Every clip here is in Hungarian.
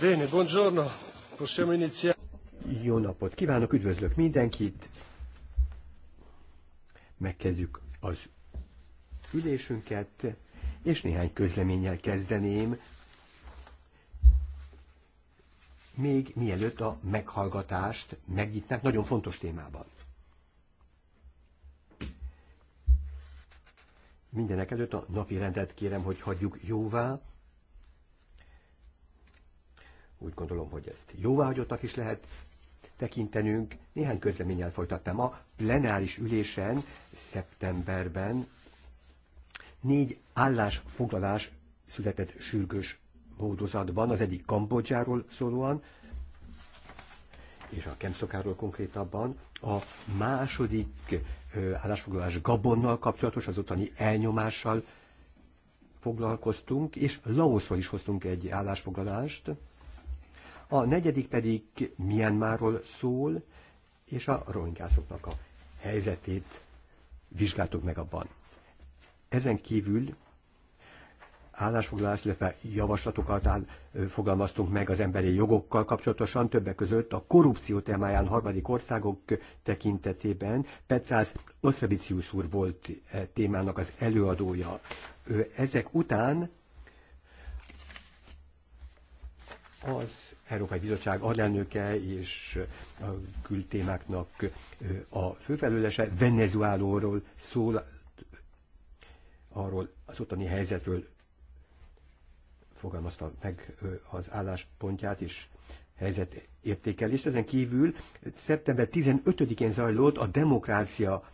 Bene, buongiorno. Possiamo iniziare. Jó napot kívánok, üdvözlök mindenkit. Megkezdjük az ülésünket, és néhány közleménnyel kezdeném. Még mielőtt a meghallgatást megnyitnánk nagyon fontos témában. Mindenek előtt a napi rendet kérem, hogy hagyjuk jóvá, úgy gondolom, hogy ezt jóváhagyottak is lehet tekintenünk. Néhány közleménnyel folytattam. A plenáris ülésen szeptemberben négy állásfoglalás született sürgős módozatban, az egyik Kambodzsáról szólóan, és a Kemszokáról konkrétabban, a második állásfoglalás Gabonnal kapcsolatos, az ottani elnyomással foglalkoztunk, és Laoszról is hoztunk egy állásfoglalást, a negyedik pedig Myanmarról szól, és a rohingyászoknak a helyzetét vizsgáltuk meg abban. Ezen kívül állásfoglalás, illetve javaslatokat áll, fogalmaztunk meg az emberi jogokkal kapcsolatosan, többek között a korrupció témáján harmadik országok tekintetében. Petrás Oszrevicius úr volt e, témának az előadója. Ő Ezek után az Európai Bizottság alelnöke és a kültémáknak a főfelelőse Venezuelóról szól, arról az ottani helyzetről fogalmazta meg az álláspontját és helyzetértékelést. Ezen kívül szeptember 15-én zajlott a demokrácia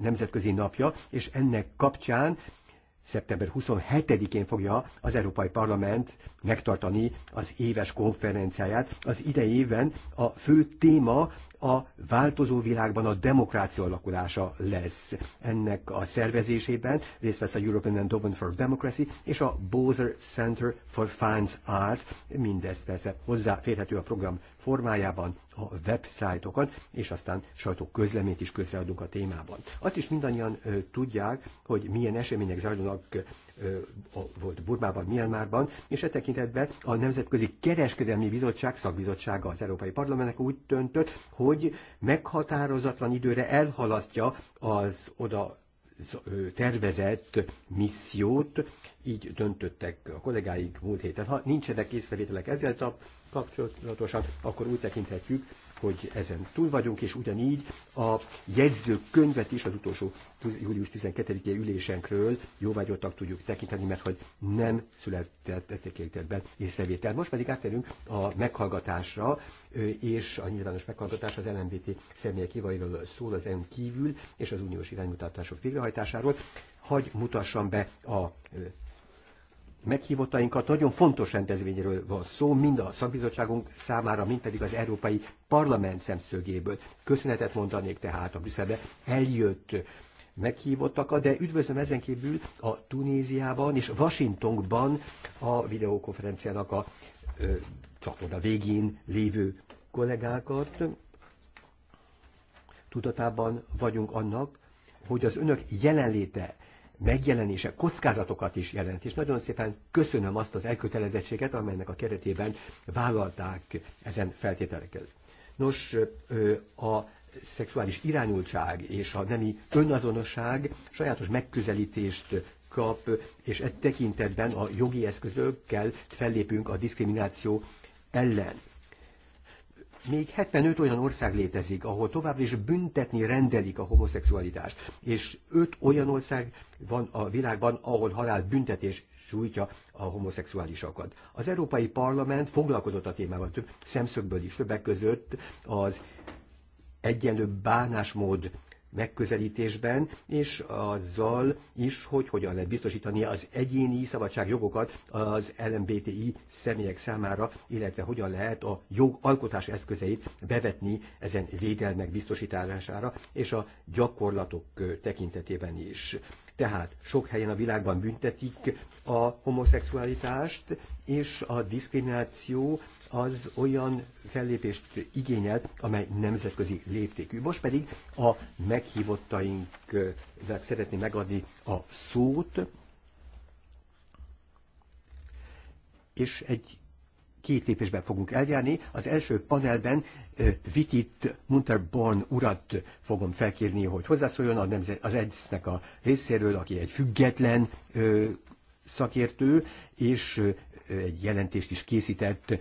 nemzetközi napja, és ennek kapcsán szeptember 27-én fogja az Európai Parlament megtartani az éves konferenciáját. Az idei évben a fő téma a változó világban a demokrácia alakulása lesz. Ennek a szervezésében részt vesz a European Endowment for Democracy és a Bowser Center for Fine Arts, mindez persze hozzáférhető a program formájában a websájtokon, és aztán sajtó közleményt is közreadunk a témában. Azt is mindannyian ö, tudják, hogy milyen események zajlanak volt Burmában, Myanmarban, és e tekintetben a Nemzetközi Kereskedelmi Bizottság szakbizottsága az Európai Parlamentnek úgy döntött, hogy meghatározatlan időre elhalasztja az oda tervezett missziót, így döntöttek a kollégáik múlt héten. Ha nincsenek észrevételek ezzel kapcsolatosan, akkor úgy tekinthetjük, hogy ezen túl vagyunk, és ugyanígy a jegyzőkönyvet is az utolsó július 12-i ülésenkről jóvágyottak tudjuk tekinteni, mert hogy nem született etékéletben észrevétel. Most pedig átterünk a meghallgatásra, és a nyilvános meghallgatás az LMBT személyek jogairól szól az EU kívül, és az uniós iránymutatások végrehajtásáról. Hagy mutassam be a meghívottainkat. Nagyon fontos rendezvényről van szó, mind a szakbizottságunk számára, mind pedig az Európai Parlament szemszögéből. Köszönetet mondanék tehát a Brüsszelbe eljött meghívottak, de üdvözlöm ezen kívül a Tunéziában és Washingtonban a videókonferenciának a ö, csatorna végén lévő kollégákat. Tudatában vagyunk annak, hogy az önök jelenléte megjelenése kockázatokat is jelent, és nagyon szépen köszönöm azt az elkötelezettséget, amelynek a keretében vállalták ezen feltételeket. Nos, a szexuális irányultság és a nemi önazonosság sajátos megközelítést kap, és egy tekintetben a jogi eszközökkel fellépünk a diszkrimináció ellen még 75 olyan ország létezik, ahol továbbra is büntetni rendelik a homoszexualitást, és 5 olyan ország van a világban, ahol halál büntetés sújtja a homoszexuálisokat. Az Európai Parlament foglalkozott a témával több szemszögből is, többek között az egyenlő bánásmód megközelítésben, és azzal is, hogy hogyan lehet biztosítani az egyéni szabadságjogokat az LMBTI személyek számára, illetve hogyan lehet a jogalkotás eszközeit bevetni ezen védelmek biztosítására, és a gyakorlatok tekintetében is. Tehát sok helyen a világban büntetik a homoszexualitást, és a diszkrimináció az olyan fellépést igényelt, amely nemzetközi léptékű. Most pedig a meghívottaink szeretném megadni a szót, és egy két lépésben fogunk eljárni. Az első panelben Vitit Munterborn urat fogom felkérni, hogy hozzászóljon a nemzet, az EDSZ-nek a részéről, aki egy független szakértő, és egy jelentést is készített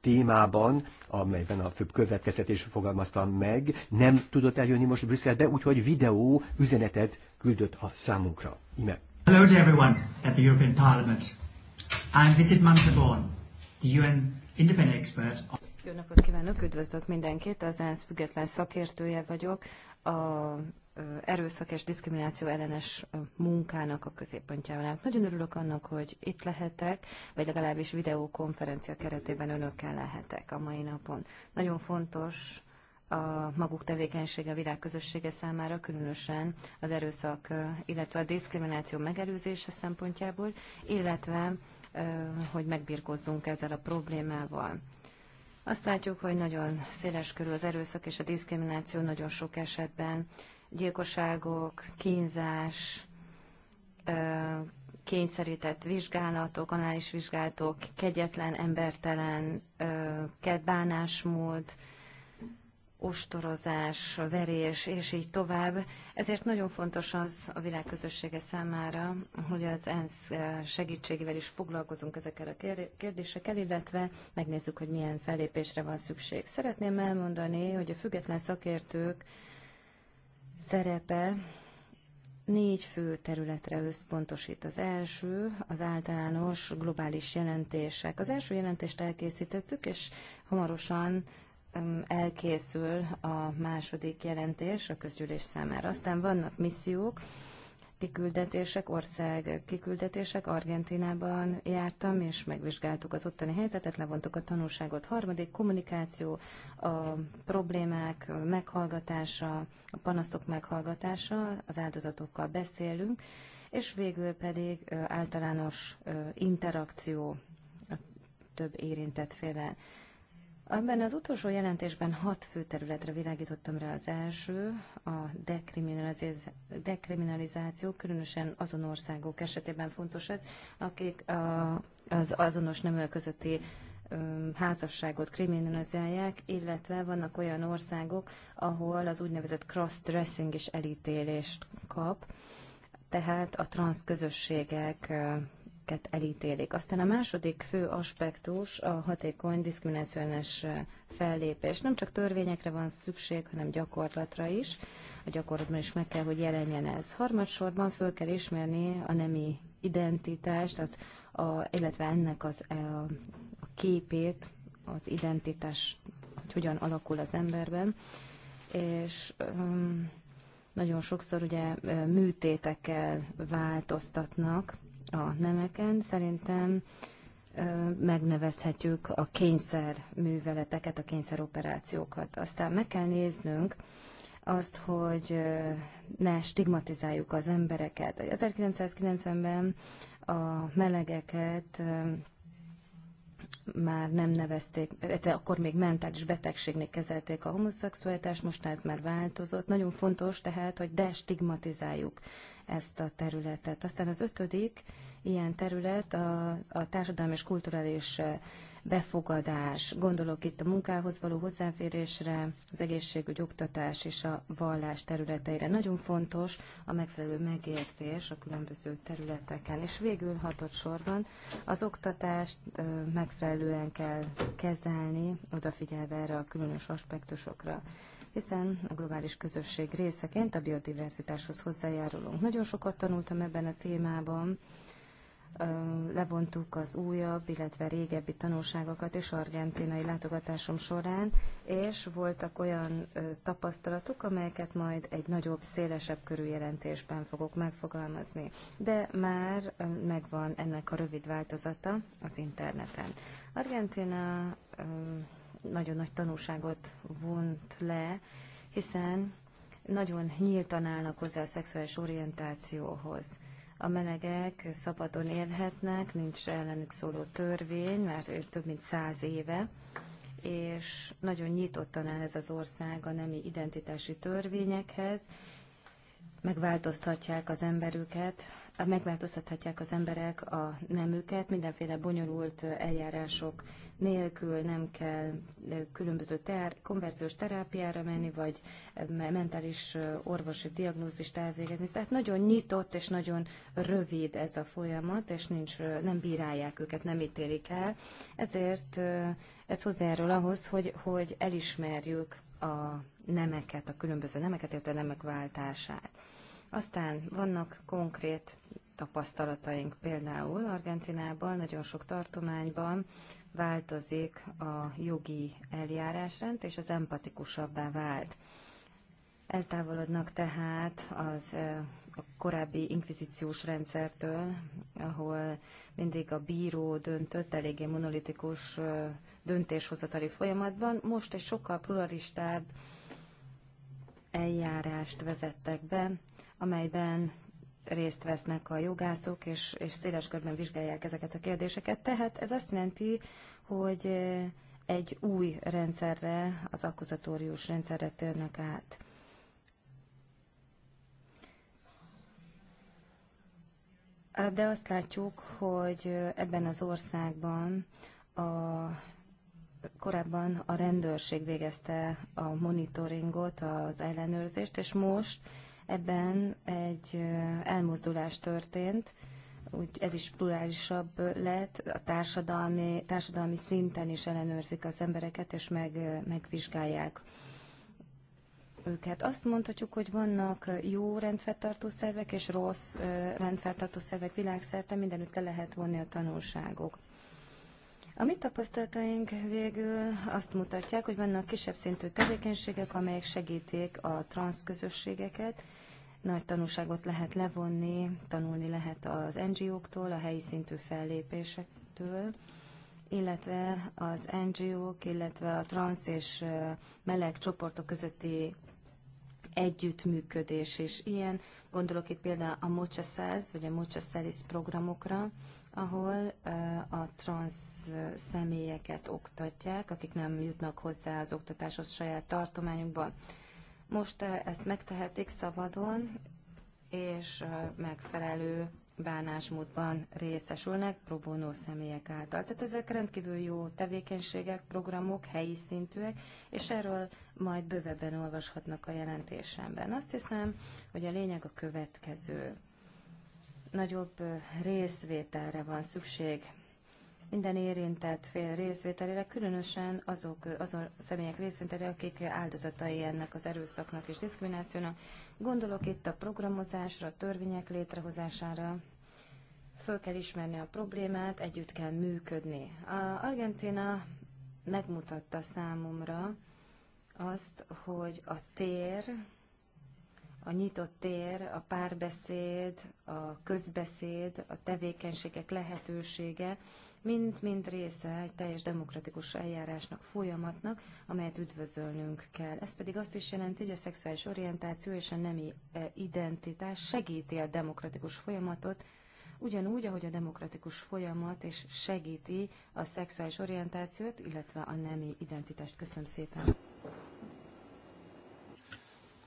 témában, amelyben a főbb következtetés fogalmaztam meg, nem tudott eljönni most Brüsszelbe, úgyhogy videó üzenetet küldött a számunkra. Ime. Hello to everyone at the European Parliament. I'm Vincent Mantabon, the UN independent expert. Jó napot kívánok, üdvözlök mindenkit, az ENSZ független szakértője vagyok, a erőszak és diszkrimináció ellenes munkának a középpontjában állt. Nagyon örülök annak, hogy itt lehetek, vagy legalábbis videókonferencia keretében önökkel lehetek a mai napon. Nagyon fontos a maguk tevékenysége a világközössége számára, különösen az erőszak, illetve a diszkrimináció megelőzése szempontjából, illetve hogy megbirkozzunk ezzel a problémával. Azt látjuk, hogy nagyon széles körül az erőszak és a diszkrimináció nagyon sok esetben gyilkosságok, kínzás, kényszerített vizsgálatok, anális vizsgálatok, kegyetlen, embertelen, bánásmód, ostorozás, verés, és így tovább. Ezért nagyon fontos az a világközössége számára, hogy az ENSZ segítségével is foglalkozunk ezekkel a kérdésekkel, illetve megnézzük, hogy milyen fellépésre van szükség. Szeretném elmondani, hogy a független szakértők szerepe négy fő területre összpontosít. Az első az általános globális jelentések. Az első jelentést elkészítettük, és hamarosan elkészül a második jelentés a közgyűlés számára. Aztán vannak missziók, kiküldetések, ország kiküldetések. Argentinában jártam, és megvizsgáltuk az ottani helyzetet, levontuk a tanulságot. Harmadik, kommunikáció, a problémák meghallgatása, a panaszok meghallgatása, az áldozatokkal beszélünk, és végül pedig általános interakció a több érintett félel. Abban az utolsó jelentésben hat fő területre világítottam rá az első, a dekriminalizáció, különösen azon országok esetében fontos ez, akik a, az azonos neműek közötti házasságot kriminalizálják, illetve vannak olyan országok, ahol az úgynevezett cross-dressing is elítélést kap, tehát a transz közösségek ezeket elítélik. Aztán a második fő aspektus a hatékony diszkriminációs fellépés. Nem csak törvényekre van szükség, hanem gyakorlatra is. A gyakorlatban is meg kell, hogy jelenjen ez. Harmadsorban föl kell ismerni a nemi identitást, az, a, illetve ennek az, e, a, a képét, az identitás, hogy hogyan alakul az emberben. És um, nagyon sokszor ugye e, műtétekkel változtatnak a nemeken. Szerintem megnevezhetjük a kényszer műveleteket, a kényszer operációkat. Aztán meg kell néznünk azt, hogy ne stigmatizáljuk az embereket. 1990-ben a melegeket már nem nevezték, illetve akkor még mentális betegségnek kezelték a homoszexualitást, most ez már változott. Nagyon fontos tehát, hogy destigmatizáljuk ezt a területet. Aztán az ötödik ilyen terület a, a társadalmi és kulturális eh, befogadás. Gondolok itt a munkához való hozzáférésre, az egészségügy, oktatás és a vallás területeire. Nagyon fontos a megfelelő megértés a különböző területeken. És végül hatott sorban az oktatást eh, megfelelően kell kezelni, odafigyelve erre a különös aspektusokra hiszen a globális közösség részeként a biodiverzitáshoz hozzájárulunk. Nagyon sokat tanultam ebben a témában, levontuk az újabb, illetve régebbi tanulságokat is argentinai látogatásom során, és voltak olyan tapasztalatok, amelyeket majd egy nagyobb, szélesebb körű jelentésben fogok megfogalmazni. De már megvan ennek a rövid változata az interneten. Argentina nagyon nagy tanulságot vont le, hiszen nagyon nyíltan állnak hozzá a szexuális orientációhoz. A melegek szabadon élhetnek, nincs ellenük szóló törvény, mert több mint száz éve, és nagyon nyitottan áll ez az ország a nemi identitási törvényekhez, megváltoztatják az emberüket, megváltoztathatják az emberek a nemüket, mindenféle bonyolult eljárások nélkül nem kell különböző ter- konverziós terápiára menni, vagy mentális orvosi diagnózist elvégezni. Tehát nagyon nyitott és nagyon rövid ez a folyamat, és nincs, nem bírálják őket, nem ítélik el. Ezért ez hozzájárul ahhoz, hogy, hogy elismerjük a nemeket, a különböző nemeket, illetve a nemek váltását. Aztán vannak konkrét tapasztalataink például Argentinában, nagyon sok tartományban változik a jogi eljárásrend, és az empatikusabbá vált. Eltávolodnak tehát az a korábbi inkvizíciós rendszertől, ahol mindig a bíró döntött eléggé monolitikus döntéshozatali folyamatban. Most egy sokkal pluralistább eljárást vezettek be, amelyben részt vesznek a jogászok, és, és széles körben vizsgálják ezeket a kérdéseket. Tehát ez azt jelenti, hogy eh, egy új rendszerre, az akkuzatórius rendszerre térnek át. Ah, de azt látjuk, hogy eh, ebben az országban a, korábban a rendőrség végezte a monitoringot, az ellenőrzést, és most Ebben egy elmozdulás történt, úgy ez is plurálisabb lett, a társadalmi, társadalmi szinten is ellenőrzik az embereket, és meg, megvizsgálják őket. Azt mondhatjuk, hogy vannak jó rendfenntartó szervek és rossz rendfenntartó szervek világszerte, mindenütt le lehet vonni a tanulságok. A mi tapasztalataink végül azt mutatják, hogy vannak kisebb szintű tevékenységek, amelyek segítik a közösségeket. nagy tanulságot lehet levonni, tanulni lehet az NGO-któl, a helyi szintű fellépésektől, illetve az NGO-k, illetve a transz és meleg csoportok közötti együttműködés is ilyen. Gondolok itt például a Mocha vagy a Mocha programokra, ahol a transz személyeket oktatják, akik nem jutnak hozzá az oktatáshoz saját tartományukban. Most ezt megtehetik szabadon, és megfelelő bánásmódban részesülnek pro személyek által. Tehát ezek rendkívül jó tevékenységek, programok, helyi szintűek, és erről majd bővebben olvashatnak a jelentésemben. Azt hiszem, hogy a lényeg a következő nagyobb részvételre van szükség minden érintett fél részvételére, különösen azok, azon személyek részvételére, akik áldozatai ennek az erőszaknak és diszkriminációnak. Gondolok itt a programozásra, a törvények létrehozására. Föl kell ismerni a problémát, együtt kell működni. A Argentina megmutatta számomra azt, hogy a tér, a nyitott tér, a párbeszéd, a közbeszéd, a tevékenységek lehetősége, mind-mind része egy teljes demokratikus eljárásnak, folyamatnak, amelyet üdvözölnünk kell. Ez pedig azt is jelenti, hogy a szexuális orientáció és a nemi eh, identitás segíti a demokratikus folyamatot, ugyanúgy, ahogy a demokratikus folyamat és segíti a szexuális orientációt, illetve a nemi identitást. Köszönöm szépen!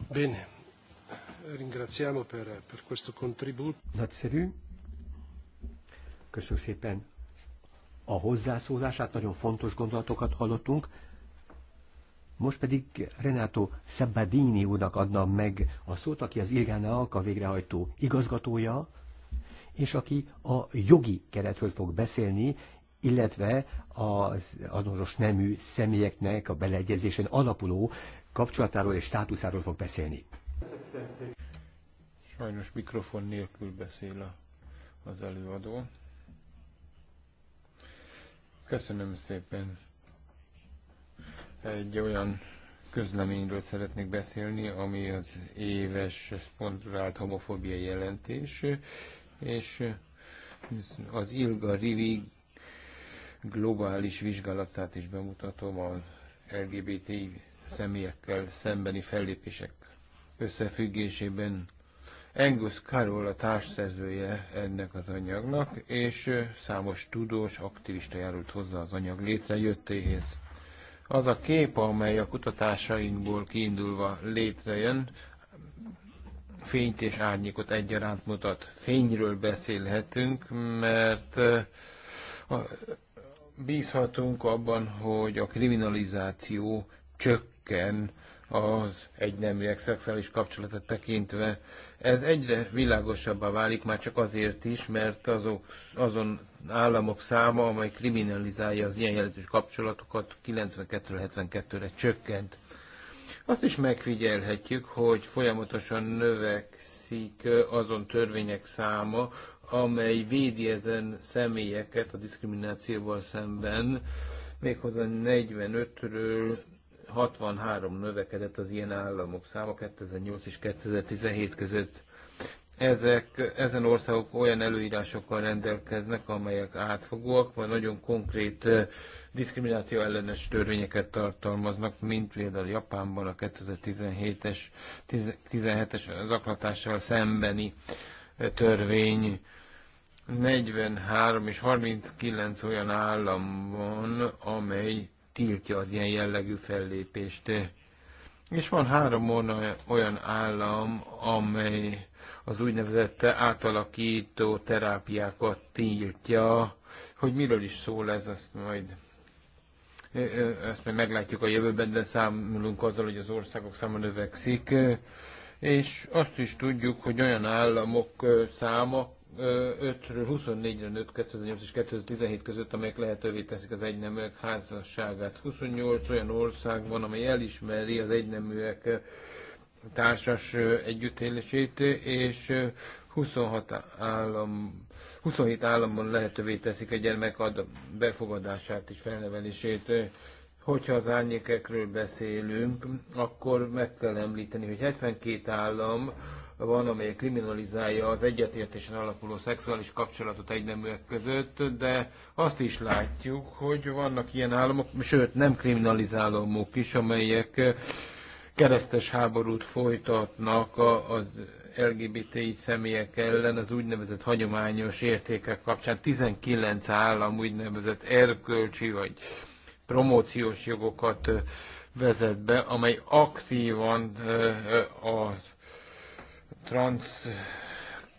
Bene, ringraziamo per, per questo contributo. Nagyszerű. szépen a hozzászólását, nagyon fontos gondolatokat hallottunk. Most pedig Renato Szabadini úrnak adnám meg a szót, aki az Ilgána Alka végrehajtó igazgatója, és aki a jogi keretről fog beszélni, illetve az azonos nemű személyeknek a beleegyezésen alapuló kapcsolatáról és státuszáról fog beszélni. Sajnos mikrofon nélkül beszél a, az előadó. Köszönöm szépen. Egy olyan közleményről szeretnék beszélni, ami az éves szponzorált homofóbia jelentés, és az Ilga Rivi globális vizsgálatát is bemutatom az LGBT személyekkel szembeni fellépések összefüggésében. Angus Carroll a társszerzője ennek az anyagnak, és számos tudós aktivista járult hozzá az anyag létrejöttéhez. Az a kép, amely a kutatásainkból kiindulva létrejön, fényt és árnyékot egyaránt mutat. Fényről beszélhetünk, mert bízhatunk abban, hogy a kriminalizáció csökken az egyneműek szexuális kapcsolatot tekintve. Ez egyre világosabbá válik már csak azért is, mert azok, azon államok száma, amely kriminalizálja az ilyen jelentős kapcsolatokat, 92-72-re csökkent. Azt is megfigyelhetjük, hogy folyamatosan növekszik azon törvények száma, amely védi ezen személyeket a diszkriminációval szemben, méghozzá 45-ről 63 növekedett az ilyen államok száma 2008 és 2017 között. Ezek, ezen országok olyan előírásokkal rendelkeznek, amelyek átfogóak, vagy nagyon konkrét eh, diszkrimináció ellenes törvényeket tartalmaznak, mint például Japánban a 2017-es 17-es zaklatással szembeni eh, törvény. 43 és 39 olyan állam van, amely tiltja az ilyen jellegű fellépést. És van három olyan állam, amely az úgynevezett átalakító terápiákat tiltja. Hogy miről is szól ez, azt majd ezt majd meglátjuk a jövőben, de számolunk azzal, hogy az országok száma növekszik. És azt is tudjuk, hogy olyan államok száma, 5-ről 24-re nőtt 2008 és 2017 között, amelyek lehetővé teszik az egyneműek házasságát. 28 olyan ország van, amely elismeri az egyneműek társas együttélését, és 26 állam, 27 államban lehetővé teszik a gyermek ad befogadását és felnevelését. Hogyha az árnyékekről beszélünk, akkor meg kell említeni, hogy 72 állam van, amely kriminalizálja az egyetértésen alapuló szexuális kapcsolatot egyneműek között, de azt is látjuk, hogy vannak ilyen államok, sőt nem kriminalizálomok is, amelyek eh, keresztes háborút folytatnak az LGBT személyek ellen az úgynevezett hagyományos értékek kapcsán 19 állam úgynevezett erkölcsi vagy promóciós jogokat eh, vezet be, amely aktívan eh, a transz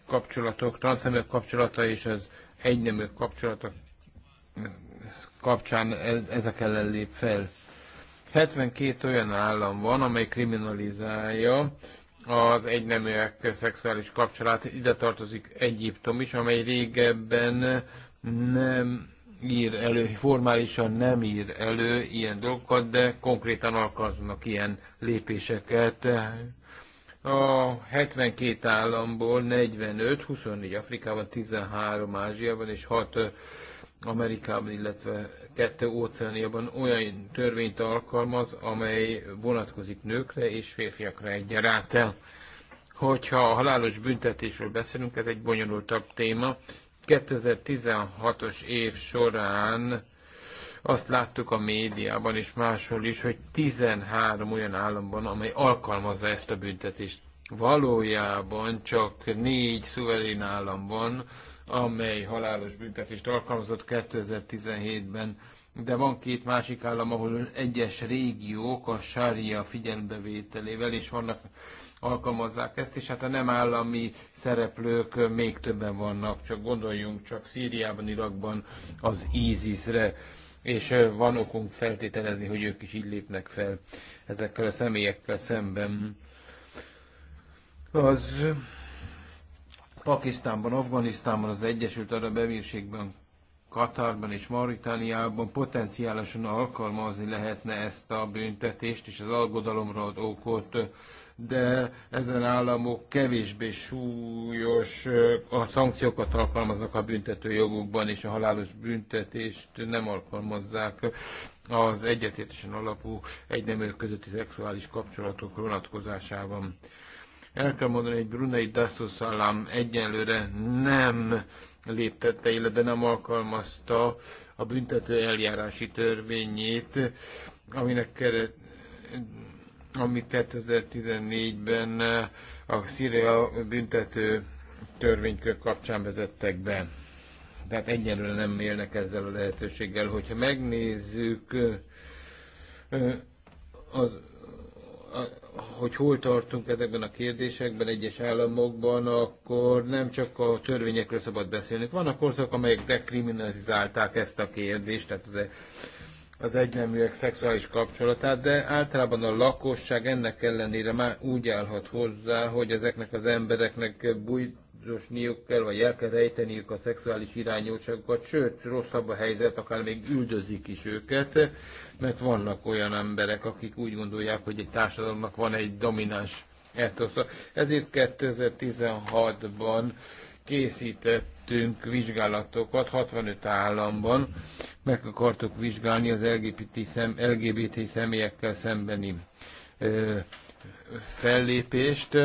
kapcsolatok, transzneműek kapcsolata és az egyneműek kapcsolata kapcsán ezek ellen lép fel. 72 olyan állam van, amely kriminalizálja az egyneműek szexuális kapcsolat Ide tartozik Egyiptom is, amely régebben nem ír elő, formálisan nem ír elő ilyen dolgokat, de konkrétan alkalmaznak ilyen lépéseket. A 72 államból 45, 24 Afrikában, 13 Ázsiában és 6 Amerikában, illetve 2 óceániában olyan törvényt alkalmaz, amely vonatkozik nőkre és férfiakra egyaránt el. Hogyha a halálos büntetésről beszélünk, ez egy bonyolultabb téma. 2016-os év során azt láttuk a médiában és máshol is, hogy 13 olyan államban, amely alkalmazza ezt a büntetést. Valójában csak négy szuverén állam van, amely halálos büntetést alkalmazott 2017-ben, de van két másik állam, ahol egyes régiók a sária figyelmbevételével is vannak alkalmazzák ezt, és hát a nem állami szereplők még többen vannak, csak gondoljunk csak Szíriában, Irakban az ISIS-re és van okunk feltételezni, hogy ők is így lépnek fel ezekkel a személyekkel szemben. Az Pakisztánban, Afganisztánban, az Egyesült Arab Emírségben, Katarban és Mauritániában potenciálisan alkalmazni lehetne ezt a büntetést és az algodalomra okot de ezen államok kevésbé súlyos a szankciókat alkalmaznak a jogokban és a halálos büntetést nem alkalmazzák az egyetértésen alapú egy nemű közötti szexuális kapcsolatok vonatkozásában. El kell mondani, hogy Brunei Dassos állam egyenlőre nem léptette, illetve nem alkalmazta a büntető eljárási törvényét, aminek keret, ami 2014-ben eh, a Szíria büntető törvénykör kapcsán vezettek be. Tehát egyelőre nem élnek ezzel a lehetőséggel. Hogyha megnézzük, eh, eh, az, hogy hol tartunk ezekben a kérdésekben egyes államokban, akkor nem csak a törvényekről szabad beszélni. Vannak országok, amelyek dekriminalizálták ezt a kérdést, tehát az az egyneműek szexuális kapcsolatát, de általában a lakosság ennek ellenére már úgy állhat hozzá, hogy ezeknek az embereknek bújdosniuk kell, vagy el kell rejteniük a szexuális irányultságokat, sőt, rosszabb a helyzet, akár még üldözik is őket, mert vannak olyan emberek, akik úgy gondolják, hogy egy társadalomnak van egy domináns etosza. Ezért 2016-ban készített végeztünk vizsgálatokat 65 államban, meg akartuk vizsgálni az LGBT, szem, LGBT személyekkel szembeni ö, fellépést.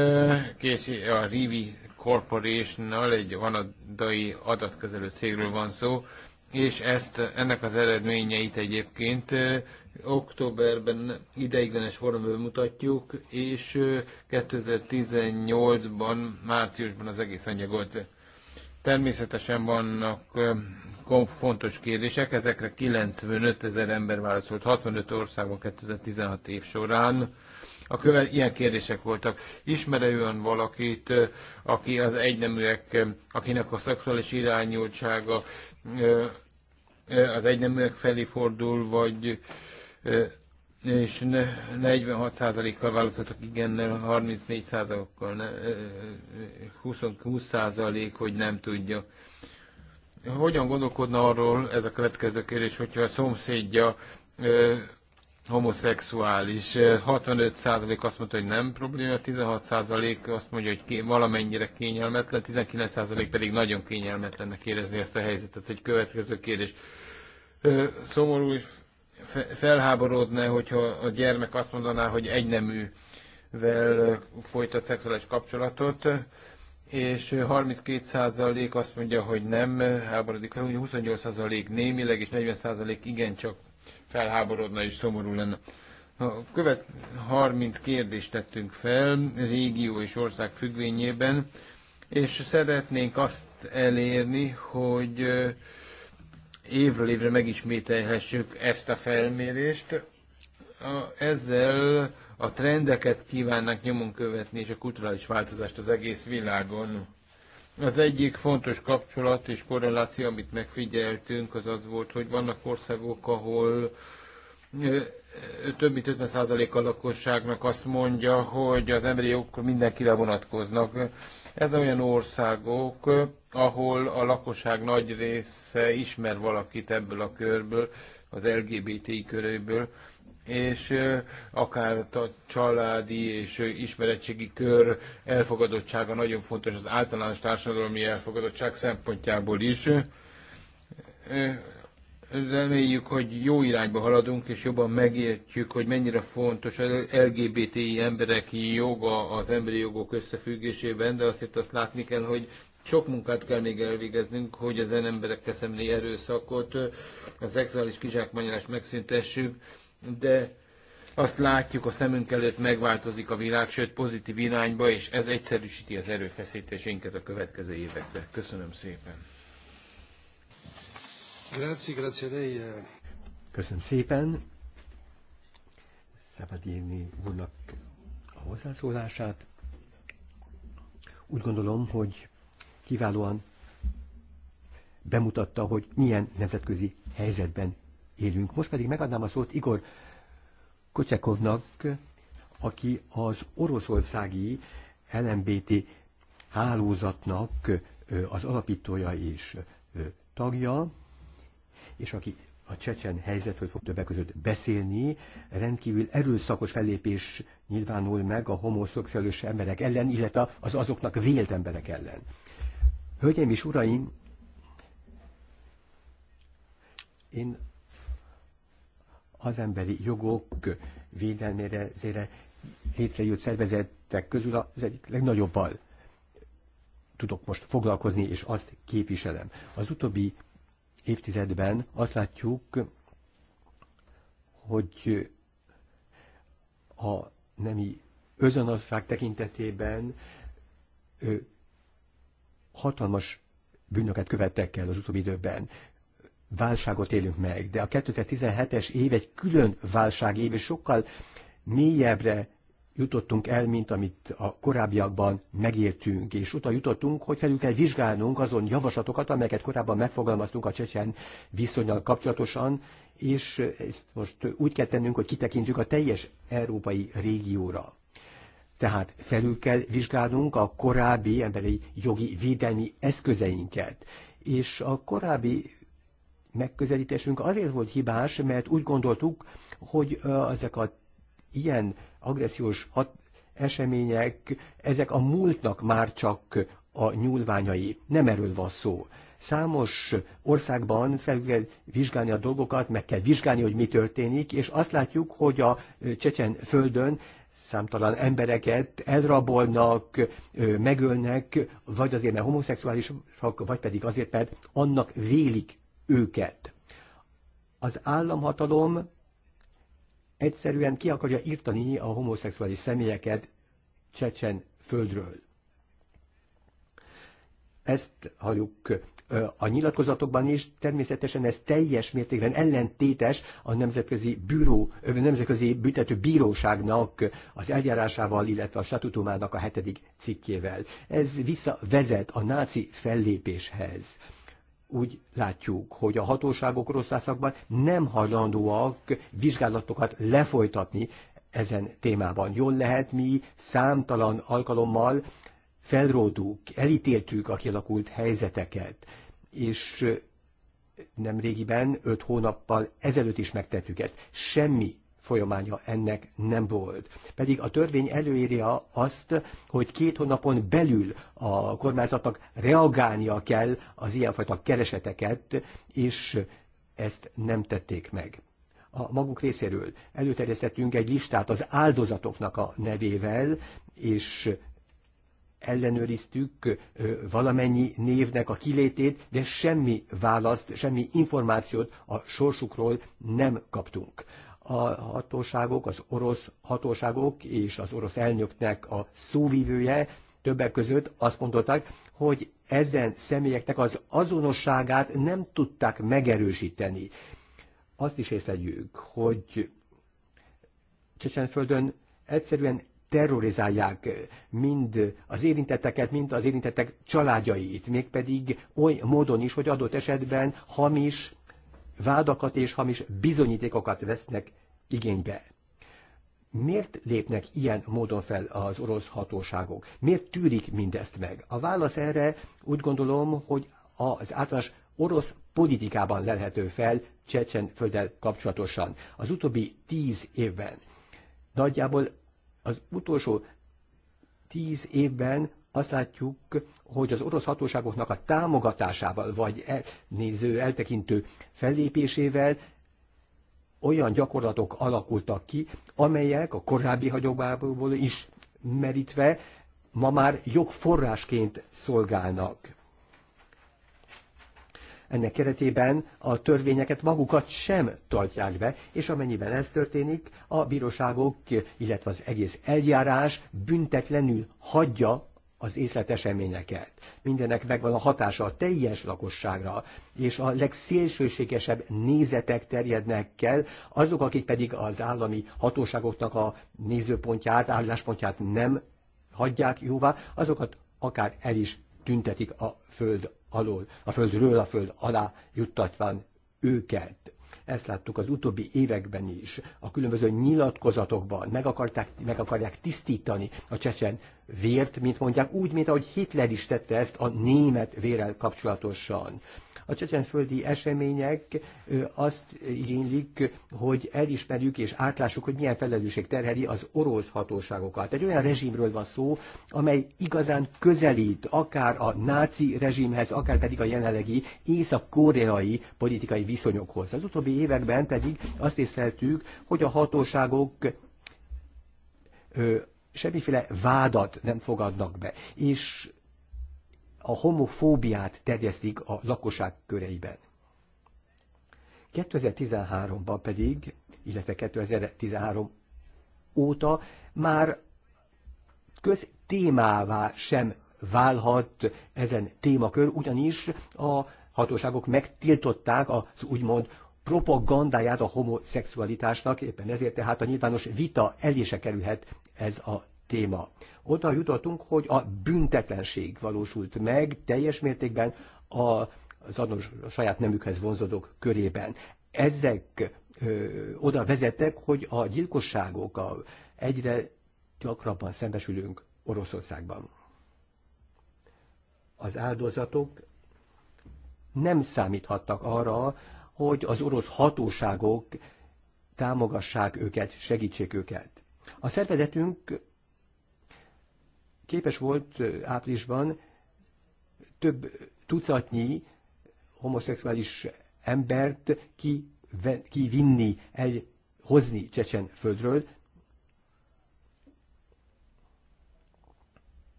Készít a Rivi corporation egy kanadai adatkezelő cégről van szó, és ezt, ennek az eredményeit egyébként októberben ideiglenes formában mutatjuk, és 2018-ban, márciusban az egész anyagot Természetesen vannak fontos kérdések, ezekre 95 ezer ember válaszolt 65 országban 2016 év során. A követ, ilyen kérdések voltak. Ismere olyan valakit, aki az egyneműek, akinek a szexuális irányultsága az egyneműek felé fordul, vagy és 46%-kal választottak igennel, 34%-kal, 20% hogy nem tudja. Hogyan gondolkodna arról, ez a következő kérdés, hogyha a szomszédja ö, homoszexuális, 65% azt mondta, hogy nem probléma, 16% azt mondja, hogy valamennyire kényelmetlen, 19% pedig nagyon kényelmetlennek érezni ezt a helyzetet. Egy következő kérdés. Szomorú és felháborodna, hogyha a gyermek azt mondaná, hogy egyneművel folytat szexuális kapcsolatot, és 32% azt mondja, hogy nem háborodik fel, úgy 28% némileg, és 40% igencsak felháborodna és szomorú lenne. A követ 30 kérdést tettünk fel régió és ország függvényében, és szeretnénk azt elérni, hogy évről évre megismételhessük ezt a felmérést. A, ezzel a trendeket kívánnak nyomon követni, és a kulturális változást az egész világon. Az egyik fontos kapcsolat és korreláció, amit megfigyeltünk, az az volt, hogy vannak országok, ahol több mint 50% a lakosságnak azt mondja, hogy az emberi jogok mindenkire vonatkoznak. Ez olyan országok, ahol a lakosság nagy része ismer valakit ebből a körből, az LGBT köréből, és akár a családi és ismeretségi kör elfogadottsága nagyon fontos az általános társadalmi elfogadottság szempontjából is. Reméljük, hogy jó irányba haladunk, és jobban megértjük, hogy mennyire fontos az LGBTI emberek joga az emberi jogok összefüggésében, de azért azt látni kell, hogy sok munkát kell még elvégeznünk, hogy az emberekkel szemlé erőszakot, a szexuális kizsákmányolást megszüntessük, de azt látjuk a szemünk előtt megváltozik a világ, sőt pozitív irányba, és ez egyszerűsíti az erőfeszítésünket a következő évekre. Köszönöm szépen. Grazie, grazie lei. Köszönöm szépen. Szabadírni úrnak a hozzászólását. Úgy gondolom, hogy kiválóan bemutatta, hogy milyen nemzetközi helyzetben élünk. Most pedig megadnám a szót Igor Kocsekovnak, aki az oroszországi LMBT hálózatnak az alapítója és tagja, és aki a csecsen helyzetről fog többek között beszélni, rendkívül erőszakos fellépés nyilvánul meg a homoszexuális emberek ellen, illetve az azoknak vélt emberek ellen. Hölgyeim és uraim, én az emberi jogok védelmére zére létrejött szervezetek közül az egyik legnagyobbal tudok most foglalkozni, és azt képviselem. Az utóbbi évtizedben azt látjuk, hogy a nemi özonosság tekintetében hatalmas bűnöket követtek el az utóbbi időben válságot élünk meg, de a 2017-es év egy külön válság év, és sokkal mélyebbre jutottunk el, mint amit a korábbiakban megértünk, és utal jutottunk, hogy felül kell vizsgálnunk azon javaslatokat, amelyeket korábban megfogalmaztunk a csecsen viszonyal kapcsolatosan, és ezt most úgy kell tennünk, hogy kitekintünk a teljes európai régióra. Tehát felül kell vizsgálnunk a korábbi emberi jogi védelmi eszközeinket. És a korábbi megközelítésünk azért volt hibás, mert úgy gondoltuk, hogy ezek a ilyen agressziós hat események, ezek a múltnak már csak a nyúlványai. Nem erről van szó. Számos országban fel kell vizsgálni a dolgokat, meg kell vizsgálni, hogy mi történik, és azt látjuk, hogy a Csecsen földön számtalan embereket elrabolnak, megölnek, vagy azért, mert homoszexuálisak, vagy pedig azért, mert annak vélik őket. Az államhatalom egyszerűen ki akarja írtani a homoszexuális személyeket Csecsen földről. Ezt halljuk a nyilatkozatokban is természetesen ez teljes mértékben ellentétes a Nemzetközi Bűró, Nemzetközi Büntető Bíróságnak az eljárásával, illetve a statutumának a hetedik cikkével. Ez visszavezet a náci fellépéshez úgy látjuk, hogy a hatóságok Oroszországban nem hajlandóak vizsgálatokat lefolytatni ezen témában. Jól lehet, mi számtalan alkalommal felróduk, elítéltük a kialakult helyzeteket, és nem régiben, öt hónappal ezelőtt is megtettük ezt. Semmi folyamánya ennek nem volt. Pedig a törvény előírja azt, hogy két hónapon belül a kormányzatnak reagálnia kell az ilyenfajta kereseteket, és ezt nem tették meg. A magunk részéről előterjesztettünk egy listát az áldozatoknak a nevével, és ellenőriztük valamennyi névnek a kilétét, de semmi választ, semmi információt a sorsukról nem kaptunk. A hatóságok, az orosz hatóságok és az orosz elnöknek a szóvívője többek között azt mondották, hogy ezen személyeknek az azonosságát nem tudták megerősíteni. Azt is észlegyük, hogy Csecsenföldön egyszerűen terrorizálják mind az érintetteket, mind az érintettek családjait, mégpedig oly módon is, hogy adott esetben hamis vádakat és hamis bizonyítékokat vesznek igénybe. Miért lépnek ilyen módon fel az orosz hatóságok? Miért tűrik mindezt meg? A válasz erre úgy gondolom, hogy az általános orosz politikában lelhető fel Csecsen földdel kapcsolatosan. Az utóbbi tíz évben nagyjából az utolsó tíz évben azt látjuk, hogy az orosz hatóságoknak a támogatásával, vagy el, néző, eltekintő fellépésével olyan gyakorlatok alakultak ki, amelyek a korábbi hagyományból is merítve ma már jogforrásként szolgálnak. Ennek keretében a törvényeket magukat sem tartják be, és amennyiben ez történik, a bíróságok, illetve az egész eljárás büntetlenül hagyja az észlet eseményeket. Mindenek megvan a hatása a teljes lakosságra, és a legszélsőségesebb nézetek terjednek el, azok, akik pedig az állami hatóságoknak a nézőpontját, álláspontját nem hagyják jóvá, azokat akár el is tüntetik a föld alól, a földről a föld alá juttatván őket. Ezt láttuk az utóbbi években is, a különböző nyilatkozatokban meg, akarták, meg akarják tisztítani a csecsen vért, mint mondják, úgy, mint ahogy Hitler is tette ezt a német vérrel kapcsolatosan. A csecsenföldi események azt igénylik, hogy elismerjük és átlássuk, hogy milyen felelősség terheli az orosz hatóságokat. Egy olyan rezsimről van szó, amely igazán közelít akár a náci rezsimhez, akár pedig a jelenlegi észak-koreai politikai viszonyokhoz. Az utóbbi években pedig azt észleltük, hogy a hatóságok ö, semmiféle vádat nem fogadnak be. És a homofóbiát terjesztik a lakosság köreiben. 2013-ban pedig, illetve 2013 óta már köztémává sem válhat ezen témakör, ugyanis a hatóságok megtiltották az úgymond propagandáját a homoszexualitásnak, éppen ezért tehát a nyilvános vita elése kerülhet ez a téma oda jutottunk, hogy a büntetlenség valósult meg teljes mértékben a, az adnos saját nemükhez vonzódók körében. Ezek ö, oda vezettek, hogy a gyilkosságok a, egyre gyakrabban szembesülünk Oroszországban. Az áldozatok nem számíthattak arra, hogy az orosz hatóságok támogassák őket, segítsék őket. A szervezetünk képes volt áprilisban több tucatnyi homoszexuális embert kivinni, ki egy hozni Csecsen földről.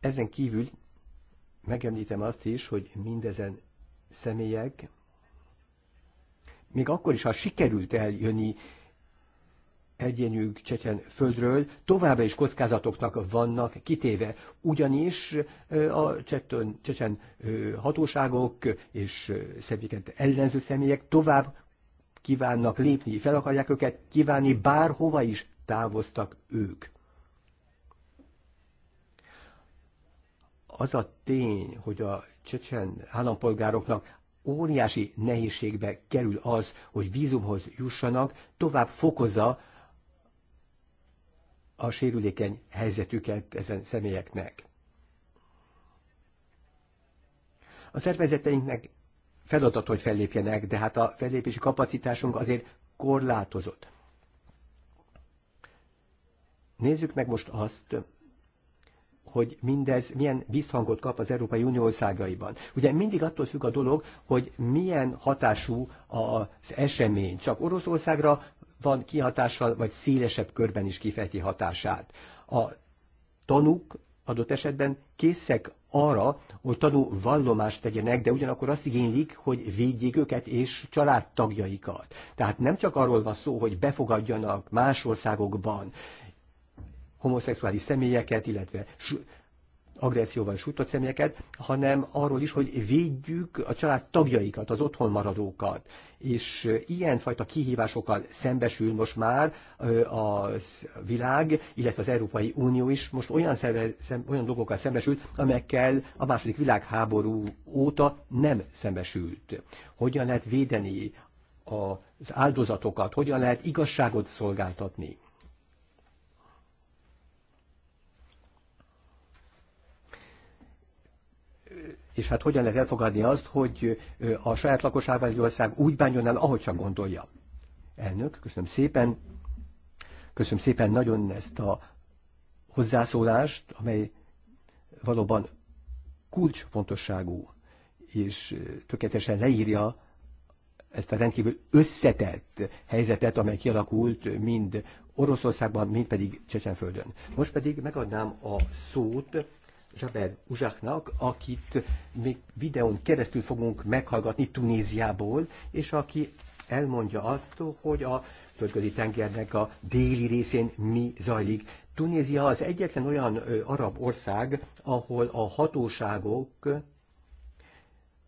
Ezen kívül megemlítem azt is, hogy mindezen személyek, még akkor is, ha sikerült eljönni egyenjük csecsen földről továbbra is kockázatoknak vannak kitéve, ugyanis a csetön, csecsen hatóságok és személyeket ellenző személyek tovább kívánnak lépni, fel akarják őket kívánni, bárhova is távoztak ők. Az a tény, hogy a csecsen állampolgároknak óriási nehézségbe kerül az, hogy vízumhoz jussanak, tovább fokozza a sérülékeny helyzetüket ezen személyeknek. A szervezeteinknek feladat, hogy fellépjenek, de hát a fellépési kapacitásunk azért korlátozott. Nézzük meg most azt, hogy mindez milyen visszhangot kap az Európai Unió országaiban. Ugye mindig attól függ a dolog, hogy milyen hatású az esemény. Csak Oroszországra van kihatással, vagy szélesebb körben is kifejti hatását. A tanúk adott esetben készek arra, hogy tanú vallomást tegyenek, de ugyanakkor azt igénylik, hogy védjék őket és családtagjaikat. Tehát nem csak arról van szó, hogy befogadjanak más országokban homoszexuális személyeket, illetve agresszióval sújtott személyeket, hanem arról is, hogy védjük a család tagjaikat, az otthon maradókat. És ilyenfajta kihívásokkal szembesül most már a világ, illetve az Európai Unió is most olyan, szem, olyan dolgokkal szembesült, amelyekkel a második világháború óta nem szembesült. Hogyan lehet védeni az áldozatokat, hogyan lehet igazságot szolgáltatni és hát hogyan lehet elfogadni azt, hogy a saját lakosságban egy ország úgy bánjon el, ahogy csak gondolja. Elnök, köszönöm szépen. Köszönöm szépen nagyon ezt a hozzászólást, amely valóban kulcsfontosságú, és tökéletesen leírja ezt a rendkívül összetett helyzetet, amely kialakult mind Oroszországban, mind pedig Csecsenföldön. Most pedig megadnám a szót Zsaber Uzsáknak, akit még videón keresztül fogunk meghallgatni Tunéziából, és aki elmondja azt, hogy a földközi tengernek a déli részén mi zajlik. Tunézia az egyetlen olyan arab ország, ahol a hatóságok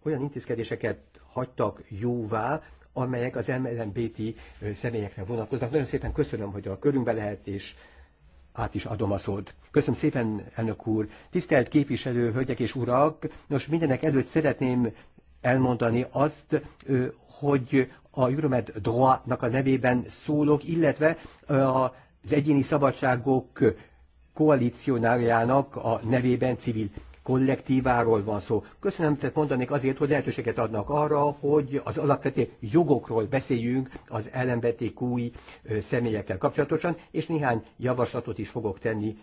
olyan intézkedéseket hagytak jóvá, amelyek az MLMBT személyekre vonatkoznak. Nagyon szépen köszönöm, hogy a körünkbe lehet, és át is adom a szót. Köszönöm szépen, elnök úr. Tisztelt képviselő, hölgyek és urak! Nos, mindenek előtt szeretném elmondani azt, hogy a Euromed Droit-nak a nevében szólok, illetve az egyéni szabadságok koalícionájának a nevében civil kollektíváról van szó. Köszönöm, tehát mondanék azért, hogy lehetőséget adnak arra, hogy az alapvető jogokról beszéljünk az LMBTQI személyekkel kapcsolatosan, és néhány javaslatot is fogok tenni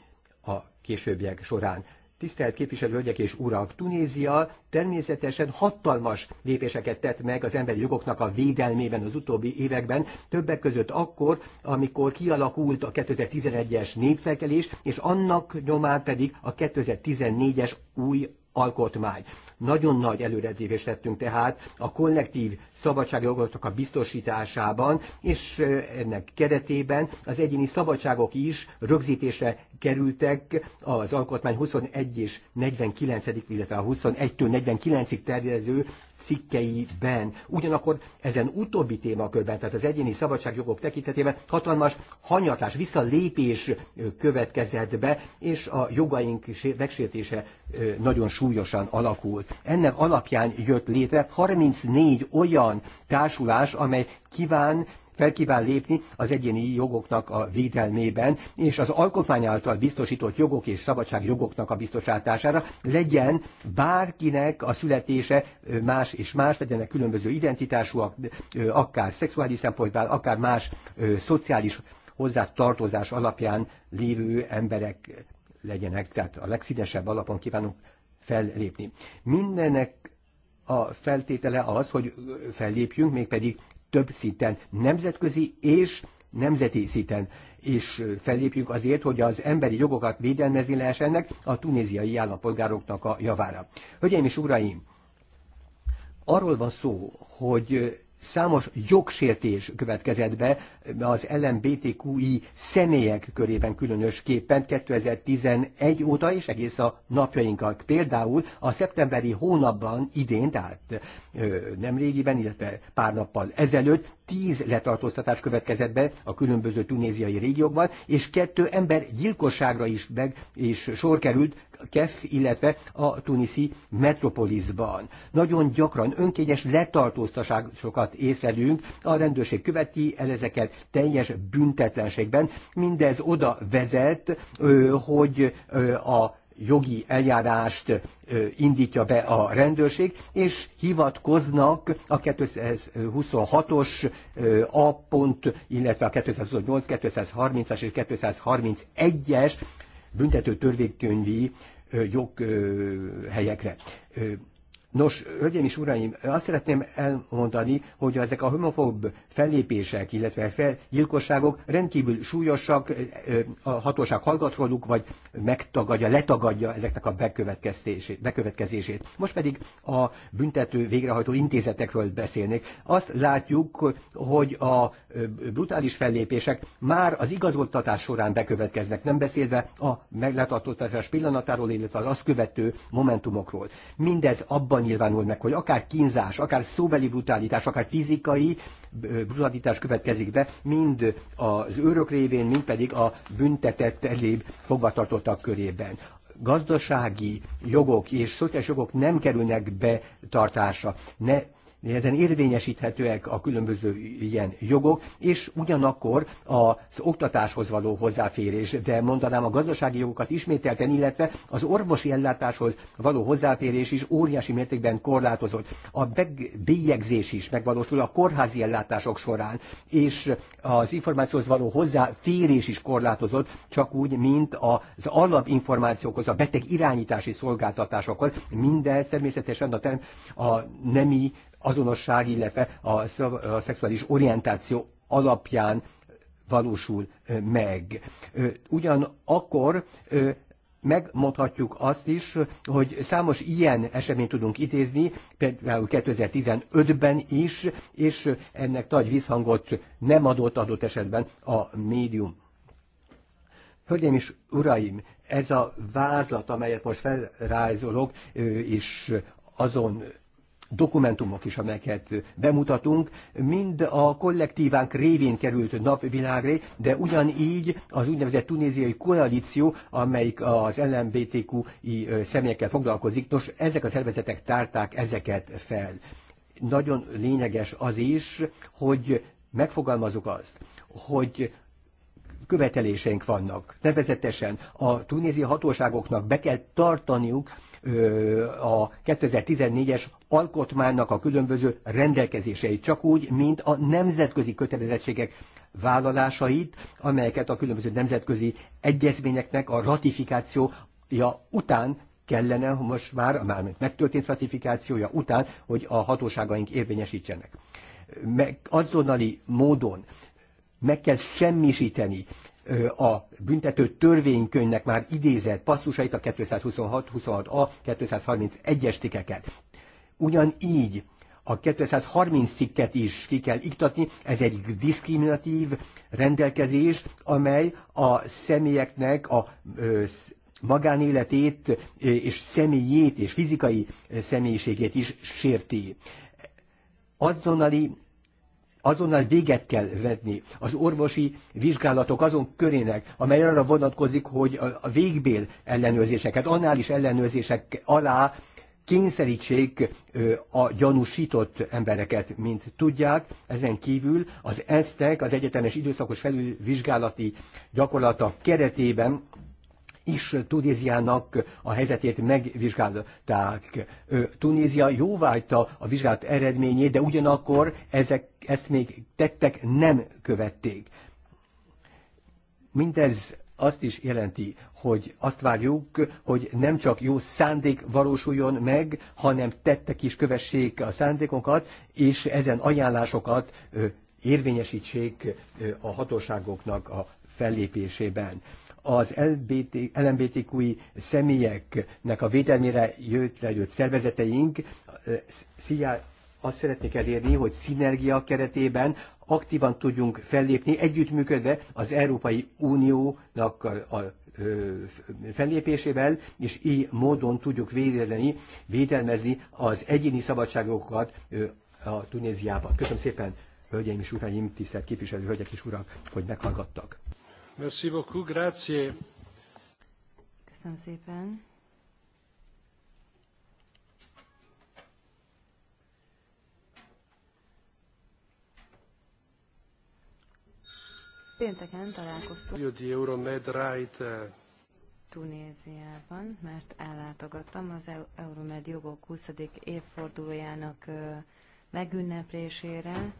a későbbiek során. Tisztelt képviselő hölgyek és urak, Tunézia természetesen hatalmas lépéseket tett meg az emberi jogoknak a védelmében az utóbbi években, többek között akkor, amikor kialakult a 2011-es népfelkelés, és annak nyomán pedig a 2014-es új alkotmány. Nagyon nagy előredépést tettünk tehát a kollektív szabadságjogoknak a biztosításában, és ennek keretében az egyéni szabadságok is rögzítésre kerültek az alkotmány 21 és 49. illetve a 21-től 49-ig terjedő cikkeiben. Ugyanakkor ezen utóbbi témakörben, tehát az egyéni szabadságjogok tekintetében hatalmas hanyatlás, visszalépés következett be, és a jogaink megsértése nagyon súlyosan alakult. Ennek alapján jött létre 34 olyan társulás, amely kíván fel kíván lépni az egyéni jogoknak a védelmében, és az alkotmány által biztosított jogok és szabadság jogoknak a biztosítására legyen bárkinek a születése más és más, legyenek különböző identitásúak, akár szexuális szempontból, akár más szociális hozzátartozás alapján lévő emberek legyenek, tehát a legszínesebb alapon kívánunk fellépni. Mindenek a feltétele az, hogy fellépjünk, mégpedig több szinten, nemzetközi és nemzeti szinten is fellépjünk azért, hogy az emberi jogokat védelmezni lehessenek a tunéziai állampolgároknak a javára. Hölgyeim és uraim, arról van szó, hogy számos jogsértés következett be az LMBTQI személyek körében különösképpen 2011 óta és egész a napjainkat. Például a szeptemberi hónapban idén, tehát nemrégiben, illetve pár nappal ezelőtt tíz letartóztatás következett be a különböző tunéziai régiókban, és kettő ember gyilkosságra is meg, és sor került Kef, illetve a tuniszi metropolisban. Nagyon gyakran önkényes letartóztatásokat észlelünk, a rendőrség követi el ezeket teljes büntetlenségben. Mindez oda vezet, hogy a jogi eljárást indítja be a rendőrség, és hivatkoznak a 226-os A pont, illetve a 228, 230-as és 231-es büntető törvénykönyvi joghelyekre. Nos, hölgyeim és uraim, azt szeretném elmondani, hogy ezek a homofób fellépések, illetve felgyilkosságok gyilkosságok rendkívül súlyosak, a hatóság hallgat róluk, vagy megtagadja, letagadja ezeknek a bekövetkezését. Most pedig a büntető végrehajtó intézetekről beszélnék. Azt látjuk, hogy a brutális fellépések már az igazoltatás során bekövetkeznek, nem beszélve a megletartóztatás pillanatáról, illetve az azt követő momentumokról. Mindez abban abban nyilvánul meg, hogy akár kínzás, akár szóbeli brutálitás, akár fizikai brutalitás következik be, mind az őrök révén, mind pedig a büntetett elébb fogvatartottak körében gazdasági jogok és szociális jogok nem kerülnek betartásra. Ne ezen érvényesíthetőek a különböző ilyen jogok, és ugyanakkor az oktatáshoz való hozzáférés, de mondanám a gazdasági jogokat ismételten, illetve az orvosi ellátáshoz való hozzáférés is óriási mértékben korlátozott. A bélyegzés is megvalósul a kórházi ellátások során, és az információhoz való hozzáférés is korlátozott, csak úgy, mint az alapinformációkhoz, a beteg irányítási szolgáltatásokhoz. Mindez természetesen a, term, a nemi azonosság, illetve a, a szexuális orientáció alapján valósul meg. Ugyanakkor megmondhatjuk azt is, hogy számos ilyen eseményt tudunk idézni, például 2015-ben is, és ennek nagy visszhangot nem adott adott esetben a médium. Hölgyeim és uraim, ez a vázlat, amelyet most felrajzolok, és azon dokumentumok is, amelyeket bemutatunk, mind a kollektívánk révén került napvilágré, de ugyanígy az úgynevezett tunéziai koalíció, amelyik az lmbtq személyekkel foglalkozik, nos, ezek a szervezetek tárták ezeket fel. Nagyon lényeges az is, hogy megfogalmazok azt, hogy követeléseink vannak. Nevezetesen a tunézi hatóságoknak be kell tartaniuk a 2014-es alkotmánynak a különböző rendelkezéseit, csak úgy, mint a nemzetközi kötelezettségek vállalásait, amelyeket a különböző nemzetközi egyezményeknek a ratifikációja után kellene most már, mármint megtörtént ratifikációja után, hogy a hatóságaink érvényesítsenek. Meg azonnali módon meg kell semmisíteni a büntető törvénykönyvnek már idézett passzusait, a 226-26a, 231-es cikkeket. Ugyanígy a 230 cikket is ki kell iktatni, ez egy diszkriminatív rendelkezés, amely a személyeknek a magánéletét és személyét és fizikai személyiségét is sérti. Azonnali azonnal véget kell vetni az orvosi vizsgálatok azon körének, amely arra vonatkozik, hogy a végbél ellenőrzéseket, annál is ellenőrzések alá kényszerítsék a gyanúsított embereket, mint tudják. Ezen kívül az ESZTEK, az Egyetemes Időszakos Felülvizsgálati Gyakorlata keretében is Tunéziának a helyzetét megvizsgálták. Tunézia jóvágyta a vizsgálat eredményét, de ugyanakkor ezek, ezt még tettek nem követték. Mindez azt is jelenti, hogy azt várjuk, hogy nem csak jó szándék valósuljon meg, hanem tettek is kövessék a szándékokat, és ezen ajánlásokat érvényesítsék a hatóságoknak a fellépésében az LBT, LMBTQI személyeknek a védelmére jött, jött szervezeteink szia, azt szeretnék elérni, hogy szinergia keretében aktívan tudjunk fellépni, együttműködve az Európai Uniónak a, a fellépésével, és így módon tudjuk védelni, védelmezni az egyéni szabadságokat a Tunéziában. Köszönöm szépen, hölgyeim és uraim, tisztelt képviselő, hölgyek és urak, hogy meghallgattak. Merci beaucoup, grazie. Köszönöm szépen. Pénteken találkoztunk. Di Euromed Right. Eh, Tunéziában, mert ellátogattam az Euromed jogok 20. évfordulójának eh, megünneplésére,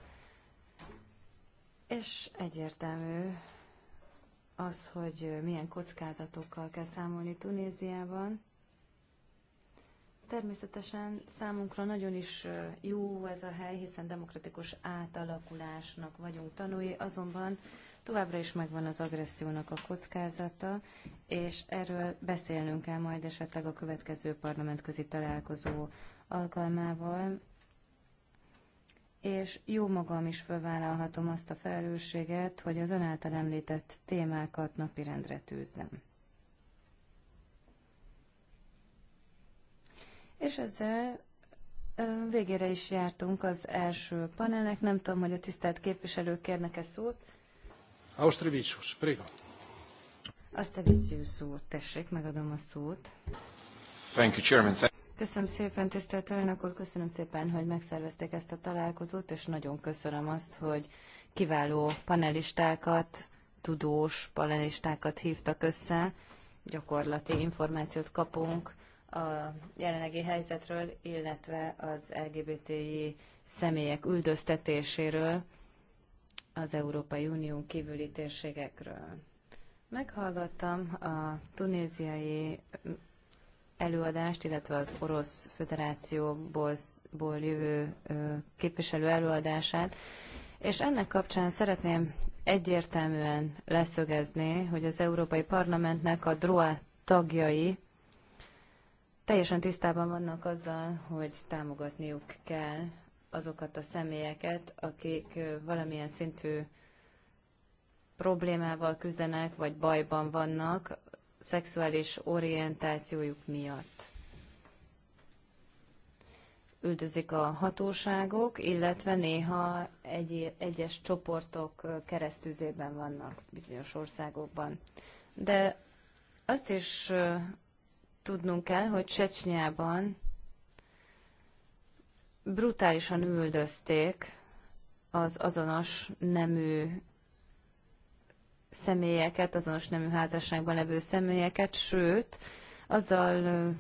és egyértelmű az, hogy milyen kockázatokkal kell számolni Tunéziában. Természetesen számunkra nagyon is jó ez a hely, hiszen demokratikus átalakulásnak vagyunk tanulni, azonban továbbra is megvan az agressziónak a kockázata, és erről beszélnünk kell majd esetleg a következő parlamentközi találkozó alkalmával, és jó magam is fölvállalhatom azt a felelősséget, hogy az ön által említett témákat napirendre tűzzem. És ezzel végére is jártunk az első panelnek. Nem tudom, hogy a tisztelt képviselők kérnek-e szót. Ausztrivicius, Azt a úr, tessék, megadom a szót. Thank you, Chairman. Köszönöm szépen, tisztelt elnök úr, köszönöm szépen, hogy megszervezték ezt a találkozót, és nagyon köszönöm azt, hogy kiváló panelistákat, tudós panelistákat hívtak össze, gyakorlati információt kapunk a jelenlegi helyzetről, illetve az LGBTI személyek üldöztetéséről az Európai Unión kívüli térségekről. Meghallgattam a tunéziai előadást, illetve az Orosz Föderációból jövő képviselő előadását, és ennek kapcsán szeretném egyértelműen leszögezni, hogy az Európai Parlamentnek a DROA tagjai teljesen tisztában vannak azzal, hogy támogatniuk kell azokat a személyeket, akik valamilyen szintű problémával küzdenek, vagy bajban vannak szexuális orientációjuk miatt. Üldözik a hatóságok, illetve néha egy, egyes csoportok keresztüzében vannak bizonyos országokban. De azt is tudnunk kell, hogy Csecsnyában brutálisan üldözték az azonos nemű személyeket, azonos nemű házasságban levő személyeket, sőt, azzal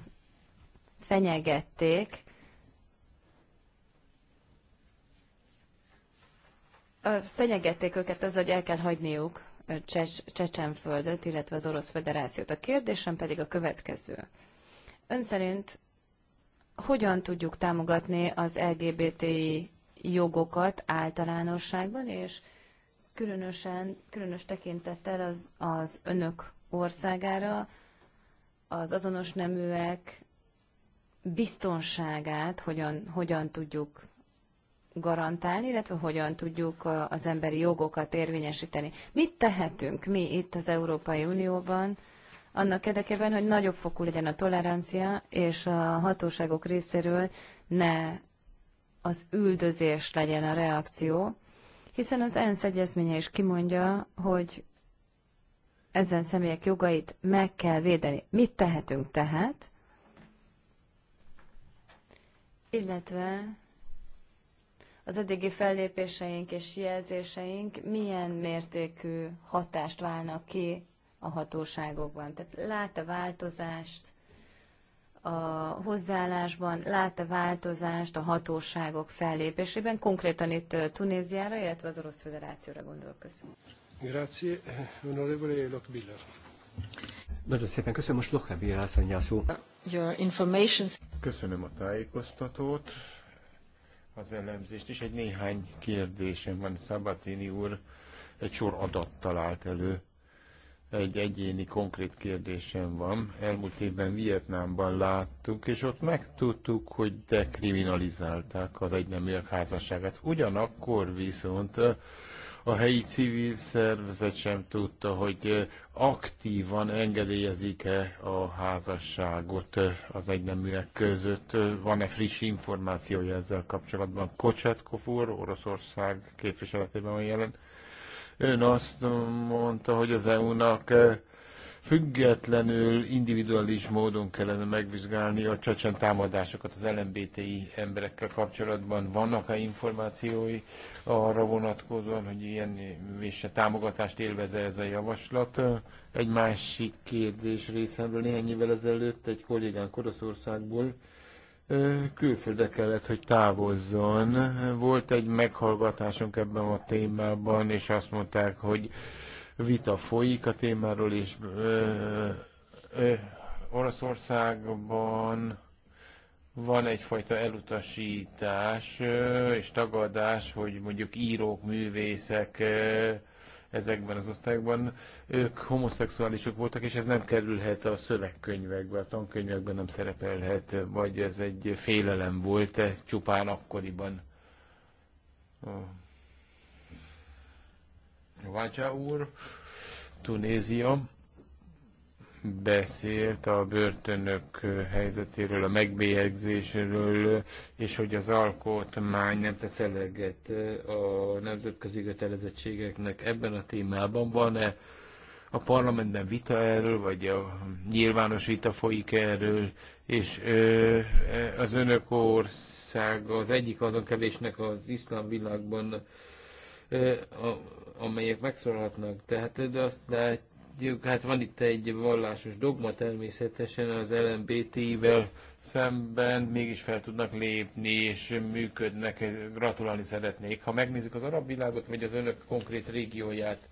fenyegették, fenyegették őket azzal, hogy el kell hagyniuk Csecsenföldöt, illetve az Orosz Föderációt. A kérdésem pedig a következő. Ön szerint hogyan tudjuk támogatni az LGBTI jogokat általánosságban, és különösen, különös tekintettel az, az önök országára, az azonos neműek biztonságát hogyan, hogyan tudjuk garantálni, illetve hogyan tudjuk az emberi jogokat érvényesíteni. Mit tehetünk mi itt az Európai Unióban annak érdekében, hogy nagyobb fokú legyen a tolerancia, és a hatóságok részéről ne az üldözés legyen a reakció, hiszen az ENSZ egyezménye is kimondja, hogy ezen személyek jogait meg kell védeni. Mit tehetünk tehát? Illetve az eddigi fellépéseink és jelzéseink milyen mértékű hatást válnak ki a hatóságokban. Tehát lát-e változást? a hozzáállásban, lát-e változást a hatóságok fellépésében, konkrétan itt Tunéziára, illetve az Orosz Föderációra gondol. Köszönöm. Grazie, onorevole Lockbiller. Nagyon szépen köszönöm, most Lockbiller a szó. Your information... Köszönöm a tájékoztatót, az elemzést, és egy néhány kérdésem van. Szabatini úr egy sor adattal állt elő egy egyéni konkrét kérdésem van. Elmúlt évben Vietnámban láttuk, és ott megtudtuk, hogy dekriminalizálták az egyneműek házasságát. Ugyanakkor viszont a helyi civil szervezet sem tudta, hogy aktívan engedélyezik-e a házasságot az egyneműek között. Van-e friss információja ezzel kapcsolatban? Kocsetkov úr, Oroszország képviseletében van jelent. Ön azt mondta, hogy az EU-nak eh, függetlenül, individualis módon kellene megvizsgálni a csecsen támadásokat az LMBTI emberekkel kapcsolatban. Vannak-e információi arra vonatkozóan, hogy ilyen és támogatást élveze ez a javaslat? Egy másik kérdés részemről néhány évvel ezelőtt egy kollégán Koroszországból külföldre kellett, hogy távozzon. Volt egy meghallgatásunk ebben a témában, és azt mondták, hogy vita folyik a témáról, és ö, ö, Oroszországban van egyfajta elutasítás és tagadás, hogy mondjuk írók, művészek ezekben az osztályokban, ők homoszexuálisok voltak, és ez nem kerülhet a szövegkönyvekbe, a tankönyvekben nem szerepelhet, vagy ez egy félelem volt -e csupán akkoriban. Vágyá úr, Tunézia beszélt a börtönök helyzetéről, a megbélyegzésről, és hogy az alkotmány nem tesz eleget a nemzetközi kötelezettségeknek ebben a témában. Van-e a parlamentben vita erről, vagy a nyilvános vita folyik erről, és e, az önök ország az egyik azon kevésnek az iszlám világban, amelyek megszólalhatnak. Tehát de azt lát, látjuk, hát van itt egy vallásos dogma természetesen az LMBT-vel szemben, mégis fel tudnak lépni és működnek, gratulálni szeretnék. Ha megnézzük az arab világot, vagy az önök konkrét régióját,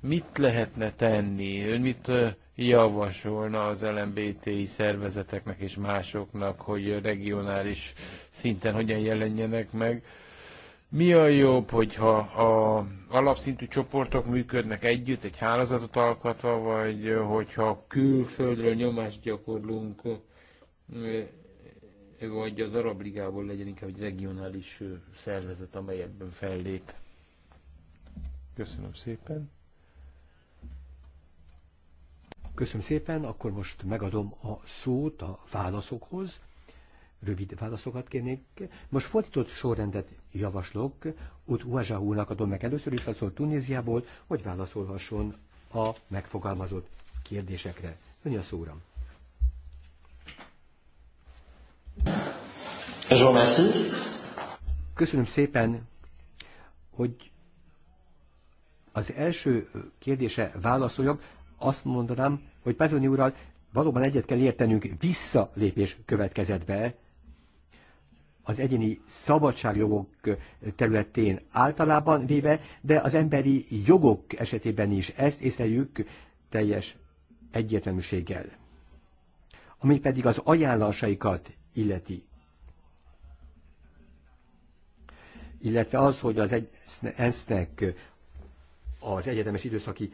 mit lehetne tenni, ön mit javasolna az LMBTI szervezeteknek és másoknak, hogy regionális szinten hogyan jelenjenek meg, mi a jobb, hogyha a alapszintű csoportok működnek együtt, egy hálózatot alkotva, vagy hogyha külföldről nyomást gyakorlunk, eh, vagy az Arab Ligából legyen inkább egy regionális eh, szervezet, amely ebben fellép. Köszönöm szépen. Köszönöm szépen, akkor most megadom a szót a válaszokhoz rövid válaszokat kérnék. Most fordított sorrendet javaslok. út Uazsa adom meg először is a szó Tunéziából, hogy válaszolhasson a megfogalmazott kérdésekre. Ön a szóra. Köszönöm szépen, hogy az első kérdése válaszoljak. Azt mondanám, hogy Pezoni úrral valóban egyet kell értenünk, visszalépés következett be, az egyéni szabadságjogok területén általában véve, de az emberi jogok esetében is ezt észleljük teljes egyértelműséggel. Ami pedig az ajánlásaikat illeti. Illetve az, hogy az ENSZ-nek az egyetemes időszaki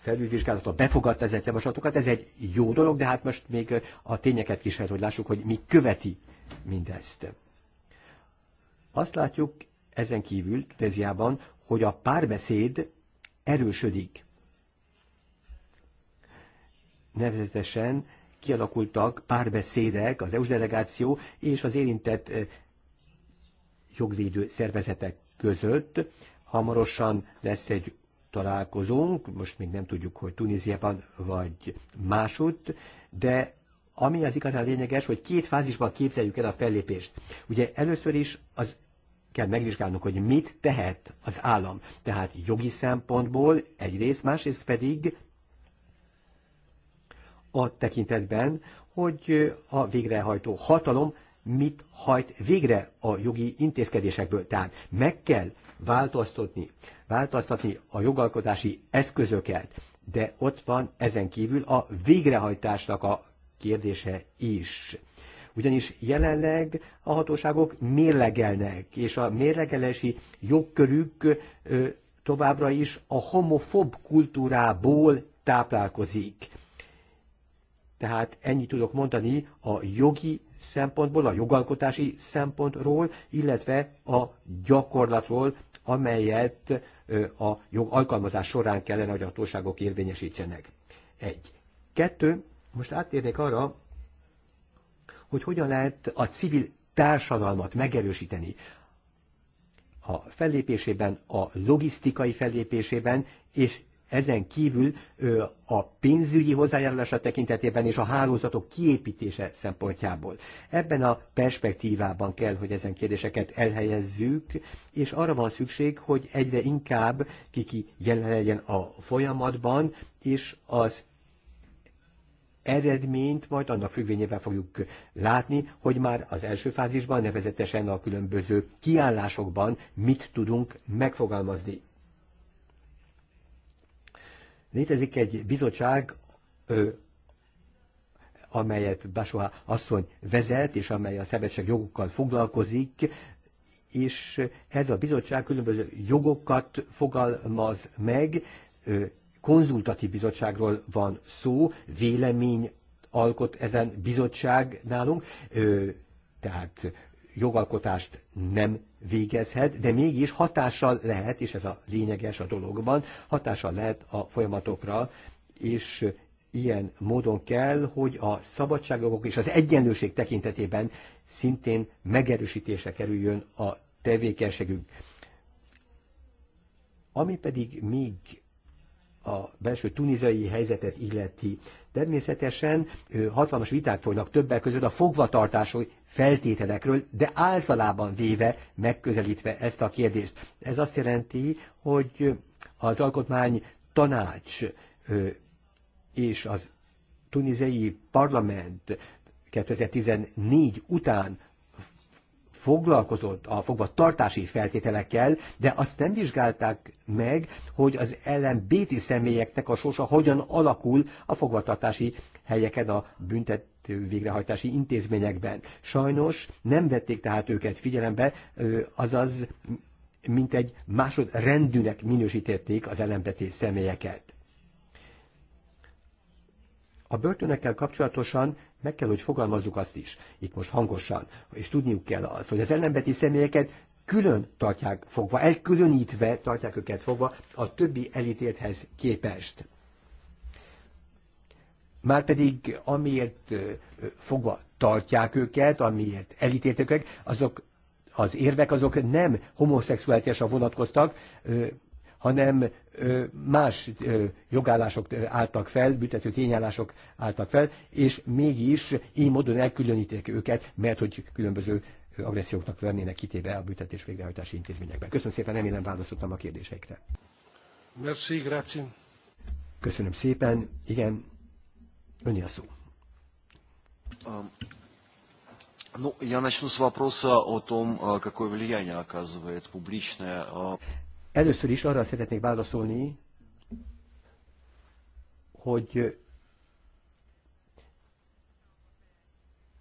felülvizsgálata befogadta a javaslatokat, ez egy jó dolog, de hát most még a tényeket kísérhet, hogy lássuk, hogy mi követi mindezt. Azt látjuk ezen kívül Tunéziában, hogy a párbeszéd erősödik. Nevezetesen kialakultak párbeszédek az EU delegáció és az érintett eh, jogvédő szervezetek között. Hamarosan lesz egy találkozónk, most még nem tudjuk, hogy Tunéziában vagy másút, de ami az igazán lényeges, hogy két fázisban képzeljük el a fellépést. Ugye először is az kell megvizsgálnunk, hogy mit tehet az állam. Tehát jogi szempontból egyrészt, másrészt pedig a tekintetben, hogy a végrehajtó hatalom mit hajt végre a jogi intézkedésekből. Tehát meg kell változtatni, változtatni a jogalkotási eszközöket, de ott van ezen kívül a végrehajtásnak a kérdése is. Ugyanis jelenleg a hatóságok mérlegelnek, és a mérlegelési jogkörük továbbra is a homofób kultúrából táplálkozik. Tehát ennyit tudok mondani a jogi szempontból, a jogalkotási szempontról, illetve a gyakorlatról, amelyet a jogalkalmazás során kellene, hogy a hatóságok érvényesítsenek. Egy. Kettő, most áttérnék arra, hogy hogyan lehet a civil társadalmat megerősíteni a fellépésében, a logisztikai fellépésében, és ezen kívül a pénzügyi hozzájárulása tekintetében és a hálózatok kiépítése szempontjából. Ebben a perspektívában kell, hogy ezen kérdéseket elhelyezzük, és arra van szükség, hogy egyre inkább kiki jelen legyen a folyamatban, és az eredményt majd annak függvényében fogjuk látni, hogy már az első fázisban, nevezetesen a különböző kiállásokban mit tudunk megfogalmazni. Létezik egy bizottság, amelyet Basoá asszony vezet, és amely a szabadság jogokkal foglalkozik, és ez a bizottság különböző jogokat fogalmaz meg, konzultatív bizottságról van szó, vélemény alkot ezen bizottság nálunk, tehát jogalkotást nem végezhet, de mégis hatással lehet, és ez a lényeges a dologban, hatással lehet a folyamatokra, és ilyen módon kell, hogy a szabadságok és az egyenlőség tekintetében szintén megerősítése kerüljön a tevékenységünk. Ami pedig még a belső tunizai helyzetet illeti. Természetesen hatalmas viták folynak többek között a fogvatartású feltételekről, de általában véve megközelítve ezt a kérdést. Ez azt jelenti, hogy az alkotmány tanács és az tunizei parlament 2014 után foglalkozott a fogvatartási feltételekkel, de azt nem vizsgálták meg, hogy az LMBT személyeknek a sorsa hogyan alakul a fogvatartási helyeken a büntet végrehajtási intézményekben. Sajnos nem vették tehát őket figyelembe, azaz mint egy másodrendűnek minősítették az ellenbeti személyeket. A börtönekkel kapcsolatosan meg kell, hogy fogalmazzuk azt is, itt most hangosan, és tudniuk kell azt, hogy az ellenbeti személyeket külön tartják fogva, elkülönítve tartják őket fogva a többi elítélthez képest. Márpedig amiért fogva tartják őket, amiért elítéltek őket, azok az érvek azok nem homoszexualitásra vonatkoztak, hanem más jogállások álltak fel, büntető tényállások álltak fel, és mégis így módon elkülönítik őket, mert hogy különböző agresszióknak lennének kitéve a büntetés végrehajtási intézményekben. Köszönöm szépen, remélem válaszoltam a kérdéseikre. Merci, grazie. Köszönöm szépen, igen, öné a szó. Um, ну, я начну с вопроса о том, какое влияние оказывает публичное... Először is arra szeretnék válaszolni, hogy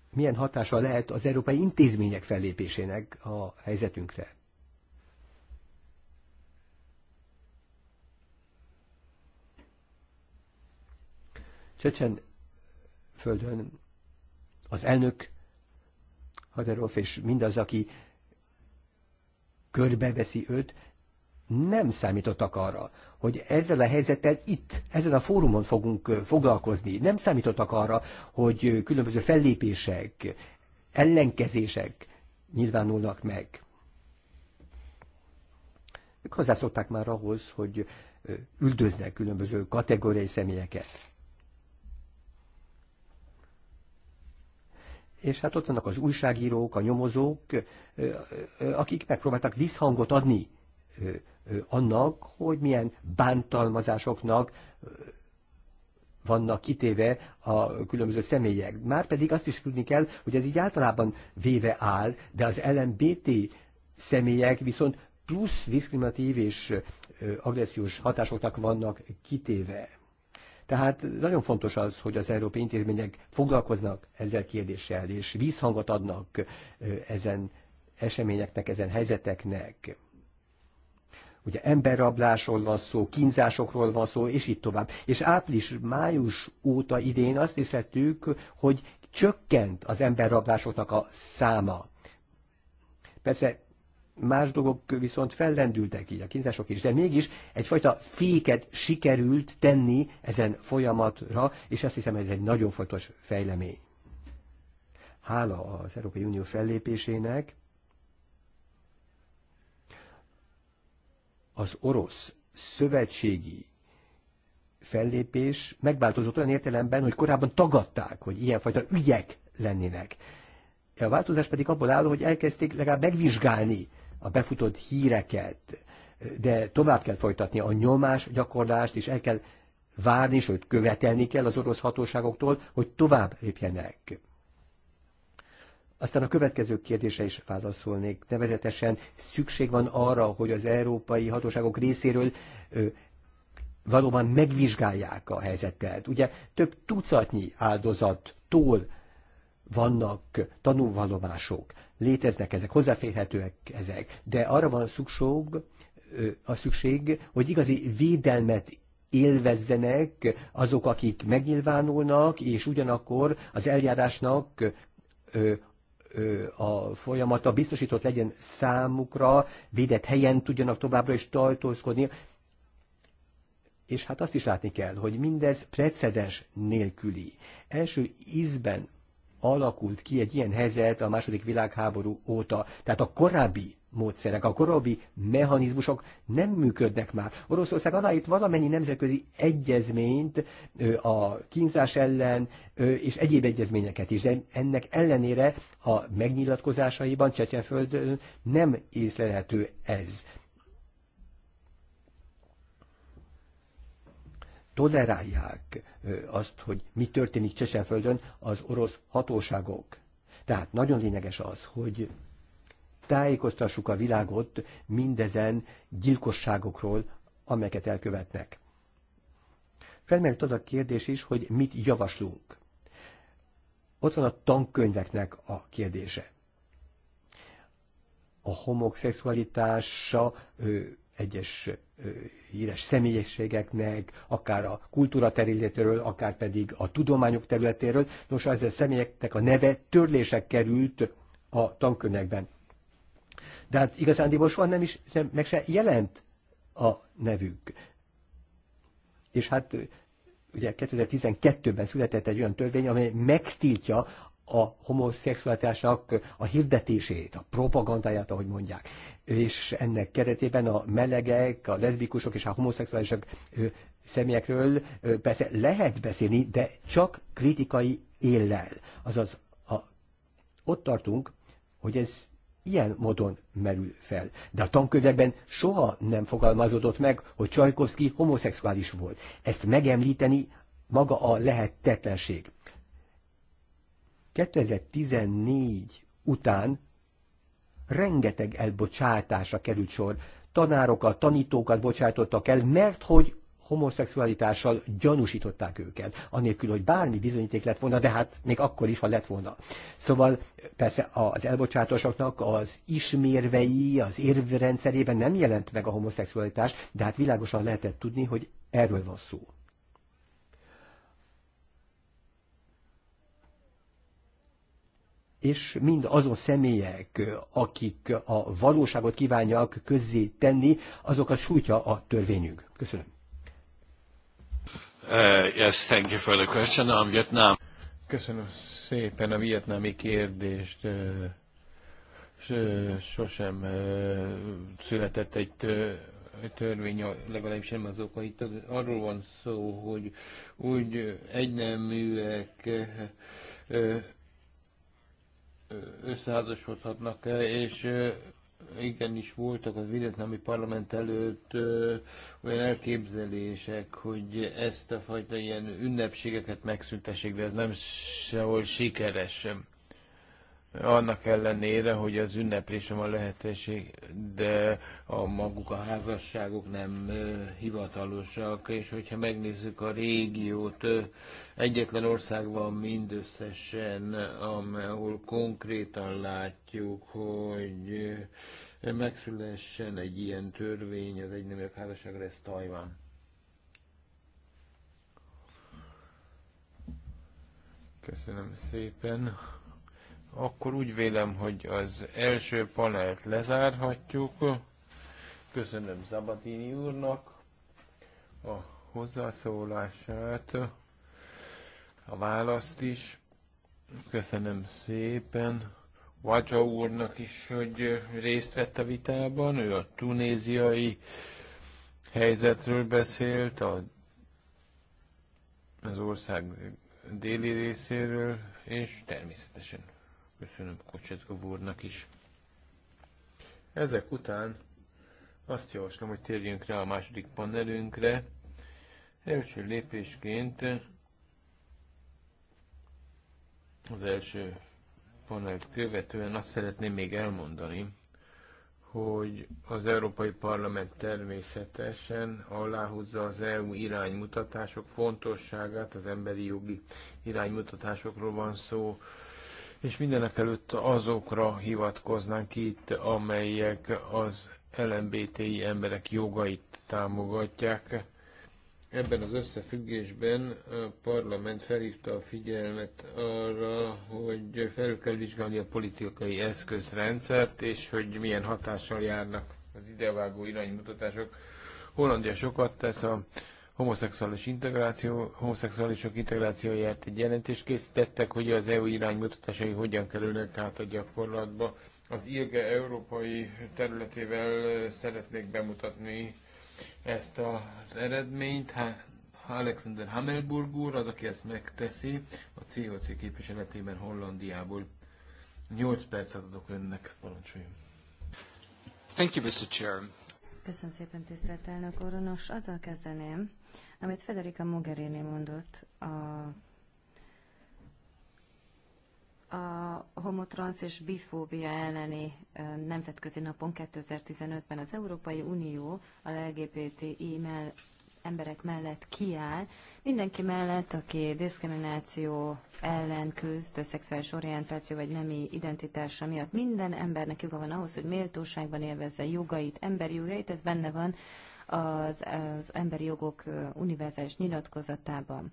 milyen hatása lehet az európai intézmények fellépésének a helyzetünkre. Csecsen földön az elnök Haderov és mindaz, aki körbeveszi őt, nem számítottak arra, hogy ezzel a helyzettel itt, ezen a fórumon fogunk foglalkozni. Nem számítottak arra, hogy különböző fellépések, ellenkezések nyilvánulnak meg. Ők hozzászokták már ahhoz, hogy üldöznek különböző kategóriai személyeket. És hát ott vannak az újságírók, a nyomozók, akik megpróbáltak visszhangot adni annak, hogy milyen bántalmazásoknak vannak kitéve a különböző személyek. Már pedig azt is tudni kell, hogy ez így általában véve áll, de az LMBT személyek viszont plusz diszkriminatív és agressziós hatásoknak vannak kitéve. Tehát nagyon fontos az, hogy az európai intézmények foglalkoznak ezzel kérdéssel, és vízhangot adnak ezen eseményeknek, ezen helyzeteknek ugye emberrablásról van szó, kínzásokról van szó, és így tovább. És április-május óta idén azt hiszettük, hogy csökkent az emberrablásoknak a száma. Persze más dolgok viszont fellendültek így, a kínzások is, de mégis egyfajta féket sikerült tenni ezen folyamatra, és azt hiszem ez egy nagyon fontos fejlemény. Hála az Európai Unió fellépésének, az orosz szövetségi fellépés megváltozott olyan értelemben, hogy korábban tagadták, hogy ilyenfajta ügyek lennének. A változás pedig abból áll, hogy elkezdték legalább megvizsgálni a befutott híreket, de tovább kell folytatni a nyomás gyakorlást, és el kell várni, sőt követelni kell az orosz hatóságoktól, hogy tovább lépjenek. Aztán a következő kérdése is válaszolnék. Nevezetesen szükség van arra, hogy az európai hatóságok részéről ö, valóban megvizsgálják a helyzetet. Ugye több tucatnyi áldozattól vannak tanúvallomások, léteznek ezek, hozzáférhetőek ezek, de arra van szükség, a szükség, hogy igazi védelmet élvezzenek azok, akik megnyilvánulnak, és ugyanakkor az eljárásnak a folyamata biztosított legyen számukra, védett helyen tudjanak továbbra is tartózkodni, és hát azt is látni kell, hogy mindez precedens nélküli. Első ízben alakult ki egy ilyen helyzet a második világháború óta. Tehát a korábbi módszerek, a korábbi mechanizmusok nem működnek már. Oroszország aláírt valamennyi nemzetközi egyezményt a kínzás ellen és egyéb egyezményeket is, de ennek ellenére a megnyilatkozásaiban Csecseföldön nem észlelhető ez. Tolerálják azt, hogy mi történik Csecsenföldön az orosz hatóságok. Tehát nagyon lényeges az, hogy tájékoztassuk a világot mindezen gyilkosságokról, amelyeket elkövetnek. Felmerült az a kérdés is, hogy mit javaslunk. Ott van a tankönyveknek a kérdése. A homoszexualitása egyes ö, híres személyességeknek, akár a kultúra területéről, akár pedig a tudományok területéről. Nos, a személyeknek a neve törlések került a tankönyvekben de hát igazándiból soha nem is, sem, meg se jelent a nevük. És hát ugye 2012-ben született egy olyan törvény, amely megtiltja a homoszexualitásnak a hirdetését, a propagandáját, ahogy mondják. És ennek keretében a melegek, a leszbikusok és a homoszexuálisok személyekről persze lehet beszélni, de csak kritikai éllel. Azaz a, ott tartunk, hogy ez ilyen módon merül fel. De a tankönyvekben soha nem fogalmazódott meg, hogy Csajkovszki homoszexuális volt. Ezt megemlíteni maga a lehetetlenség. 2014 után rengeteg elbocsátásra került sor. Tanárokat, tanítókat bocsátottak el, mert hogy homoszexualitással gyanúsították őket, anélkül, hogy bármi bizonyíték lett volna, de hát még akkor is, ha lett volna. Szóval persze az elbocsátosoknak az ismérvei, az érvrendszerében nem jelent meg a homoszexualitás, de hát világosan lehetett tudni, hogy erről van szó. és mind azon személyek, akik a valóságot kívánják közzé tenni, azokat sújtja a törvényünk. Köszönöm. Uh, yes, thank you for the question on Vietnam. Köszönöm szépen a vietnámi kérdést. Uh, uh, sosem született egy törvény, legalábbis sem az oka. Itt arról van szó, hogy úgy egyneműek összeházasodhatnak, és igenis voltak az vietnámi parlament előtt ö, olyan elképzelések, hogy ezt a fajta ilyen ünnepségeket megszüntessék, de ez nem sehol sikeres. Sem annak ellenére, hogy az ünneplésem a lehetőség, de a maguk a házasságok nem hivatalosak, és hogyha megnézzük a régiót, egyetlen ország van mindösszesen, ahol konkrétan látjuk, hogy megszülessen egy ilyen törvény az egyneműek házasságra, ez Tajván. Köszönöm szépen akkor úgy vélem, hogy az első panelt lezárhatjuk. Köszönöm Zabatini úrnak a hozzászólását, a választ is. Köszönöm szépen Vacsa úrnak is, hogy részt vett a vitában. Ő a tunéziai helyzetről beszélt, a, az ország déli részéről, és természetesen Köszönöm Kocsetkov úrnak is. Ezek után azt javaslom, hogy térjünk rá a második panelünkre. Első lépésként az első panelt követően azt szeretném még elmondani, hogy az Európai Parlament természetesen aláhúzza az EU iránymutatások fontosságát, az emberi jogi iránymutatásokról van szó, és mindenek előtt azokra hivatkoznánk itt, amelyek az LMBTI emberek jogait támogatják. Ebben az összefüggésben a parlament felhívta a figyelmet arra, hogy felül kell vizsgálni a politikai eszközrendszert, és hogy milyen hatással járnak az idevágó iránymutatások. Hollandia sokat tesz a homoszexuális integráció, homoszexuálisok integrációját egy jelentést készítettek, hogy az EU iránymutatásai hogyan kerülnek át a gyakorlatba. Az ILGE európai területével szeretnék bemutatni ezt az eredményt. Alexander Hamelburg úr, az, aki ezt megteszi, a COC képviseletében Hollandiából. 8 percet adok önnek, parancsoljon. Thank you, Mr. Chair. Köszönöm szépen, tisztelt elnök úr. Nos, azzal kezdeném, amit Federica Mogherini mondott a a homotrans és bifóbia elleni nemzetközi napon 2015-ben az Európai Unió a LGBTI mell emberek mellett kiáll, mindenki mellett, aki diszkrimináció ellen küzd, a szexuális orientáció vagy nemi identitása miatt, minden embernek joga van ahhoz, hogy méltóságban élvezze jogait, emberi jogait, ez benne van az, az emberi jogok univerzális nyilatkozatában.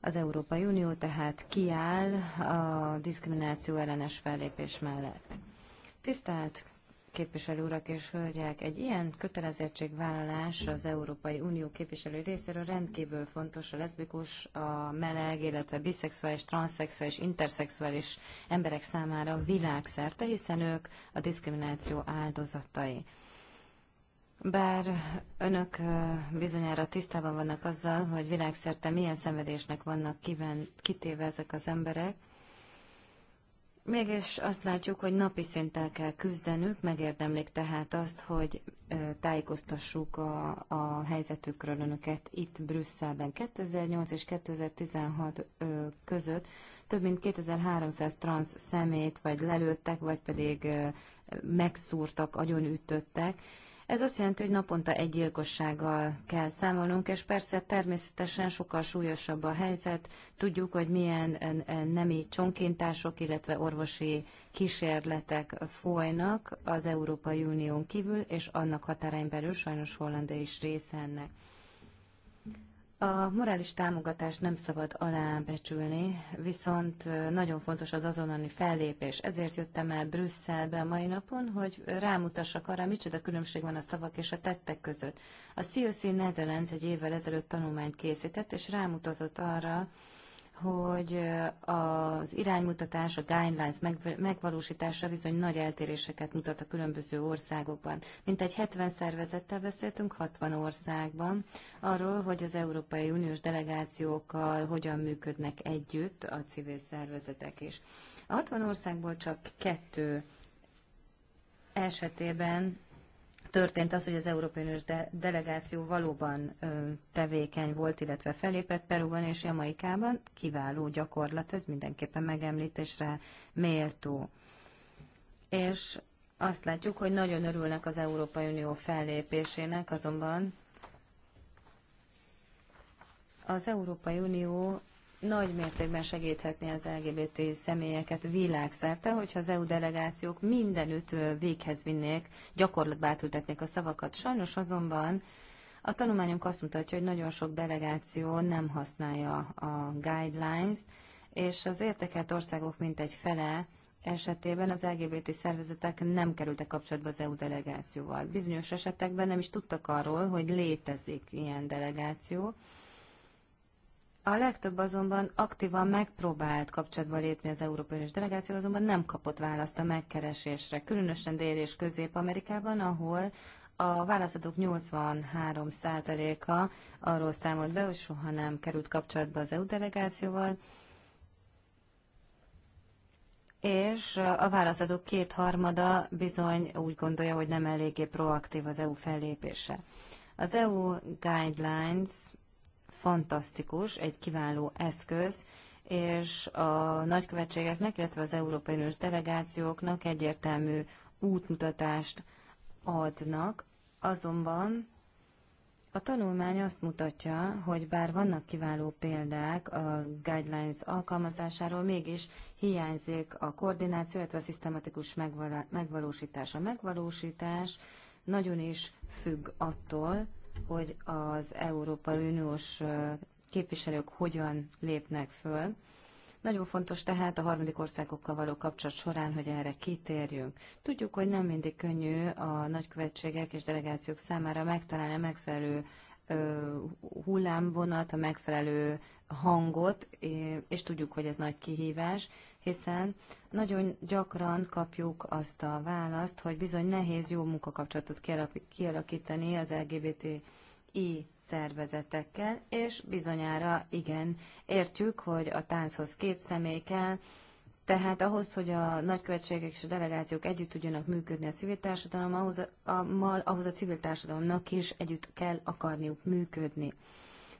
Az Európai Unió tehát kiáll a diszkrimináció ellenes fellépés mellett. Tisztelt képviselő urak és hölgyek, egy ilyen kötelezettségvállalás az Európai Unió képviselő részéről rendkívül fontos a leszbikus, a meleg, illetve biszexuális, transzexuális, interszexuális emberek számára világszerte, hiszen ők a diszkrimináció áldozatai. Bár önök bizonyára tisztában vannak azzal, hogy világszerte milyen szenvedésnek vannak kiven, kitéve ezek az emberek, mégis azt látjuk, hogy napi szinten kell küzdenük, megérdemlik tehát azt, hogy tájékoztassuk a, a helyzetükről önöket itt Brüsszelben. 2008 és 2016 között több mint 2300 trans szemét vagy lelőttek, vagy pedig megszúrtak, agyonütöttek ez azt jelenti, hogy naponta egy gyilkossággal kell számolnunk, és persze természetesen sokkal súlyosabb a helyzet. Tudjuk, hogy milyen nemi csonkintások, illetve orvosi kísérletek folynak az Európai Unión kívül, és annak határain belül sajnos Hollandia is része ennek. A morális támogatást nem szabad alábecsülni, viszont nagyon fontos az azonnali fellépés. Ezért jöttem el Brüsszelbe a mai napon, hogy rámutassak arra, micsoda különbség van a szavak és a tettek között. A COC Netherlands egy évvel ezelőtt tanulmányt készített, és rámutatott arra, hogy az iránymutatás, a guidelines megvalósítása bizony nagy eltéréseket mutat a különböző országokban. Mint egy 70 szervezettel beszéltünk 60 országban arról, hogy az Európai Uniós delegációkkal hogyan működnek együtt a civil szervezetek is. A 60 országból csak kettő esetében történt az, hogy az Európai Uniós de- delegáció valóban ö, tevékeny volt, illetve felépett Peruban és Jamaikában. Kiváló gyakorlat, ez mindenképpen megemlítésre méltó. És azt látjuk, hogy nagyon örülnek az Európai Unió fellépésének, azonban az Európai Unió nagy mértékben segíthetné az LGBT személyeket világszerte, hogyha az EU delegációk mindenütt véghez vinnék, gyakorlatba átültetnék a szavakat. Sajnos azonban a tanulmányunk azt mutatja, hogy nagyon sok delegáció nem használja a guidelines, és az értekelt országok mintegy fele esetében az LGBT szervezetek nem kerültek kapcsolatba az EU delegációval. Bizonyos esetekben nem is tudtak arról, hogy létezik ilyen delegáció, a legtöbb azonban aktívan megpróbált kapcsolatba lépni az Európai Uniós Delegáció, azonban nem kapott választ a megkeresésre, különösen Dél- és Közép-Amerikában, ahol a válaszadók 83%-a arról számolt be, hogy soha nem került kapcsolatba az EU delegációval, és a válaszadók kétharmada bizony úgy gondolja, hogy nem eléggé proaktív az EU fellépése. Az EU guidelines fantasztikus, egy kiváló eszköz, és a nagykövetségeknek, illetve az Európai Uniós delegációknak egyértelmű útmutatást adnak, azonban a tanulmány azt mutatja, hogy bár vannak kiváló példák a guidelines alkalmazásáról, mégis hiányzik a koordináció, illetve a szisztematikus megvalósítás. A megvalósítás nagyon is függ attól, hogy az Európai Uniós képviselők hogyan lépnek föl. Nagyon fontos tehát a harmadik országokkal való kapcsolat során, hogy erre kitérjünk. Tudjuk, hogy nem mindig könnyű a nagykövetségek és delegációk számára megtalálni a megfelelő hullámvonat, a megfelelő hangot, és tudjuk, hogy ez nagy kihívás, hiszen nagyon gyakran kapjuk azt a választ, hogy bizony nehéz jó munkakapcsolatot kialakítani az LGBTI szervezetekkel, és bizonyára igen, értjük, hogy a tánchoz két személy kell, tehát ahhoz, hogy a nagykövetségek és a delegációk együtt tudjanak működni a civil társadalommal, ahhoz a, a, a civil társadalomnak is együtt kell akarniuk működni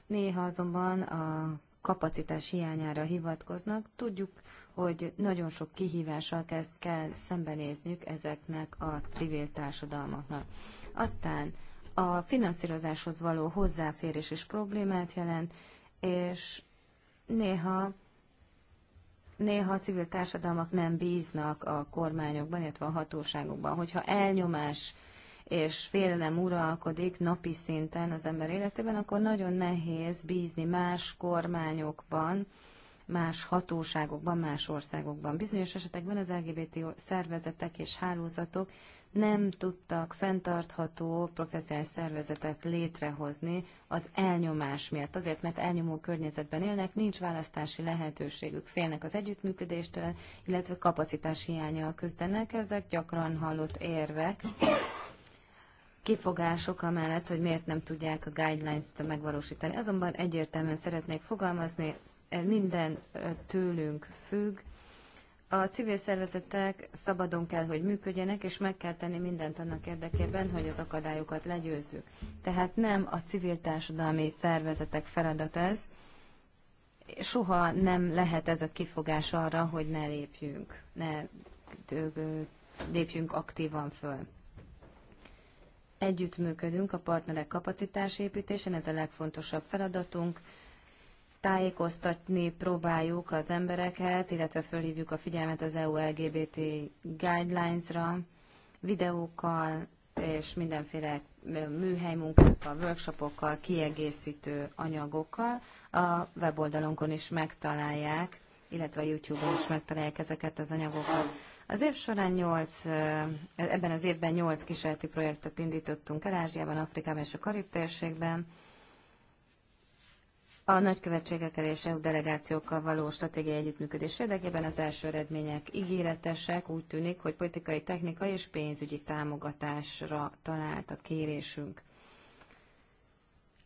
néha azonban a kapacitás hiányára hivatkoznak. Tudjuk, hogy nagyon sok kihívással kezd, kell szembenézniük ezeknek a civil társadalmaknak. Aztán a finanszírozáshoz való hozzáférés is problémát jelent, és néha néha a civil társadalmak nem bíznak a kormányokban, illetve a hatóságokban. Hogyha elnyomás és félelem uralkodik napi szinten az ember életében, akkor nagyon nehéz bízni más kormányokban, más hatóságokban, más országokban. Bizonyos esetekben az LGBT szervezetek és hálózatok nem tudtak fenntartható professzionális szervezetet létrehozni az elnyomás miatt. Azért, mert elnyomó környezetben élnek, nincs választási lehetőségük, félnek az együttműködéstől, illetve kapacitás hiánya küzdenek. Ezek gyakran hallott érvek, kifogások amellett, hogy miért nem tudják a guidelines-t megvalósítani. Azonban egyértelműen szeretnék fogalmazni, eh, minden eh, tőlünk függ. A civil szervezetek szabadon kell, hogy működjenek, és meg kell tenni mindent annak érdekében, hogy az akadályokat legyőzzük. Tehát nem a civil társadalmi szervezetek feladat ez, soha nem lehet ez a kifogás arra, hogy ne lépjünk, ne lépjünk aktívan föl. Együttműködünk a partnerek kapacitásépítésen, ez a legfontosabb feladatunk. Tájékoztatni próbáljuk az embereket, illetve fölhívjuk a figyelmet az EU LGBT guidelines-ra, videókkal és mindenféle műhelymunkákkal, workshopokkal, kiegészítő anyagokkal. A weboldalunkon is megtalálják, illetve a YouTube-on is megtalálják ezeket az anyagokat. Az év során 8, ebben az évben 8 kísérleti projektet indítottunk el Ázsiában, Afrikában és a Karib térségben. A nagykövetségekkel és EU delegációkkal való stratégiai együttműködés érdekében az első eredmények ígéretesek, úgy tűnik, hogy politikai, technikai és pénzügyi támogatásra talált a kérésünk.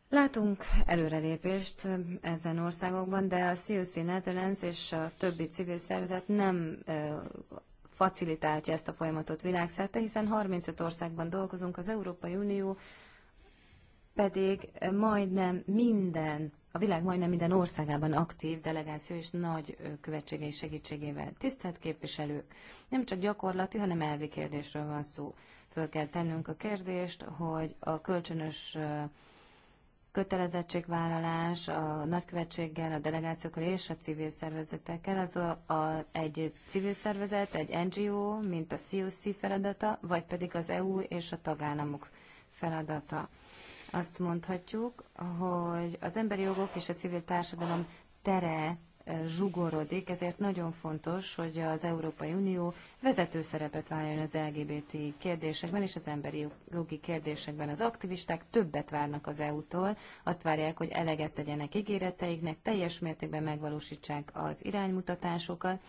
Látunk előrelépést ezen országokban, de a CUC Netherlands és a többi civil szervezet nem facilitálja ezt a folyamatot világszerte, hiszen 35 országban dolgozunk, az Európai Unió pedig majdnem minden, a világ majdnem minden országában aktív delegáció és nagy követségei segítségével. Tisztelt képviselők, nem csak gyakorlati, hanem elvi kérdésről van szó. Föl kell tennünk a kérdést, hogy a kölcsönös kötelezettségvállalás a nagykövetséggel, a delegációkkal és a civil szervezetekkel, az a, a, egy civil szervezet, egy NGO, mint a COC feladata, vagy pedig az EU és a tagállamok feladata. Azt mondhatjuk, hogy az emberi jogok és a civil társadalom tere zsugorodik, ezért nagyon fontos, hogy az Európai Unió vezető szerepet váljon az LGBT kérdésekben és az emberi jogi kérdésekben. Az aktivisták többet várnak az EU-tól, azt várják, hogy eleget tegyenek ígéreteiknek, teljes mértékben megvalósítsák az iránymutatásokat,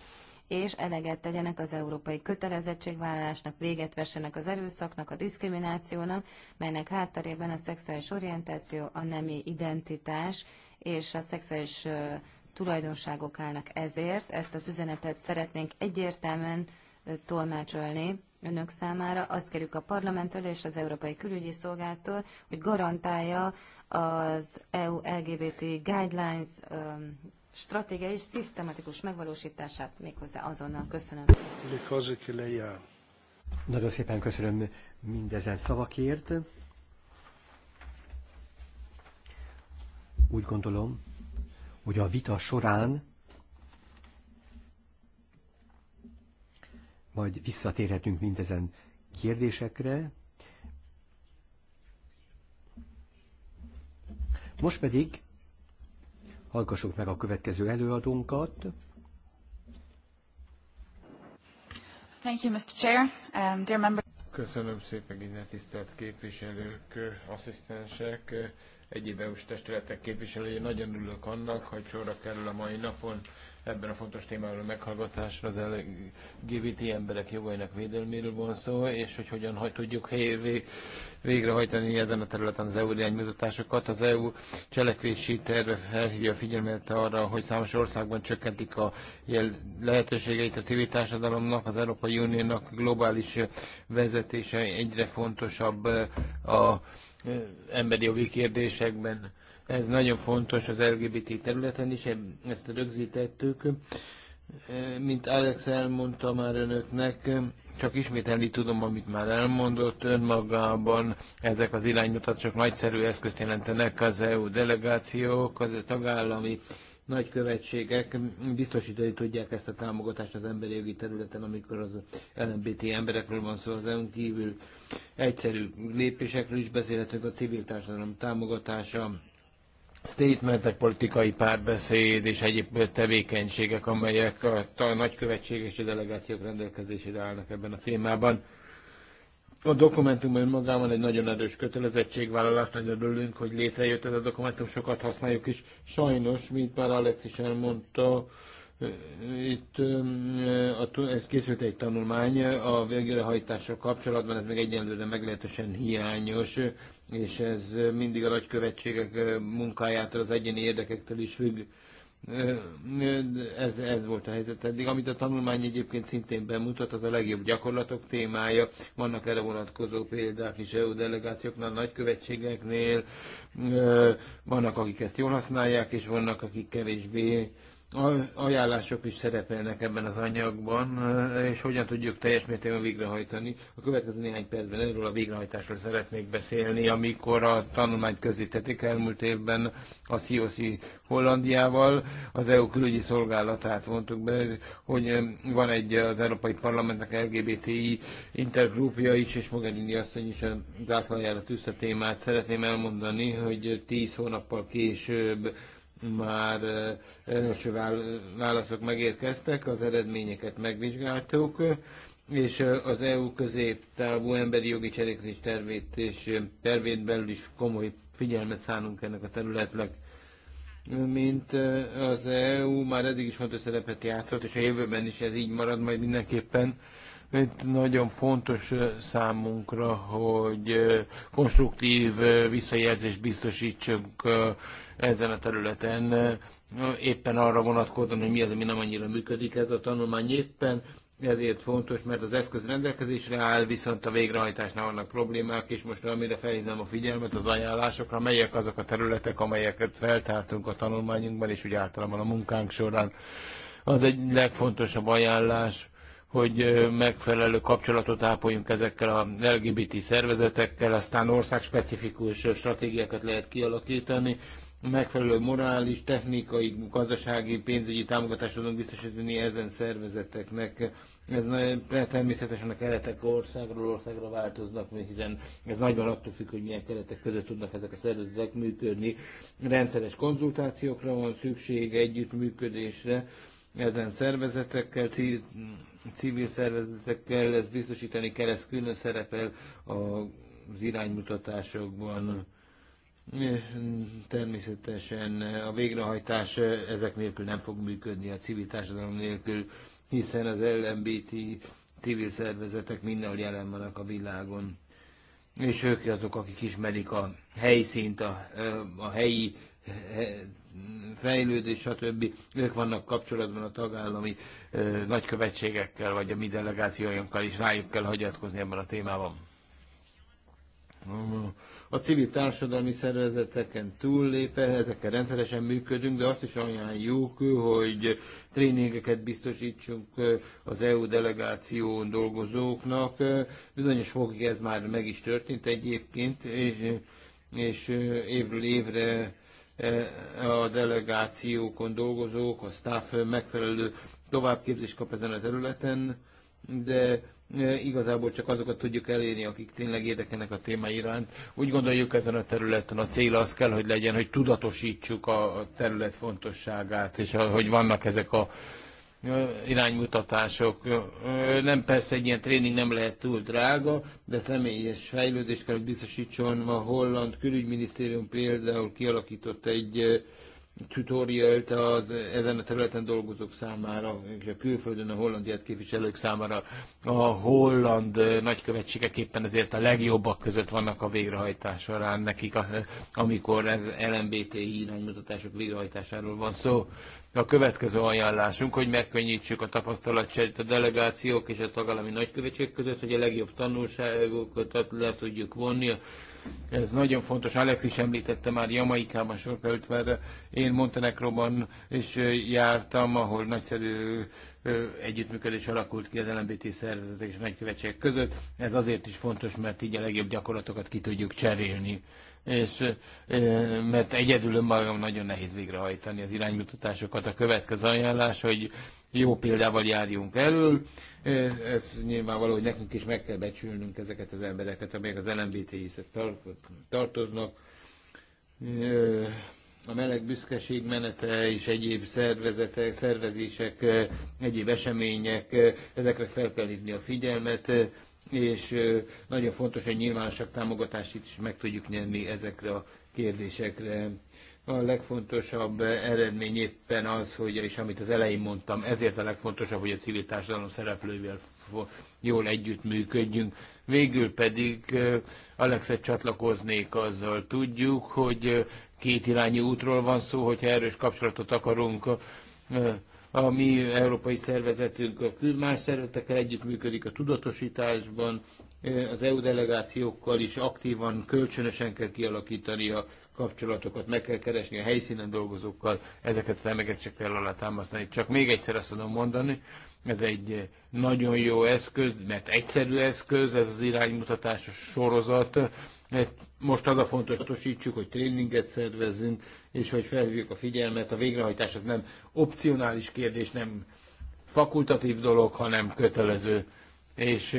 és eleget tegyenek az európai kötelezettségvállalásnak, véget vessenek az erőszaknak, a diszkriminációnak, melynek hátterében a szexuális orientáció, a nemi identitás és a szexuális tulajdonságok állnak ezért. Ezt az üzenetet szeretnénk egyértelműen tolmácsolni önök számára. Azt kérjük a parlamenttől és az Európai Külügyi Szolgáltól, hogy garantálja az EU LGBT Guidelines stratégia és szisztematikus megvalósítását méghozzá azonnal. Köszönöm. Nagyon szépen köszönöm mindezen szavakért. Úgy gondolom, hogy a vita során majd visszatérhetünk mindezen kérdésekre. Most pedig hallgassuk meg a következő előadónkat. Thank you, Mr. Chair. Um, dear Köszönöm szépen, innen tisztelt képviselők, asszisztensek egyéb EU-s testületek képviselője. Nagyon örülök annak, hogy sorra kerül a mai napon ebben a fontos témáról meghallgatásra az LGBT emberek jogainak védelméről van szó, és hogy hogyan hogy tudjuk hely, végrehajtani ezen a területen az EU iránymutatásokat. Az EU cselekvési terve felhívja a figyelmet arra, hogy számos országban csökkentik a lehetőségeit a civil társadalomnak, az Európai Uniónak globális vezetése egyre fontosabb a emberi jogi kérdésekben. Ez nagyon fontos az LGBT területen is, ezt rögzítettük. Mint Alex elmondta már önöknek, csak ismételni tudom, amit már elmondott önmagában. Ezek az iránymutatások nagyszerű eszközt jelentenek az EU delegációk, az a tagállami nagykövetségek biztosítani tudják ezt a támogatást az emberi jogi területen, amikor az LMBT emberekről van szó az eu kívül. Egyszerű lépésekről is beszélhetünk, a civil társadalom támogatása, statementek, politikai párbeszéd és egyéb tevékenységek, amelyek a és a delegációk rendelkezésére állnak ebben a témában a dokumentum önmagában egy nagyon erős kötelezettségvállalás, nagyon örülünk, hogy létrejött ez a dokumentum, sokat használjuk is. Sajnos, mint már Alex is elmondta, itt a, készült egy tanulmány a végrehajtással kapcsolatban, ez még egyenlőre meglehetősen hiányos, és ez mindig a nagykövetségek munkájától, az egyéni érdekektől is függ. Ez, ez volt a helyzet eddig. Amit a tanulmány egyébként szintén bemutat, az a legjobb gyakorlatok témája. Vannak erre vonatkozó példák is EU delegációknál, nagykövetségeknél. Vannak, akik ezt jól használják, és vannak, akik kevésbé ajánlások is szerepelnek ebben az anyagban, eh, és hogyan tudjuk teljes mértékben végrehajtani. A következő néhány percben erről a végrehajtásról szeretnék beszélni, amikor a tanulmányt közítették elmúlt évben a Sziószi Hollandiával, az EU külügyi szolgálatát vontuk be, hogy eh, van egy eh, az Európai Parlamentnek LGBTI intergrúpja is, és Mogherini asszony is a átlanjára tűzte témát. Szeretném elmondani, hogy tíz hónappal később már eh, első válaszok megérkeztek, az eredményeket megvizsgáltuk, és eh, az EU középtávú emberi jogi cselekvés tervét és eh, tervét belül is komoly figyelmet szánunk ennek a területnek. Mint az EU már eddig is fontos szerepet játszott, és a jövőben is ez így marad majd mindenképpen. Itt nagyon fontos számunkra, hogy konstruktív visszajelzést biztosítsunk ezen a területen, éppen arra vonatkozóan, hogy mi az, ami nem annyira működik ez a tanulmány éppen, ezért fontos, mert az eszköz rendelkezésre áll, viszont a végrehajtásnál vannak problémák, és most amire felhívnám a figyelmet az ajánlásokra, melyek azok a területek, amelyeket feltártunk a tanulmányunkban, és úgy általában a munkánk során. Az egy legfontosabb ajánlás, hogy megfelelő kapcsolatot ápoljunk ezekkel a LGBT szervezetekkel, aztán országspecifikus stratégiákat lehet kialakítani, megfelelő morális, technikai, gazdasági, pénzügyi támogatást tudunk biztosítani ezen szervezeteknek. Ez természetesen a keretek országról országra változnak, hiszen ez nagyban attól függ, hogy milyen keretek között tudnak ezek a szervezetek működni. Rendszeres konzultációkra van szükség, együttműködésre ezen szervezetekkel, civil szervezetekkel, ezt biztosítani kell, ez külön szerepel az iránymutatásokban. Természetesen a végrehajtás ezek nélkül nem fog működni, a civil társadalom nélkül, hiszen az LMBT civil szervezetek mindenhol jelen vannak a világon. És ők azok, akik ismerik a helyszínt, a, a helyi fejlődés, stb. Ők vannak kapcsolatban a tagállami ö, nagykövetségekkel, vagy a mi delegációinkkal is rájuk kell hagyatkozni ebben a témában. A civil társadalmi szervezeteken túllépve ezekkel rendszeresen működünk, de azt is ajánljuk, hogy tréningeket biztosítsunk az EU delegáción dolgozóknak. Bizonyos fogig ez már meg is történt egyébként, és, és évről évre Eh, a delegációkon dolgozók, a staff megfelelő továbbképzést kap ezen a területen, de eh, igazából csak azokat tudjuk elérni, akik tényleg érdekelnek a téma iránt. Úgy gondoljuk ezen a területen a cél az kell, hogy legyen, hogy tudatosítsuk a terület fontosságát, és hogy vannak ezek a iránymutatások. Nem persze egy ilyen tréning nem lehet túl drága, de személyes fejlődés kell, hogy biztosítson. A holland külügyminisztérium például kialakított egy tutorialt az ezen a területen dolgozók számára, és a külföldön a hollandiát képviselők számára a holland nagykövetségek éppen ezért a legjobbak között vannak a végrehajtás során nekik, amikor ez LMBTI iránymutatások végrehajtásáról van szó. A következő ajánlásunk, hogy megkönnyítsük a tapasztalatcserét a delegációk és a tagállami nagykövetség között, hogy a legjobb tanulságokat le tudjuk vonni. Ez nagyon fontos. Alex is említette már Jamaikában sor került, én Montenegróban is jártam, ahol nagyszerű együttműködés alakult ki az LMBT szervezetek és nagykövetség között. Ez azért is fontos, mert így a legjobb gyakorlatokat ki tudjuk cserélni és mert egyedül önmagam nagyon nehéz végrehajtani az iránymutatásokat. A következő ajánlás, hogy jó példával járjunk elől. Ez nyilvánvaló, hogy nekünk is meg kell becsülnünk ezeket az embereket, amelyek az LMBT-hez tartoznak. A meleg büszkeség menete és egyéb szervezetek, szervezések, egyéb események, ezekre fel kell hívni a figyelmet és nagyon fontos, hogy nyilvánosabb támogatást is meg tudjuk nyerni ezekre a kérdésekre. A legfontosabb eredmény éppen az, hogy, és amit az elején mondtam, ezért a legfontosabb, hogy a civil társadalom szereplőivel jól együttműködjünk. Végül pedig Alexet csatlakoznék azzal. Tudjuk, hogy két irányú útról van szó, hogyha erős kapcsolatot akarunk a mi európai szervezetünk a más szervezetekkel együttműködik a tudatosításban, az EU delegációkkal is aktívan, kölcsönösen kell kialakítani a kapcsolatokat, meg kell keresni a helyszínen dolgozókkal, ezeket a elemeket csak kell alátámasztani. Csak még egyszer azt tudom mondani, ez egy nagyon jó eszköz, mert egyszerű eszköz, ez az iránymutatásos sorozat, most az a fontos, hogy tosítsuk, hogy tréninget szervezzünk, és hogy felhívjuk a figyelmet. A végrehajtás az nem opcionális kérdés, nem fakultatív dolog, hanem kötelező. És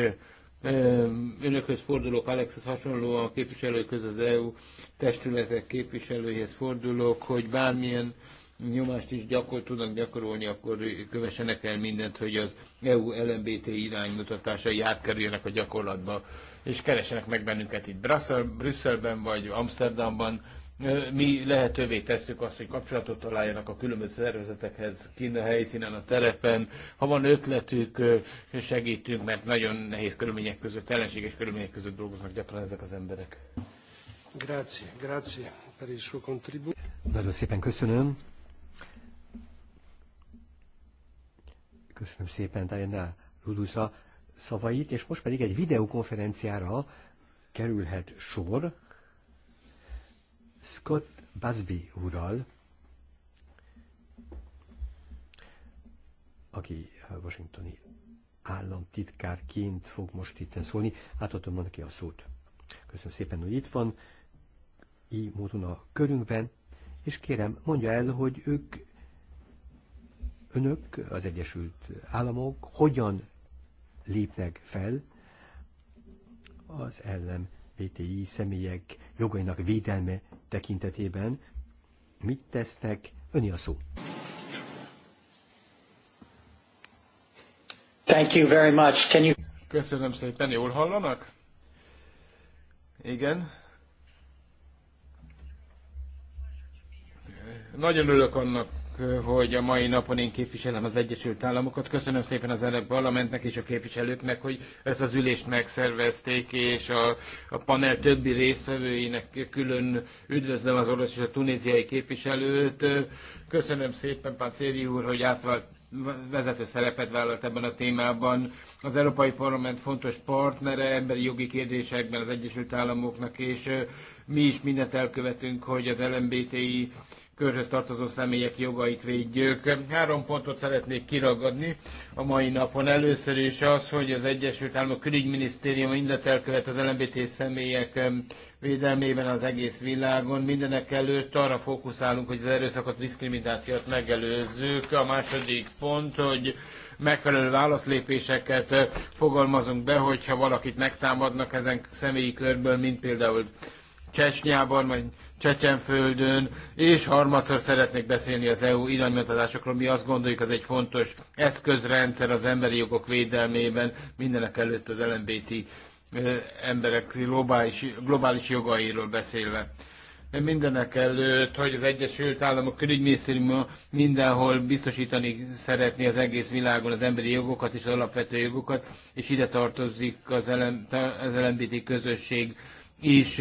önökhöz fordulok, Alexhez hasonlóan a képviselőkhöz, az EU testületek képviselőjéhez fordulok, hogy bármilyen nyomást is gyakor, tudnak gyakorolni, akkor kövessenek el mindent, hogy az EU LMBT iránymutatásai átkerüljenek a gyakorlatba, és keresenek meg bennünket itt Brüsszel, Brüsszelben vagy Amsterdamban. Mi lehetővé tesszük azt, hogy kapcsolatot találjanak a különböző szervezetekhez, kint a helyszínen, a terepen. Ha van ötletük, segítünk, mert nagyon nehéz körülmények között, ellenséges körülmények között dolgoznak gyakran ezek az emberek. Grazie, grazie per il suo contributo. Nagyon szépen köszönöm Köszönöm szépen Diana Ludusa szavait, és most pedig egy videokonferenciára kerülhet sor Scott Busby úrral, aki washingtoni államtitkárként fog most itt szólni. Átadom neki a szót. Köszönöm szépen, hogy itt van, így módon a körünkben, és kérem, mondja el, hogy ők önök, az Egyesült Államok hogyan lépnek fel az ellen BTI személyek jogainak védelme tekintetében. Mit tesznek? Öni a szó. Thank you very much. Can you... Köszönöm szépen, jól hallanak? Igen. Nagyon örülök annak, hogy a mai napon én képviselem az Egyesült Államokat. Köszönöm szépen az Elek Parlamentnek és a képviselőknek, hogy ezt az ülést megszervezték, és a, a panel többi résztvevőinek külön üdvözlöm az orosz és a tunéziai képviselőt. Köszönöm szépen, Pacéri úr, hogy átvált vezető szerepet vállalt ebben a témában. Az Európai Parlament fontos partnere emberi jogi kérdésekben az Egyesült Államoknak, és mi is mindent elkövetünk, hogy az LMBTI körhöz tartozó személyek jogait védjük. Három pontot szeretnék kiragadni a mai napon. Először is az, hogy az Egyesült Államok külügyminisztérium mindent elkövet az LMBT személyek védelmében az egész világon. Mindenek előtt arra fókuszálunk, hogy az erőszakot, diszkriminációt megelőzzük. A második pont, hogy megfelelő válaszlépéseket eh, fogalmazunk be, hogyha valakit megtámadnak ezen személyi körből, mint például Csecsnyában, vagy Csecsenföldön, és harmadszor szeretnék beszélni az EU iránymutatásokról. Mi azt gondoljuk, az egy fontos eszközrendszer az emberi jogok védelmében, mindenek előtt az LMBT emberek globális, globális jogairól beszélve. Mindenek előtt, hogy az Egyesült Államok külügyminisztériuma mindenhol biztosítani szeretné az egész világon az emberi jogokat és az alapvető jogokat, és ide tartozik az, LM, az LMBT közösség is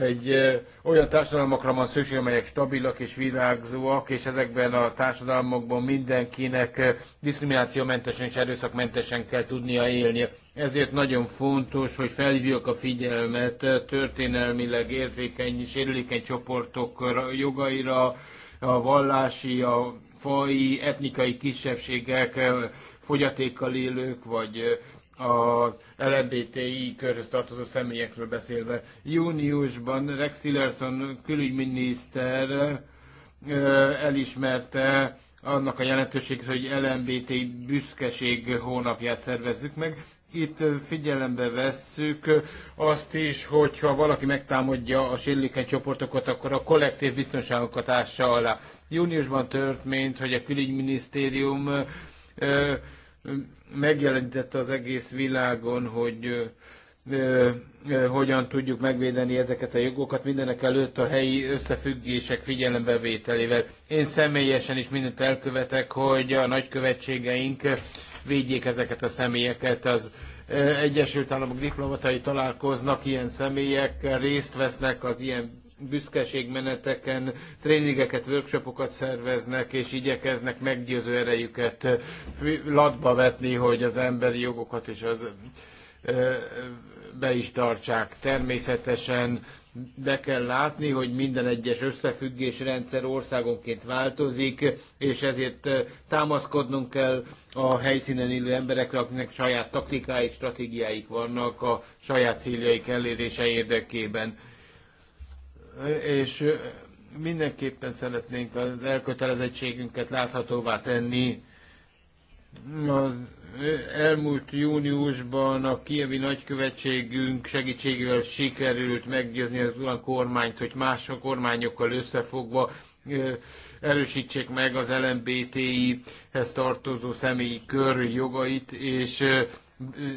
egy olyan társadalmakra van szükség, amelyek stabilak és virágzóak, és ezekben a társadalmakban mindenkinek diszkriminációmentesen és erőszakmentesen kell tudnia élni. Ezért nagyon fontos, hogy felhívjuk a figyelmet történelmileg érzékeny, sérülékeny csoportok jogaira, a vallási, a fai, etnikai kisebbségek, fogyatékkal élők, vagy az LMBTI körhöz tartozó személyekről beszélve. Júniusban Rex Tillerson külügyminiszter elismerte annak a jelentőségre, hogy LMBTI büszkeség hónapját szervezzük meg. Itt figyelembe vesszük azt is, hogyha valaki megtámadja a sérülékeny csoportokat, akkor a kollektív biztonságokat ássa alá. Júniusban történt, hogy a külügyminisztérium megjelenítette az egész világon, hogy hogyan tudjuk megvédeni ezeket a jogokat, mindenek előtt a helyi összefüggések figyelembevételével. Én személyesen is mindent elkövetek, hogy a nagykövetségeink védjék ezeket a személyeket. Az Egyesült Államok diplomatai találkoznak ilyen személyekkel, részt vesznek az ilyen büszkeségmeneteken tréningeket, workshopokat szerveznek, és igyekeznek meggyőző erejüket latba vetni, hogy az emberi jogokat és az be is tartsák. Természetesen be kell látni, hogy minden egyes összefüggésrendszer országonként változik, és ezért támaszkodnunk kell a helyszínen élő emberekre, akiknek saját taktikáik, stratégiáik vannak a saját céljaik elérése érdekében és mindenképpen szeretnénk az elkötelezettségünket láthatóvá tenni. Az elmúlt júniusban a kievi nagykövetségünk segítségével sikerült meggyőzni az olyan kormányt, hogy más a kormányokkal összefogva erősítsék meg az LMBTI-hez tartozó személyi kör jogait, és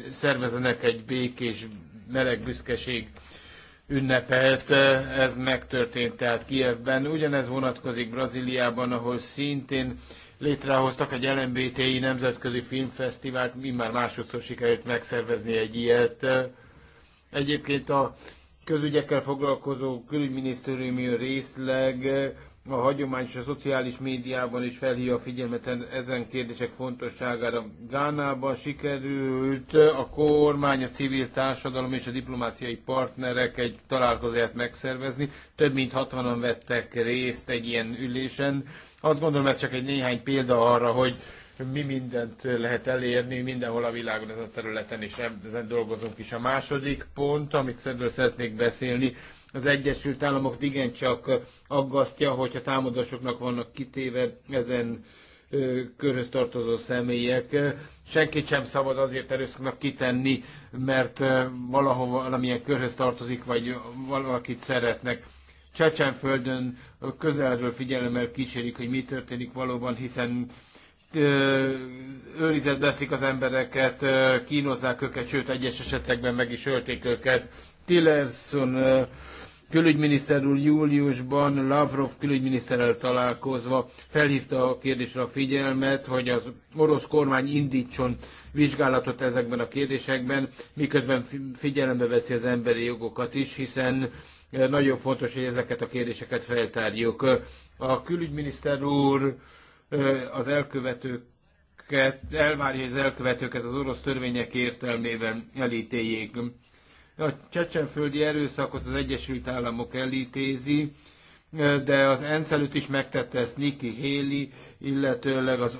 szervezenek egy békés meleg büszkeség ünnepelt, ez megtörtént tehát Kievben. Ugyanez vonatkozik Brazíliában, ahol szintén létrehoztak egy LMBTI nemzetközi filmfesztivált, mi már másodszor sikerült megszervezni egy ilyet. Egyébként a közügyekkel foglalkozó külügyminisztériumi részleg a hagyományos a szociális médiában is felhívja a figyelmet ezen kérdések fontosságára. Gánában sikerült a kormány, a civil társadalom és a diplomáciai partnerek egy találkozóját megszervezni. Több mint 60-an vettek részt egy ilyen ülésen. Azt gondolom, ez csak egy néhány példa arra, hogy mi mindent lehet elérni mindenhol a világon ez a területen, és ezen dolgozunk is. A második pont, amit szerintem szeretnék beszélni, az Egyesült Államok igencsak aggasztja, hogyha támadásoknak vannak kitéve ezen körhöz tartozó személyek. Senkit sem szabad azért erőszaknak kitenni, mert valahova valamilyen körhöz tartozik, vagy valakit szeretnek. Csecsenföldön közelről figyelemmel kísérik, hogy mi történik valóban, hiszen őrizetbe veszik az embereket, kínozzák őket, sőt egyes esetekben meg is ölték őket. Tillerson külügyminiszter úr júliusban Lavrov külügyminiszterrel találkozva felhívta a kérdésre a figyelmet, hogy az orosz kormány indítson vizsgálatot ezekben a kérdésekben, miközben figyelembe veszi az emberi jogokat is, hiszen eh, nagyon fontos, hogy ezeket a kérdéseket feltárjuk. A külügyminiszter úr eh, az elkövetők elvárja, hogy az elkövetőket az orosz törvények értelmében elítéljék. A csecsenföldi erőszakot az Egyesült Államok elítézi, de az ENSZ előtt is megtette ezt Nikki Haley, illetőleg az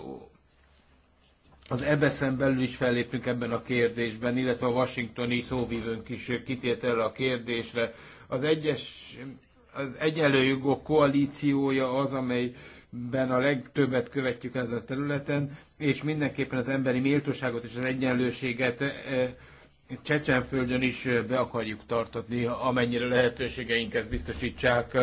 az EBSZ-en belül is fellépünk ebben a kérdésben, illetve a washingtoni szóvívőnk is kitért erre a kérdésre. Az egyes, az egyenlő koalíciója az, amelyben a legtöbbet követjük ezen a területen, és mindenképpen az emberi méltóságot és az egyenlőséget eh, Csecsenföldön is be akarjuk tartatni, amennyire lehetőségeink ezt biztosítsák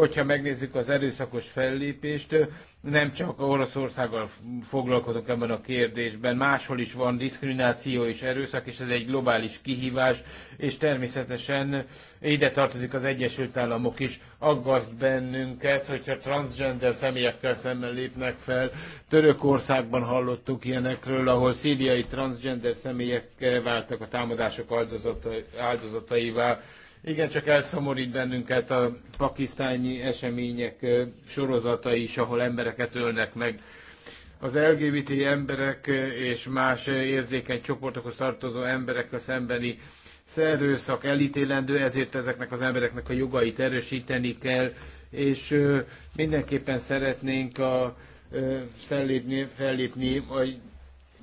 hogyha megnézzük az erőszakos fellépést, nem csak Oroszországgal foglalkozok ebben a kérdésben, máshol is van diszkrimináció és erőszak, és ez egy globális kihívás, és természetesen ide tartozik az Egyesült Államok is, aggaszt bennünket, hogyha transgender személyekkel szemben lépnek fel. Törökországban hallottuk ilyenekről, ahol szíriai transgender személyek váltak a támadások áldozataival. Igen, csak elszomorít bennünket a pakisztáni események sorozata is, ahol embereket ölnek meg. Az LGBT emberek és más érzékeny csoportokhoz tartozó emberekkel szembeni szerőszak elítélendő, ezért ezeknek az embereknek a jogait erősíteni kell, és mindenképpen szeretnénk a, fellépni, fellépni a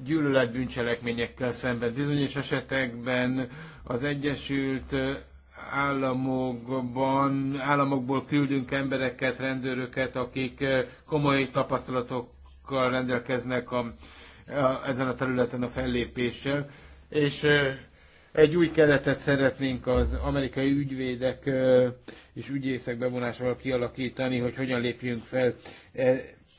gyűlöletbűncselekményekkel szemben. Bizonyos esetekben az Egyesült államokban, államokból küldünk embereket, rendőröket, akik eh, komoly tapasztalatokkal rendelkeznek a, a, ezen a területen a fellépéssel, és eh, egy új keretet szeretnénk az amerikai ügyvédek eh, és ügyészek bevonásával kialakítani, hogy hogyan lépjünk fel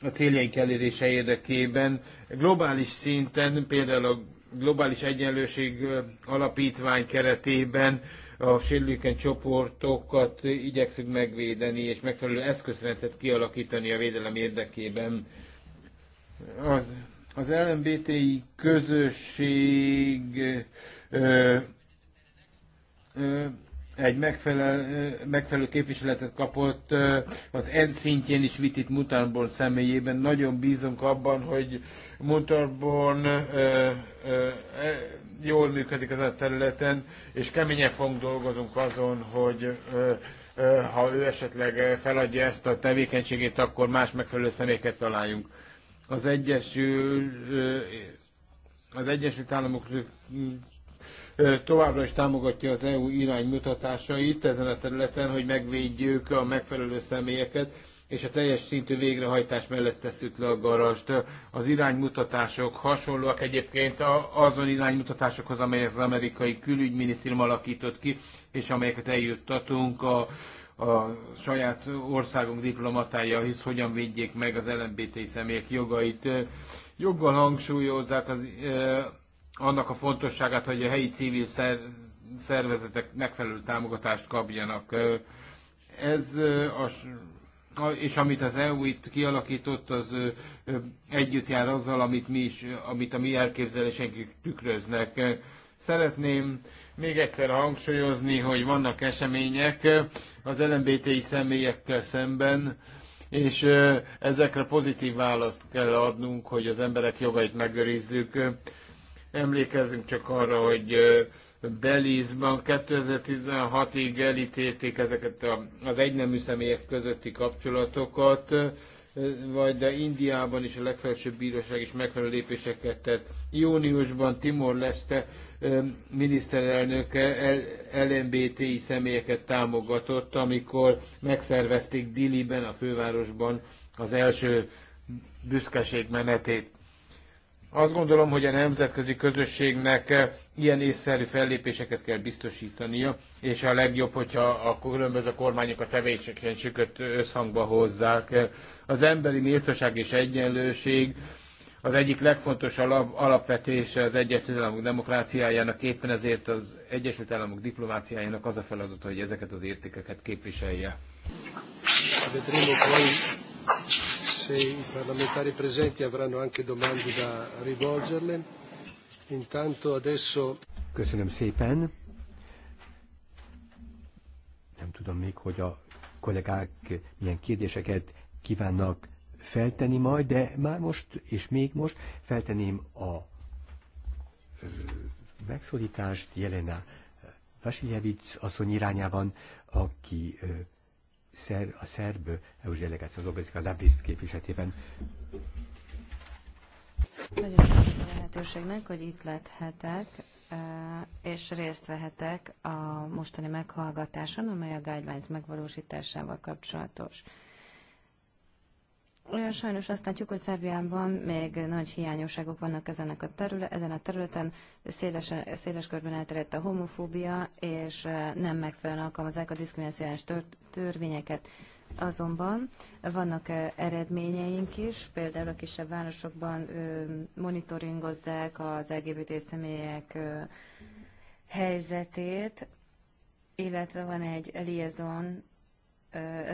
a céljaink elérése érdekében. Globális szinten, például a Globális Egyenlőség Alapítvány keretében a sérülékeny csoportokat igyekszünk megvédeni, és megfelelő eszközrendszert kialakítani a védelem érdekében. Az, az LMBTI közösség ö, ö, egy megfelelő, megfelelő képviseletet kapott az N szintjén is Vitit Mutanborn személyében. Nagyon bízunk abban, hogy Mutanborn jól működik ezen a területen, és keményen fogunk dolgozunk azon, hogy ha ő esetleg feladja ezt a tevékenységét, akkor más megfelelő személyeket találjunk. Az Egyesül, az Egyesült Államok továbbra is támogatja az EU iránymutatásait ezen a területen, hogy megvédjük a megfelelő személyeket, és a teljes szintű végrehajtás mellett tesszük le a garast. Az iránymutatások hasonlóak egyébként azon iránymutatásokhoz, amelyek az amerikai külügyminisztérium alakított ki, és amelyeket eljuttatunk a, a saját országunk diplomatája, hisz hogyan védjék meg az LMBT személyek jogait. Joggal hangsúlyozzák az, annak a fontosságát, hogy a helyi civil szervezetek megfelelő támogatást kapjanak. Ez a és amit az EU itt kialakított, az együtt jár azzal, amit, mi is, amit a mi elképzelésünk tükröznek. Szeretném még egyszer hangsúlyozni, hogy vannak események az LMBTI személyekkel szemben, és ezekre pozitív választ kell adnunk, hogy az emberek jogait megőrizzük. Emlékezzünk csak arra, hogy Belizban 2016-ig elítélték ezeket az egynemű személyek közötti kapcsolatokat, vagy de Indiában is a legfelsőbb bíróság is megfelelő lépéseket tett. Júniusban Timor Leste miniszterelnöke LMBTI személyeket támogatott, amikor megszervezték Diliben, a fővárosban az első büszkeség menetét. Azt gondolom, hogy a nemzetközi közösségnek eh, ilyen észszerű fellépéseket kell biztosítania, és a legjobb, hogyha a különböző kormányok a tevékenységet összhangba hozzák. Eh, az emberi méltóság és egyenlőség az egyik legfontos alap, alapvetése az Egyesült Államok demokráciájának, éppen ezért az Egyesült Államok diplomáciájának az a feladata, hogy ezeket az értékeket képviselje se i parlamentari presenti avranno anche domande da rivolgerle. Intanto adesso... Köszönöm szépen. Nem tudom még, hogy a kollégák milyen kérdéseket kívánnak feltenni majd, de már most és még most feltenném a megszólítást Jelena Vasiljevic asszony irányában, aki szer, a szerb EU-s delegáció az Obezika Labriszt képviseletében. Nagyon köszönöm a lehetőségnek, hogy itt lethetek, eh, és részt vehetek a mostani meghallgatáson, amely a guidelines megvalósításával kapcsolatos. Sajnos azt látjuk, hogy Szerbiában még nagy hiányosságok vannak ezen a, terület, ezen a területen. Széles, széles körben elterjedt a homofóbia, és nem megfelelően alkalmazák a diszkriminációs törvényeket. Azonban vannak eredményeink is, például a kisebb városokban monitoringozzák az LGBT személyek helyzetét, illetve van egy liaison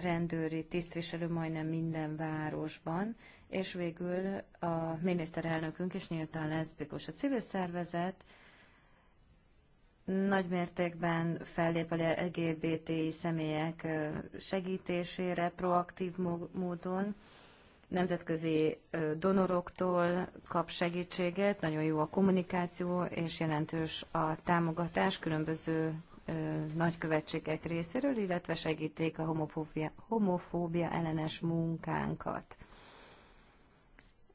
rendőri tisztviselő majdnem minden városban, és végül a miniszterelnökünk is nyíltan leszbikus. A civil szervezet nagy mértékben fellép a LGBT személyek segítésére proaktív módon, nemzetközi donoroktól kap segítséget, nagyon jó a kommunikáció, és jelentős a támogatás különböző nagykövetségek részéről, illetve segíték a homofóbia, homofóbia ellenes munkánkat.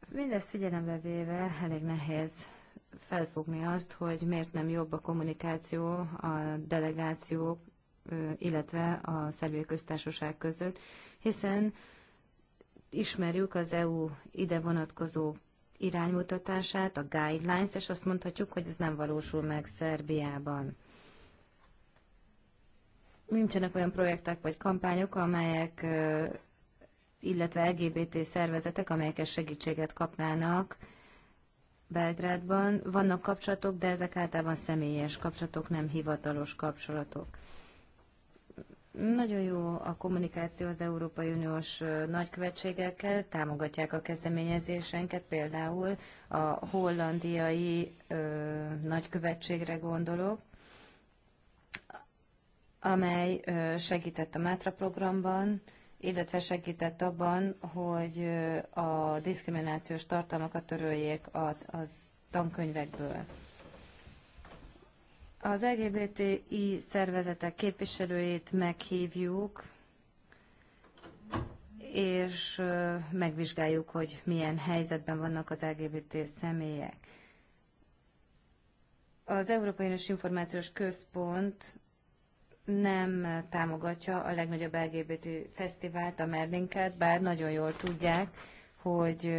Mindezt figyelembe véve elég nehéz felfogni azt, hogy miért nem jobb a kommunikáció a delegáció, illetve a szerbiai köztársaság között, hiszen ismerjük az EU ide vonatkozó iránymutatását, a guidelines, és azt mondhatjuk, hogy ez nem valósul meg Szerbiában nincsenek olyan projektek vagy kampányok, amelyek, illetve LGBT szervezetek, amelyek segítséget kapnának Belgrádban. Vannak kapcsolatok, de ezek általában személyes kapcsolatok, nem hivatalos kapcsolatok. Nagyon jó a kommunikáció az Európai Uniós nagykövetségekkel, támogatják a kezdeményezésenket, például a hollandiai ö, nagykövetségre gondolok, amely segített a Mátra programban, illetve segített abban, hogy a diszkriminációs tartalmakat töröljék az tankönyvekből. Az LGBTI szervezetek képviselőjét meghívjuk, és megvizsgáljuk, hogy milyen helyzetben vannak az LGBT személyek. Az Európai Uniós Információs Központ nem támogatja a legnagyobb LGBT fesztivált, a Merlinket, bár nagyon jól tudják, hogy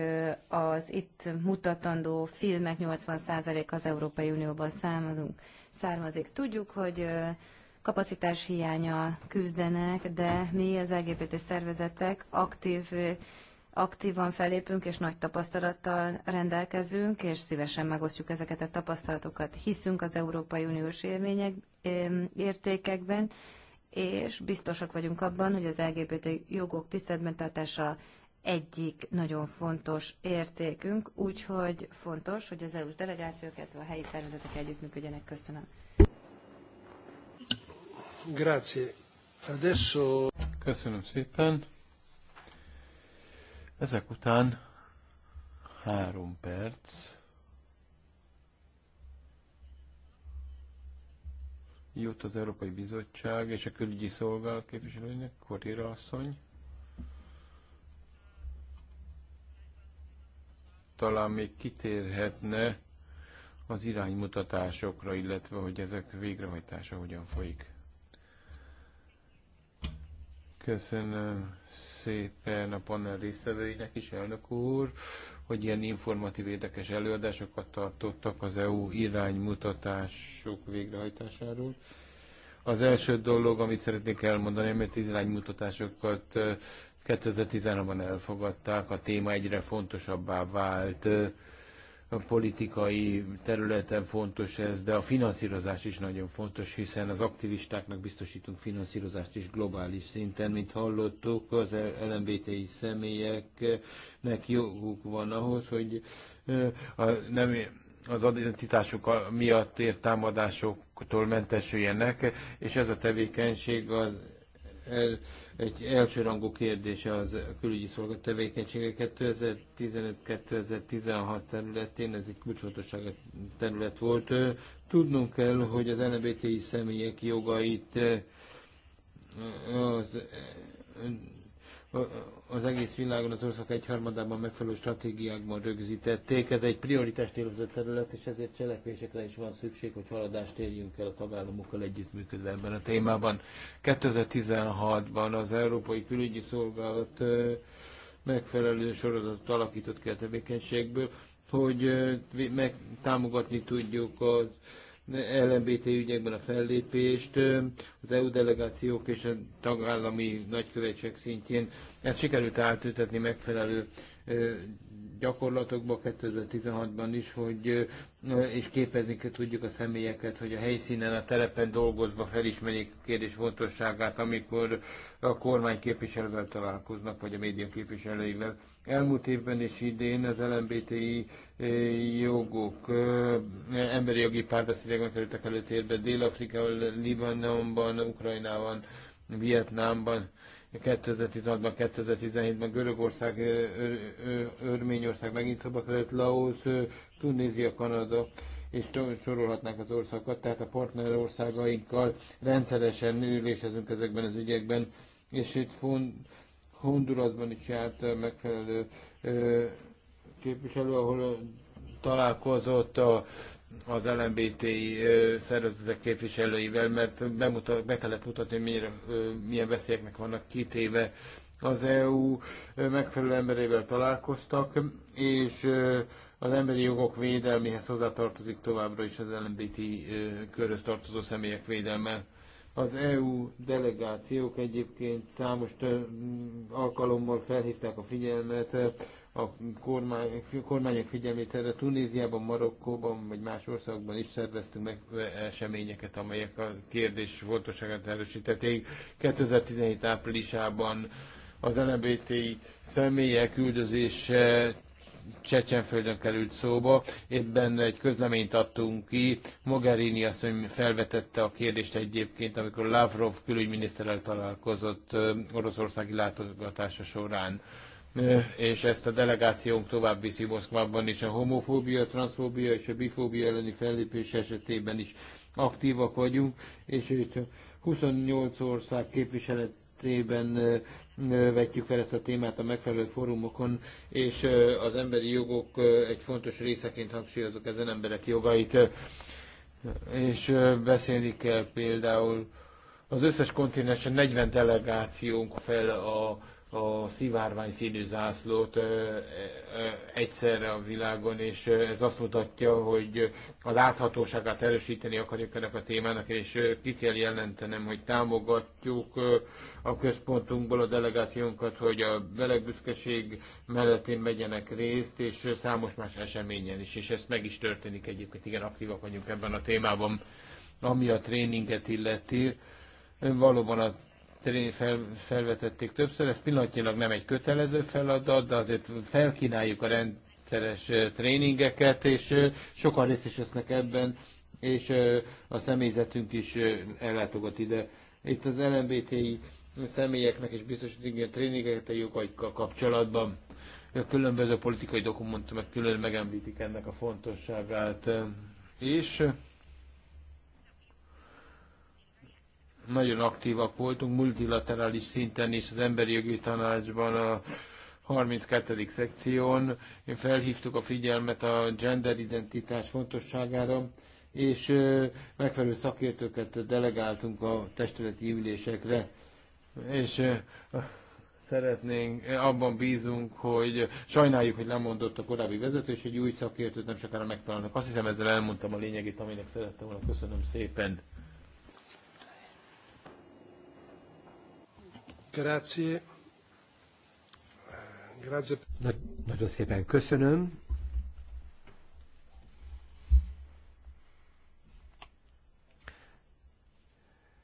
az itt mutatandó filmek 80% az Európai Unióban származunk, származik. Tudjuk, hogy kapacitás hiánya küzdenek, de mi az LGBT szervezetek aktív aktívan felépünk, és nagy tapasztalattal rendelkezünk, és szívesen megosztjuk ezeket a tapasztalatokat. Hiszünk az Európai Uniós élmények, értékekben, és biztosak vagyunk abban, hogy az LGBT jogok tiszteletben tartása egyik nagyon fontos értékünk, úgyhogy fontos, hogy az EU-s delegációk, a helyi szervezetek együttműködjenek. Köszönöm. Grazie. Adesso... Köszönöm szépen. Ezek után három perc jut az Európai Bizottság és a külügyi szolgálat képviselőinek, Kortira asszony. Talán még kitérhetne az iránymutatásokra, illetve hogy ezek végrehajtása hogyan folyik. Köszönöm szépen a panel résztvevőinek is, elnök úr hogy ilyen informatív érdekes előadásokat tartottak az EU iránymutatások végrehajtásáról. Az első dolog, amit szeretnék elmondani, mert az iránymutatásokat 2013-ban eh, elfogadták, a téma egyre fontosabbá vált, eh, a politikai területen fontos ez, de a finanszírozás is nagyon fontos, hiszen az aktivistáknak biztosítunk finanszírozást is globális szinten, mint hallottuk, az LMBTI személyeknek joguk van ahhoz, hogy a, nem az identitásuk miatt ért támadásoktól mentesüljenek, és ez a tevékenység az el, egy elsőrangú kérdése az a külügyi szolgálat tevékenysége 2015-2016 területén, ez egy kulcsfontosság terület volt. Tudnunk kell, hogy az LMBTI személyek jogait eh, az eh, az egész világon az ország egyharmadában megfelelő stratégiákban rögzítették. Ez egy prioritást élvező terület, és ezért cselekvésekre is van szükség, hogy haladást érjünk el a tagállamokkal együttműködve ebben a témában. 2016-ban az Európai Külügyi Szolgálat megfelelő sorozatot alakított ki a tevékenységből, hogy meg támogatni tudjuk az LMBT ügyekben a fellépést az EU delegációk és a tagállami nagykövetség szintjén. Ezt sikerült átültetni megfelelő gyakorlatokba 2016-ban is, hogy és képezni tudjuk a személyeket, hogy a helyszínen, a telepen dolgozva felismerjék a kérdés fontosságát, amikor a kormány képviselővel találkoznak, vagy a média képviselőivel. Elmúlt évben és idén az LMBTI eh, jogok eh, emberi jogi párbeszédekben kerültek előtérbe Dél-Afrikában, Libanonban, Ukrajnában, Vietnámban. 2016-ban, 2017-ben Görögország, eh, Örményország megint szabba került, Laos, Tunézia, Kanada, és sorolhatnánk az országokat, tehát a partner országainkkal rendszeresen ülésezünk ezekben az ügyekben, és itt font, Hondurasban is járt eh, megfelelő eh, képviselő, ahol eh, találkozott a, az LMBT szervezetek képviselőivel, mert bemutat, be kellett mutatni, milyen, milyen veszélyeknek vannak kitéve az EU megfelelő emberével találkoztak, és az emberi jogok védelmihez hozzátartozik továbbra is az LMBT köröz tartozó személyek védelme. Az EU delegációk egyébként számos alkalommal felhívták a figyelmet, a kormány, kormányok figyelmét erre Tunéziában, Marokkóban vagy más országban is szerveztünk meg eseményeket, amelyek a kérdés fontosságát erősítették. 2017 áprilisában az LMBT személyek üldözése Csecsenföldön került szóba. Ebben egy közleményt adtunk ki. Mogherini asszony felvetette a kérdést egyébként, amikor Lavrov külügyminiszterrel találkozott oroszországi látogatása során és ezt a delegációnk tovább viszi Moszkvában is. A homofóbia, a transzfóbia és a bifóbia elleni fellépés esetében is aktívak vagyunk, és itt 28 ország képviselet tekintetében vetjük fel ezt a témát a megfelelő fórumokon, és az emberi jogok egy fontos részeként hangsúlyozok ezen emberek jogait. És beszélni kell például az összes kontinensen 40 delegációnk fel a a szivárvány színű zászlót egyszerre a világon, és ez azt mutatja, hogy a láthatóságát erősíteni akarjuk ennek a témának, és ki kell jelentenem, hogy támogatjuk a központunkból a delegációnkat, hogy a belegbüszkeség mellettén megyenek részt, és számos más eseményen is, és ez meg is történik egyébként, igen, aktívak vagyunk ebben a témában, ami a tréninget illeti valóban a fel, felvetették többször, ez pillanatnyilag nem egy kötelező feladat, de azért felkínáljuk a rendszeres tréningeket, és sokan részt is vesznek ebben, és a személyzetünk is ellátogat ide. Itt az LMBTI személyeknek is biztos, hogy ilyen tréningeket a jogaikkal kapcsolatban. A különböző politikai dokumentumok külön megemlítik ennek a fontosságát. És nagyon aktívak voltunk multilaterális szinten is az emberi jogi tanácsban a 32. szekción felhívtuk a figyelmet a gender identitás fontosságára, és megfelelő szakértőket delegáltunk a testületi ülésekre, és szeretnénk, abban bízunk, hogy sajnáljuk, hogy lemondott a korábbi vezető, és egy új szakértőt nem sokára megtalálnak. Azt hiszem ezzel elmondtam a lényegét, aminek szerettem volna. Köszönöm szépen. Grazie. Grazie. nagyon szépen köszönöm.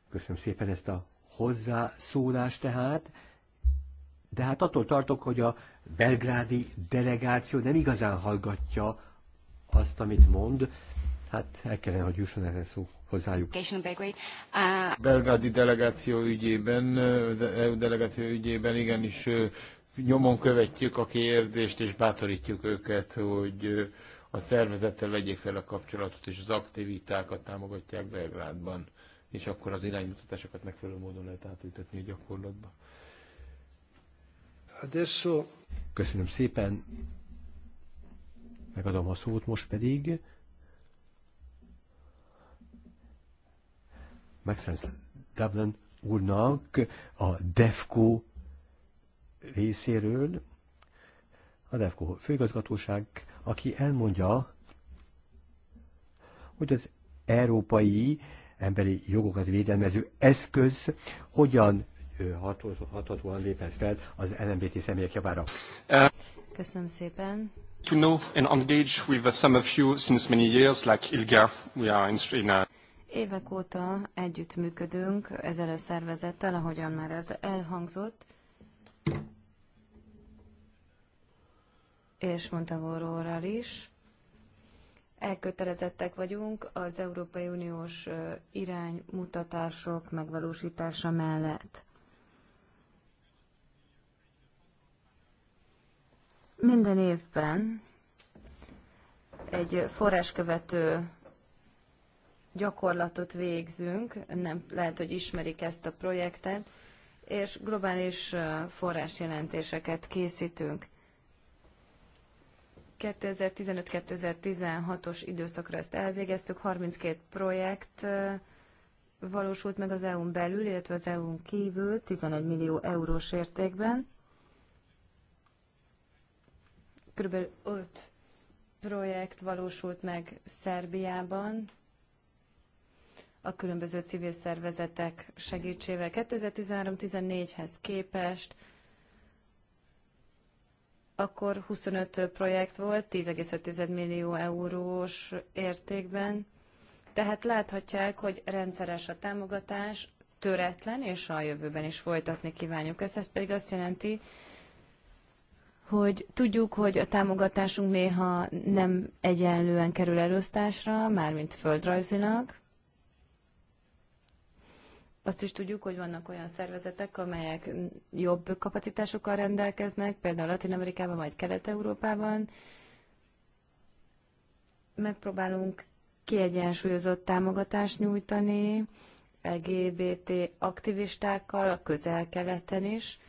Köszönöm szépen ezt a hozzászólást tehát. De hát attól tartok, hogy a belgrádi delegáció nem igazán hallgatja azt, amit mond. Hát el kellene, hogy jusson erre szó hozzájuk. Belgrádi delegáció ügyében, EU delegáció ügyében igenis nyomon követjük a kérdést, és bátorítjuk őket, hogy a szervezettel vegyék fel a kapcsolatot, és az aktivitákat támogatják Belgrádban, és akkor az iránymutatásokat megfelelő módon lehet átültetni a gyakorlatba. Köszönöm szépen. Megadom a szót most pedig Max Dublin úrnak a DEFCO részéről, a DEFCO főigazgatóság, aki elmondja, hogy az európai emberi jogokat védelmező eszköz hogyan hathatóan lépett fel az LMBT személyek javára. Uh, Köszönöm szépen. To know and engage with some of you since many years, like Ilga, we are in, in a Évek óta együttműködünk ezzel a szervezettel, ahogyan már ez elhangzott, és mondta Montavorról is. Elkötelezettek vagyunk az Európai Uniós iránymutatások megvalósítása mellett. Minden évben egy forráskövető gyakorlatot végzünk, nem lehet, hogy ismerik ezt a projektet, és globális forrásjelentéseket készítünk. 2015-2016-os időszakra ezt elvégeztük, 32 projekt valósult meg az EU-n belül, illetve az EU-n kívül 11 millió eurós értékben. Körülbelül 5 projekt valósult meg Szerbiában, a különböző civil szervezetek segítsével. 2013-14-hez képest akkor 25 projekt volt, 10,5 millió eurós értékben. Tehát láthatják, hogy rendszeres a támogatás, töretlen, és a jövőben is folytatni kívánjuk ezt. Ez pedig azt jelenti, hogy tudjuk, hogy a támogatásunk néha nem egyenlően kerül elosztásra, mármint földrajzilag, azt is tudjuk, hogy vannak olyan szervezetek, amelyek jobb kapacitásokkal rendelkeznek, például Latin-Amerikában vagy Kelet-Európában. Megpróbálunk kiegyensúlyozott támogatást nyújtani LGBT aktivistákkal a közel-keleten is.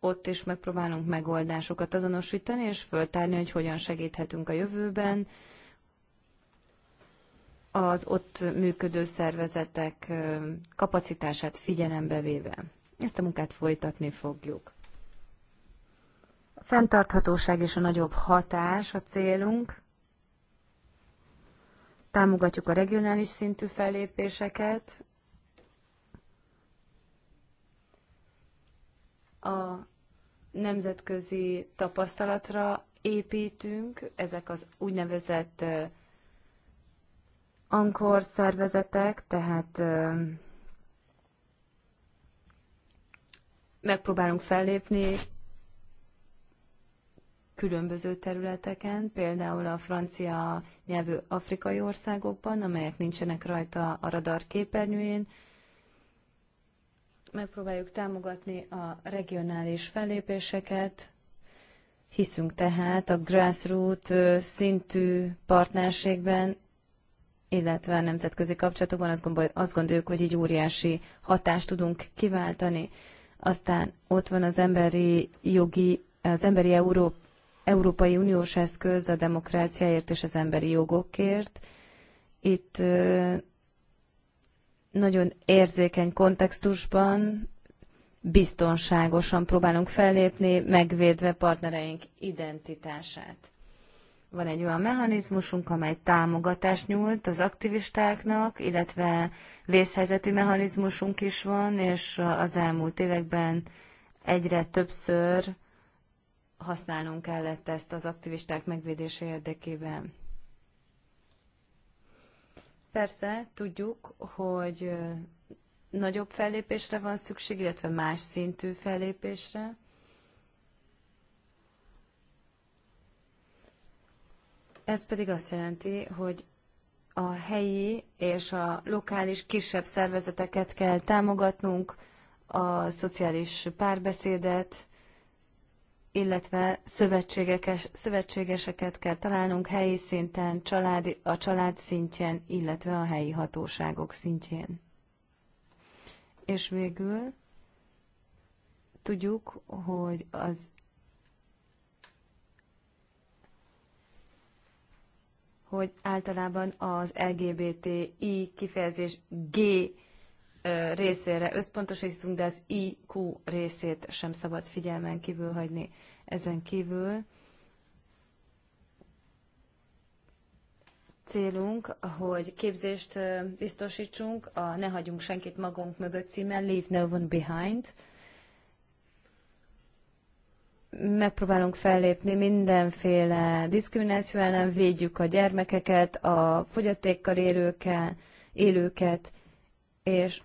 Ott is megpróbálunk megoldásokat azonosítani, és föltárni, hogy hogyan segíthetünk a jövőben az ott működő szervezetek kapacitását figyelembe véve. Ezt a munkát folytatni fogjuk. A fenntarthatóság és a nagyobb hatás a célunk. Támogatjuk a regionális szintű fellépéseket. A nemzetközi tapasztalatra építünk, ezek az úgynevezett ankor szervezetek, tehát megpróbálunk fellépni különböző területeken, például a francia nyelvű afrikai országokban, amelyek nincsenek rajta a radar képernyőjén. Megpróbáljuk támogatni a regionális fellépéseket, hiszünk tehát a grassroot szintű partnerségben, illetve a nemzetközi kapcsolatokban azt, gondol, azt gondoljuk, hogy egy óriási hatást tudunk kiváltani. Aztán ott van az emberi jogi, az emberi Euró, Európai Uniós eszköz a demokráciáért és az emberi jogokért. Itt nagyon érzékeny kontextusban biztonságosan próbálunk fellépni, megvédve partnereink identitását. Van egy olyan mechanizmusunk, amely támogatást nyújt az aktivistáknak, illetve vészhelyzeti mechanizmusunk is van, és az elmúlt években egyre többször használnunk kellett ezt az aktivisták megvédése érdekében. Persze, tudjuk, hogy nagyobb fellépésre van szükség, illetve más szintű fellépésre. Ez pedig azt jelenti, hogy a helyi és a lokális kisebb szervezeteket kell támogatnunk, a szociális párbeszédet, illetve szövetségekes, szövetségeseket kell találnunk helyi szinten, családi, a család szintjén, illetve a helyi hatóságok szintjén. És végül tudjuk, hogy az hogy általában az LGBTI kifejezés G részére összpontosítunk, de az IQ részét sem szabad figyelmen kívül hagyni. Ezen kívül célunk, hogy képzést biztosítsunk, a Ne hagyjunk senkit magunk mögött címen, Leave No One Behind, megpróbálunk fellépni mindenféle diszkrimináció ellen, védjük a gyermekeket, a fogyatékkal élőkkel, élőket, és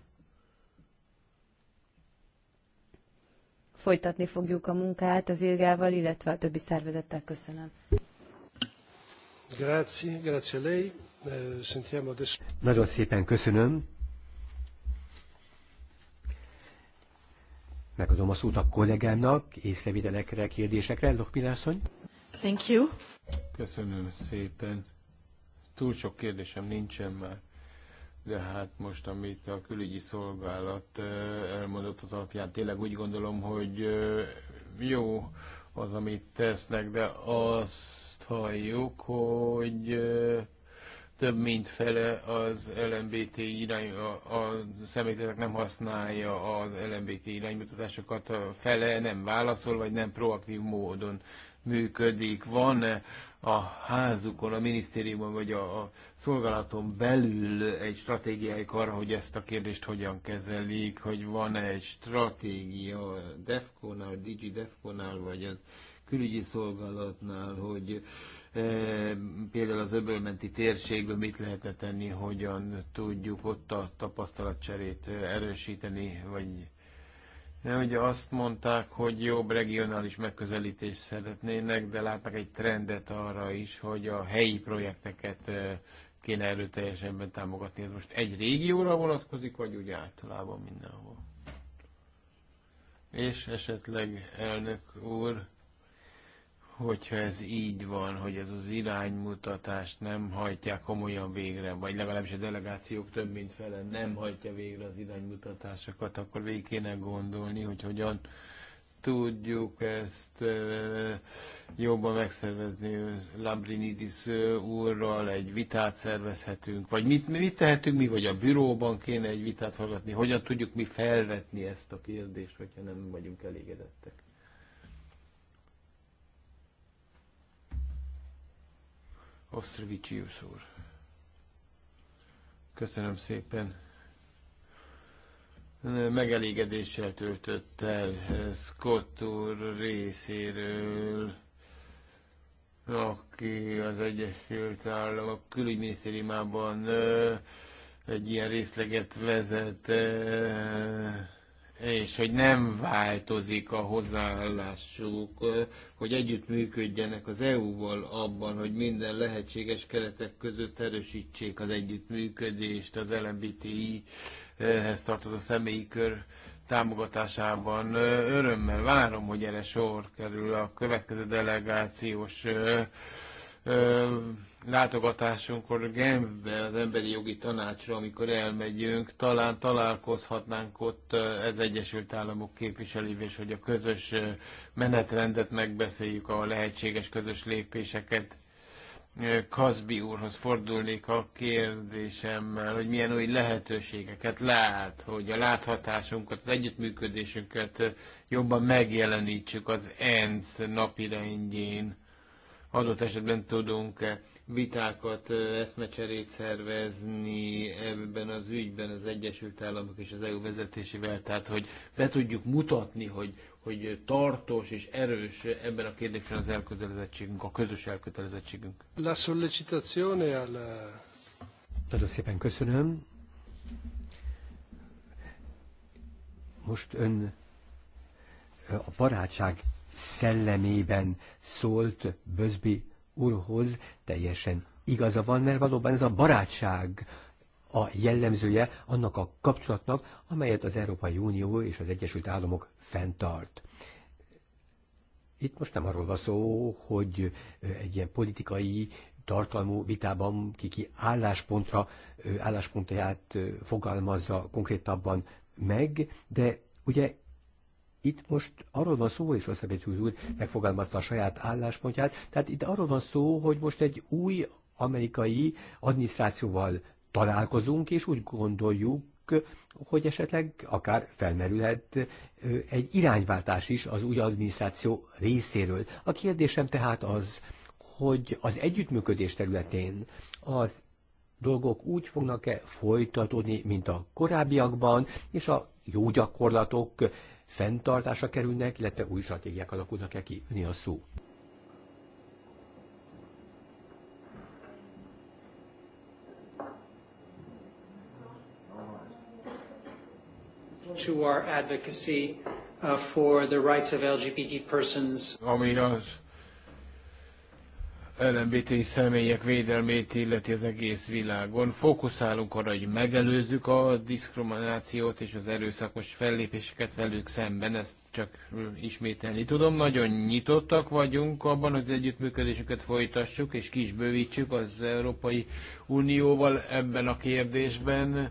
folytatni fogjuk a munkát az Ilgával, illetve a többi szervezettel. Köszönöm. Grazie, grazie lei. Eh, sentiamo adesso. Nagyon szépen köszönöm. Megadom a szót a kollégámnak, észrevételekre, kérdésekre. Lokpilászony. Thank you. Köszönöm szépen. Túl sok kérdésem nincsen már. De hát most, amit a külügyi szolgálat elmondott az alapján, tényleg úgy gondolom, hogy jó az, amit tesznek, de azt halljuk, hogy több mint fele az LMBT irány, a, a személyzetek nem használja az LMBT iránymutatásokat, a fele nem válaszol, vagy nem proaktív módon működik. van -e a házukon, a minisztériumon, vagy a, a szolgálaton belül egy stratégiájuk arra, hogy ezt a kérdést hogyan kezelik, hogy van-e egy stratégia a DEFCON-nál, DigiDefCon-nál, vagy az külügyi szolgálatnál, hogy például az öbölmenti térségben mit lehetne tenni, hogyan tudjuk ott a tapasztalatcserét erősíteni, vagy Ugye azt mondták, hogy jobb regionális megközelítést szeretnének, de látnak egy trendet arra is, hogy a helyi projekteket kéne erőteljesebben támogatni. Ez most egy régióra vonatkozik, vagy úgy általában mindenhol? És esetleg elnök úr, hogyha ez így van, hogy ez az iránymutatást nem hajtják komolyan végre, vagy legalábbis a delegációk több mint fele nem hajtja végre az iránymutatásokat, akkor végig kéne gondolni, hogy hogyan tudjuk ezt jobban megszervezni Lambrinidis úrral, egy vitát szervezhetünk, vagy mit, mit tehetünk mi, vagy a büróban kéne egy vitát hallgatni, hogyan tudjuk mi felvetni ezt a kérdést, hogyha nem vagyunk elégedettek. Osztrivicsius úr. Köszönöm szépen. Megelégedéssel töltött el Scott úr részéről, aki az Egyesült Államok külügyminisztériumában egy ilyen részleget vezet és hogy nem változik a hozzáállásuk, hogy együttműködjenek az EU-val abban, hogy minden lehetséges keretek között erősítsék az együttműködést az LMBTI-hez tartozó személyi kör támogatásában. Örömmel várom, hogy erre sor kerül a következő delegációs látogatásunkkor Genfbe az emberi jogi tanácsra, amikor elmegyünk, talán találkozhatnánk ott az Egyesült Államok képviselőivel, hogy a közös menetrendet megbeszéljük, a lehetséges közös lépéseket. Kazbi úrhoz fordulnék a kérdésemmel, hogy milyen új lehetőségeket lát, hogy a láthatásunkat, az együttműködésünket jobban megjelenítsük az ENSZ napirendjén. Adott esetben tudunk-e vitákat, eszmecserét szervezni ebben az ügyben az Egyesült Államok és az EU vezetésével, tehát hogy be tudjuk mutatni, hogy, hogy tartós és erős ebben a kérdésben az elkötelezettségünk, a közös elkötelezettségünk. La sollecitazione al... Nagyon szépen köszönöm. Most ön a barátság szellemében szólt Bözbi úrhoz teljesen igaza van, mert valóban ez a barátság a jellemzője annak a kapcsolatnak, amelyet az Európai Unió és az Egyesült Államok fenntart. Itt most nem arról van szó, hogy egy ilyen politikai tartalmú vitában kiki álláspontra, álláspontját fogalmazza konkrétabban meg, de ugye itt most arról van szó, és Oszabét úr megfogalmazta a saját álláspontját, tehát itt arról van szó, hogy most egy új amerikai adminisztrációval találkozunk, és úgy gondoljuk, hogy esetleg akár felmerülhet egy irányváltás is az új adminisztráció részéről. A kérdésem tehát az, hogy az együttműködés területén az dolgok úgy fognak-e folytatódni, mint a korábbiakban, és a jó gyakorlatok fenntartásra kerülnek, illetve új stratégiák alakulnak-e ki? Mi a szó? to our advocacy uh, for the rights of LGBT persons. Ami az LMBT személyek védelmét illeti az egész világon. Fókuszálunk arra, hogy megelőzzük a diszkriminációt és az erőszakos fellépéseket velük szemben. Ezt csak ismételni tudom. Nagyon nyitottak vagyunk abban, hogy az együttműködésüket folytassuk és kisbővítsük az Európai Unióval ebben a kérdésben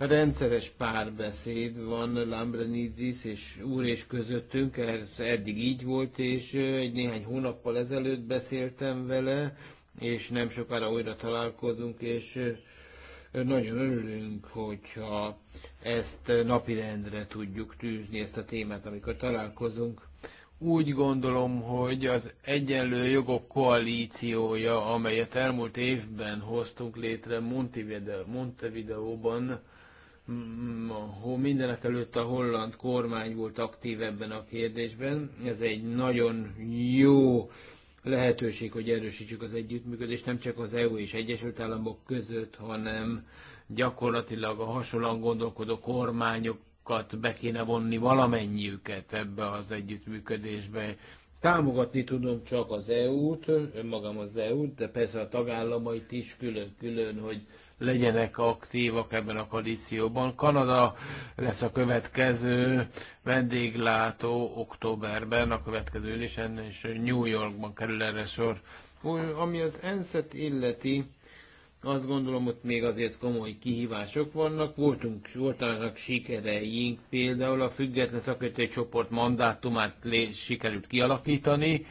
Rendszeres párbeszéd van Lambrenidis és úr és közöttünk, ez eddig így volt, és egy néhány hónappal ezelőtt beszéltem vele, és nem sokára újra találkozunk, és nagyon örülünk, hogyha ezt napirendre tudjuk tűzni, ezt a témát, amikor találkozunk. Úgy gondolom, hogy az Egyenlő Jogok Koalíciója, amelyet elmúlt évben hoztunk létre Montevideo, Montevideóban, Mm, ahol mindenek előtt a holland kormány volt aktív ebben a kérdésben. Ez egy nagyon jó lehetőség, hogy erősítsük az együttműködést nem csak az EU és Egyesült Államok között, hanem gyakorlatilag a hasonlóan gondolkodó kormányokat be kéne vonni valamennyiüket ebbe az együttműködésbe. Támogatni tudom csak az EU-t, önmagam az EU-t, de persze a tagállamait is külön-külön, hogy legyenek aktívak ebben a koalícióban. Kanada lesz a következő vendéglátó októberben, a következő ülésen, és New Yorkban kerül erre sor. Ami az ensz illeti, azt gondolom, hogy még azért komoly kihívások vannak. Voltunk, voltak sikereink, például a független szakértői csoport mandátumát lé, sikerült kialakítani,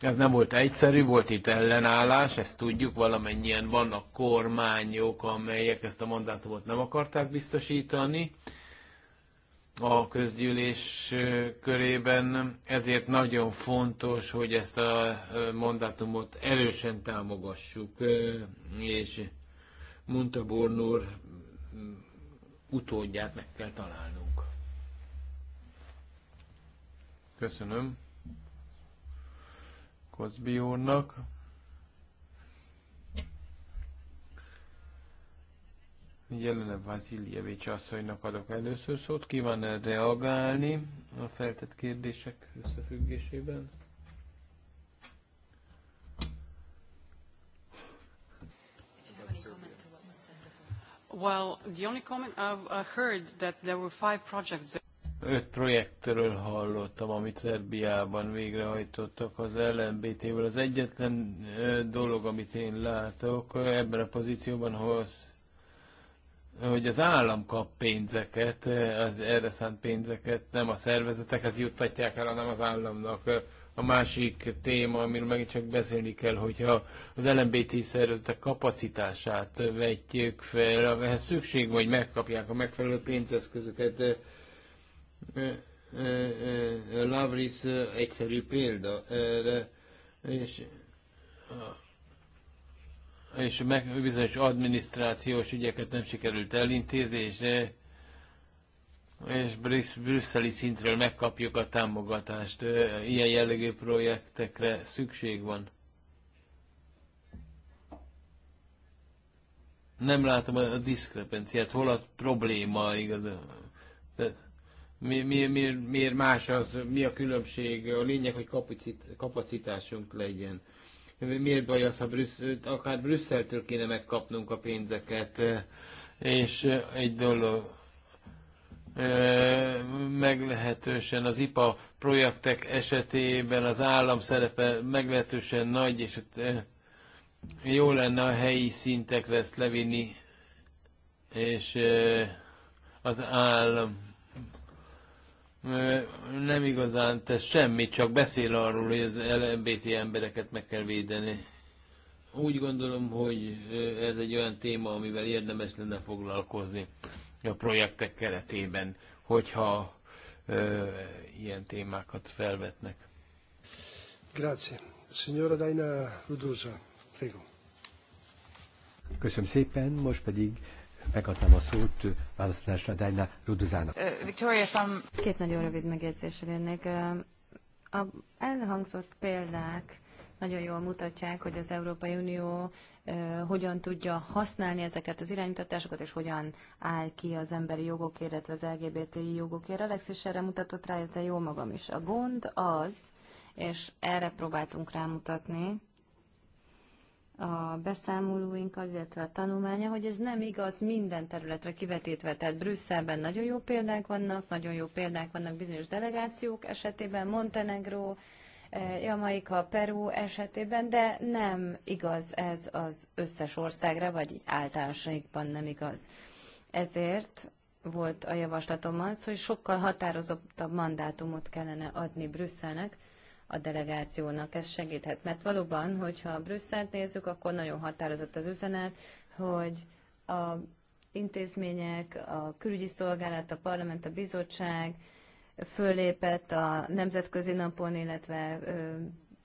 ez nem volt egyszerű, volt itt ellenállás, ezt tudjuk, valamennyien vannak kormányok, amelyek ezt a mandátumot nem akarták biztosítani a közgyűlés körében, ezért nagyon fontos, hogy ezt a mandátumot erősen támogassuk, és mondta Bornur, utódját meg kell találnunk. Köszönöm. Cosby úrnak. Jelene Vaziljevics asszonynak adok először szót. Kíván -e reagálni a feltett kérdések összefüggésében? Well, the only comment I've heard that there were five projects öt projektről hallottam, amit Szerbiában végrehajtottak az LMBT-vel. Az egyetlen dolog, amit én látok ebben a pozícióban, hoz, hogy az állam kap pénzeket, az erre szánt pénzeket nem a szervezetekhez juttatják el, hanem az államnak. A másik téma, amiről megint csak beszélni kell, hogyha az LMBT szervezetek kapacitását vetjük fel, ehhez szükség van, hogy megkapják a megfelelő pénzeszközöket, Lavris egyszerű példa erre, és és meg bizonyos adminisztrációs ügyeket nem sikerült elintézésre, és brüsszeli szintről megkapjuk a támogatást. Ilyen jellegű projektekre szükség van. Nem látom a diszkrepenciát, hol a probléma igazán mi, mi, mi, miért más az, mi a különbség, a lényeg, hogy kapacit, kapacitásunk legyen. Miért baj az, ha Brüsszel, akár Brüsszeltől kéne megkapnunk a pénzeket, és egy dolog, e, meglehetősen az IPA projektek esetében az állam szerepe meglehetősen nagy, és e, jó lenne a helyi szintekre ezt levinni, és e, az állam nem igazán tesz semmit, csak beszél arról, hogy az LMBT embereket meg kell védeni. Úgy gondolom, hogy ez egy olyan téma, amivel érdemes lenne foglalkozni a projektek keretében, hogyha ö, ilyen témákat felvetnek. Grazie. Signora Daina Ludusa, prego. Köszönöm szépen, most pedig Megadtam a szót választásra Dajna Ruduzának. Victoria, from... Két nagyon rövid megjegyzésre jönnék. A elhangzott példák nagyon jól mutatják, hogy az Európai Unió hogyan tudja használni ezeket az iránymutatásokat, és hogyan áll ki az emberi jogokért, illetve az LGBTI jogokért. Alex is erre mutatott rá, illetve jó magam is. A gond az, és erre próbáltunk rámutatni, a beszámolóinkkal, illetve a tanulmánya, hogy ez nem igaz minden területre kivetítve. Tehát Brüsszelben nagyon jó példák vannak, nagyon jó példák vannak bizonyos delegációk esetében, Montenegro, eh, Jamaika, Peru esetében, de nem igaz ez az összes országra, vagy általánosságban nem igaz. Ezért volt a javaslatom az, hogy sokkal határozottabb mandátumot kellene adni Brüsszelnek, a delegációnak. Ez segíthet, mert valóban, hogyha Brüsszelt nézzük, akkor nagyon határozott az üzenet, hogy a intézmények, a külügyi szolgálat, a parlament, a bizottság fölépett a nemzetközi napon, illetve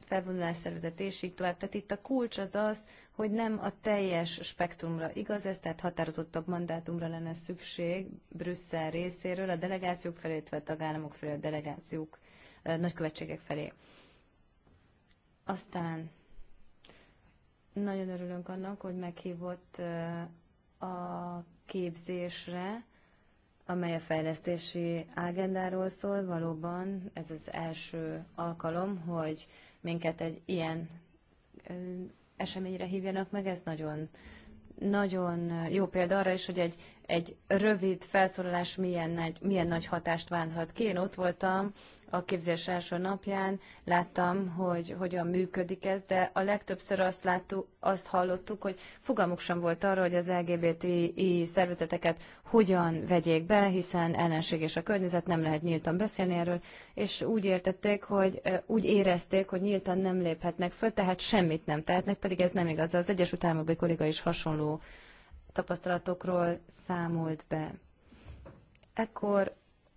felvonulás szervezet, és így tovább. Tehát itt a kulcs az az, hogy nem a teljes spektrumra igaz ez, tehát határozottabb mandátumra lenne szükség Brüsszel részéről, a delegációk felé, a tagállamok felé a delegációk nagykövetségek felé. Aztán nagyon örülünk annak, hogy meghívott a képzésre, amely a fejlesztési ágendáról szól. Valóban ez az első alkalom, hogy minket egy ilyen eseményre hívjanak meg, ez nagyon, nagyon jó példa arra is, hogy egy, egy rövid felszólalás milyen nagy, milyen nagy hatást válhat ki. Én ott voltam a képzés első napján láttam, hogy hogyan működik ez, de a legtöbbször azt láttuk, azt hallottuk, hogy fogalmuk sem volt arra, hogy az LGBTI szervezeteket hogyan vegyék be, hiszen és a környezet, nem lehet nyíltan beszélni erről, és úgy értették, hogy úgy érezték, hogy nyíltan nem léphetnek föl, tehát semmit nem tehetnek, pedig ez nem igaz. Az Egyesült Államokban kolléga is hasonló tapasztalatokról számolt be. Ekkor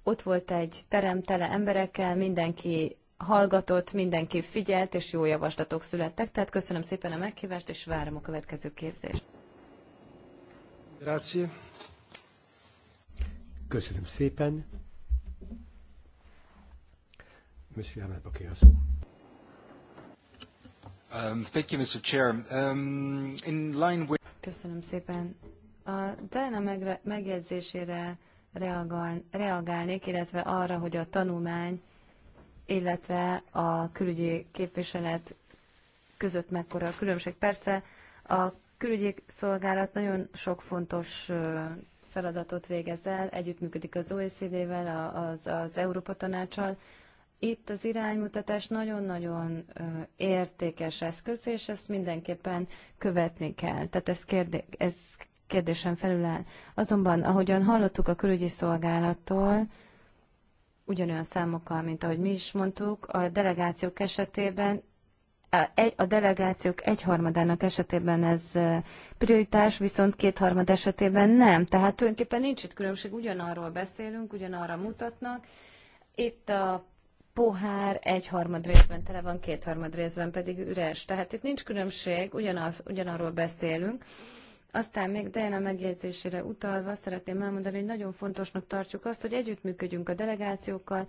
ott volt egy terem tele emberekkel, mindenki hallgatott, mindenki figyelt, és jó javaslatok születtek. Tehát köszönöm szépen a meghívást, és várom a következő képzést. Grazie. Köszönöm szépen. Monsieur Ahmed Baké, Um, thank you, Mr. Chair. Um, in line with... Köszönöm szépen. A Diana megjegyzésére reagál, reagálnék, illetve arra, hogy a tanulmány, illetve a külügyi képviselet között mekkora a különbség. Persze a külügyi szolgálat nagyon sok fontos feladatot végez el, együttműködik az OECD-vel, az, az Európa Tanácssal. Itt az iránymutatás nagyon-nagyon értékes eszköz, és ezt mindenképpen követni kell. Tehát ez, kérdé, ez kérdésen felül áll. Azonban, ahogyan hallottuk a külügyi szolgálattól, ugyanolyan számokkal, mint ahogy mi is mondtuk, a delegációk esetében a delegációk egyharmadának esetében ez prioritás, viszont kétharmad esetében nem. Tehát tulajdonképpen nincs itt különbség, ugyanarról beszélünk, ugyanarra mutatnak. Itt a pohár egyharmad részben tele van, kétharmad részben pedig üres. Tehát itt nincs különbség, ugyanaz, ugyanarról beszélünk. Aztán még Diana megjegyzésére utalva szeretném elmondani, hogy nagyon fontosnak tartjuk azt, hogy együttműködjünk a delegációkkal,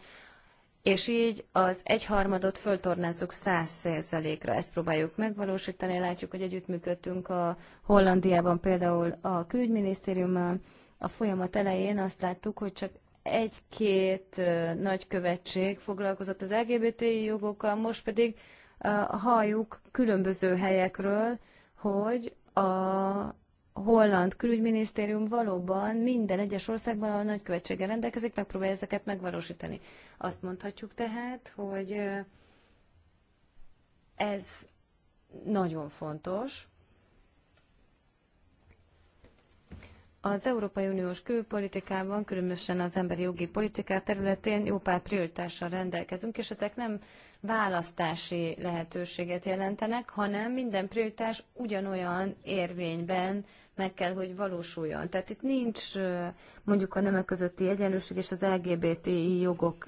és így az egyharmadot föltornázzuk száz százalékra. Ezt próbáljuk megvalósítani. Látjuk, hogy együttműködtünk a Hollandiában például a külügyminisztériummal. A folyamat elején azt láttuk, hogy csak egy-két nagykövetség foglalkozott az LGBT jogokkal, most pedig halljuk különböző helyekről, hogy a holland külügyminisztérium valóban minden egyes országban, a nagykövetsége rendelkezik, megpróbálja ezeket megvalósítani. Azt mondhatjuk tehát, hogy ez nagyon fontos. Az Európai Uniós külpolitikában, különösen az emberi jogi politikák területén jó pár prioritással rendelkezünk, és ezek nem választási lehetőséget jelentenek, hanem minden prioritás ugyanolyan érvényben meg kell, hogy valósuljon. Tehát itt nincs mondjuk a nemek közötti egyenlőség és az LGBTI jogok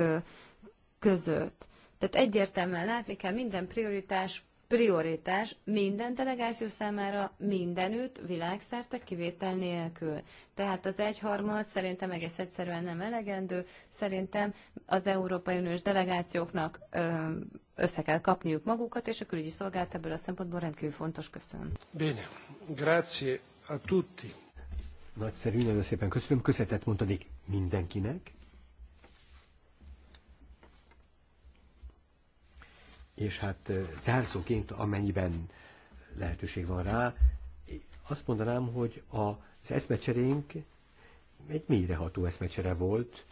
között. Tehát egyértelműen látni kell, minden prioritás prioritás minden delegáció számára, mindenütt, világszerte, kivétel nélkül. Tehát az egyharmad szerintem egész egyszerűen nem elegendő, szerintem az Európai Uniós delegációknak össze kell kapniuk magukat, és a külügyi szolgált ebből a szempontból rendkívül fontos. Köszönöm. Bene, grazie a tutti. Nagyszerű, nagyon szépen köszönöm. Köszönetet mondanék mindenkinek. és hát zárszóként, amennyiben lehetőség van rá, azt mondanám, hogy az eszmecserénk egy mélyreható eszmecsere volt,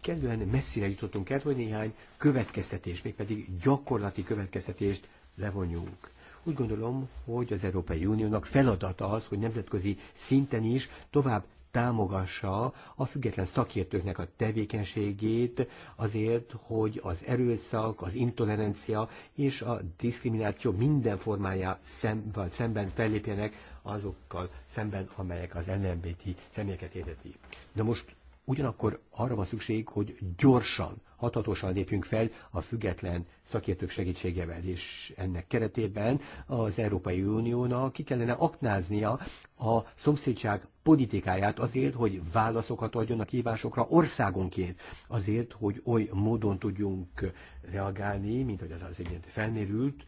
Kedően messzire jutottunk el, hogy néhány következtetés, mégpedig gyakorlati következtetést levonjunk. Úgy gondolom, hogy az Európai Uniónak feladata az, hogy nemzetközi szinten is tovább támogassa a független szakértőknek a tevékenységét azért, hogy az erőszak, az intolerancia és a diszkrimináció minden formájá szemben, szemben fellépjenek azokkal szemben, amelyek az LMBT személyeket érheti. De most ugyanakkor arra van szükség, hogy gyorsan hatatosan lépjünk fel a független szakértők segítségevel, és ennek keretében az Európai Uniónak ki kellene aknáznia a szomszédság politikáját azért, hogy válaszokat adjon a kívásokra országonként, azért, hogy oly módon tudjunk reagálni, mint hogy az az egyet felmerült,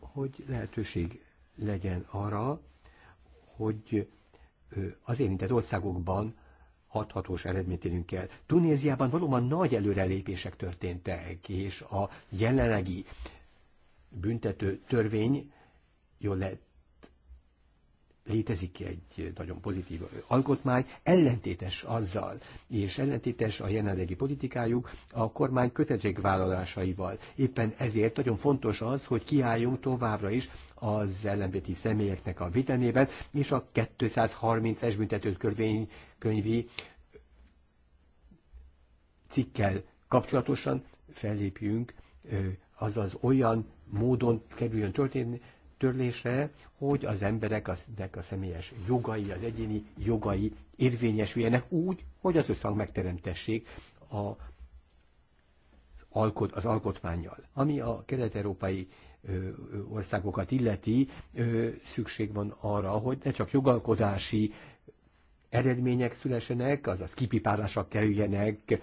hogy lehetőség legyen arra, hogy az érintett országokban hathatós eredményt érünk el. Tunéziában valóban nagy előrelépések történtek, és a jelenlegi büntető törvény jól lehet létezik egy nagyon pozitív alkotmány, ellentétes azzal, és ellentétes a jelenlegi politikájuk a kormány kötelezettségvállalásaival. Éppen ezért nagyon fontos az, hogy kiálljunk továbbra is az ellenbeti személyeknek a vitenében, és a 230-es könyvi cikkel kapcsolatosan fellépjünk, azaz olyan módon kerüljön történni, törlése, hogy az emberek az, a személyes jogai, az egyéni jogai érvényesüljenek úgy, hogy az összhang megteremtessék a, alkot, az alkotmányjal. Ami a kelet-európai országokat illeti, ö, szükség van arra, hogy ne csak jogalkodási eredmények szülesenek, azaz kipipálásra kerüljenek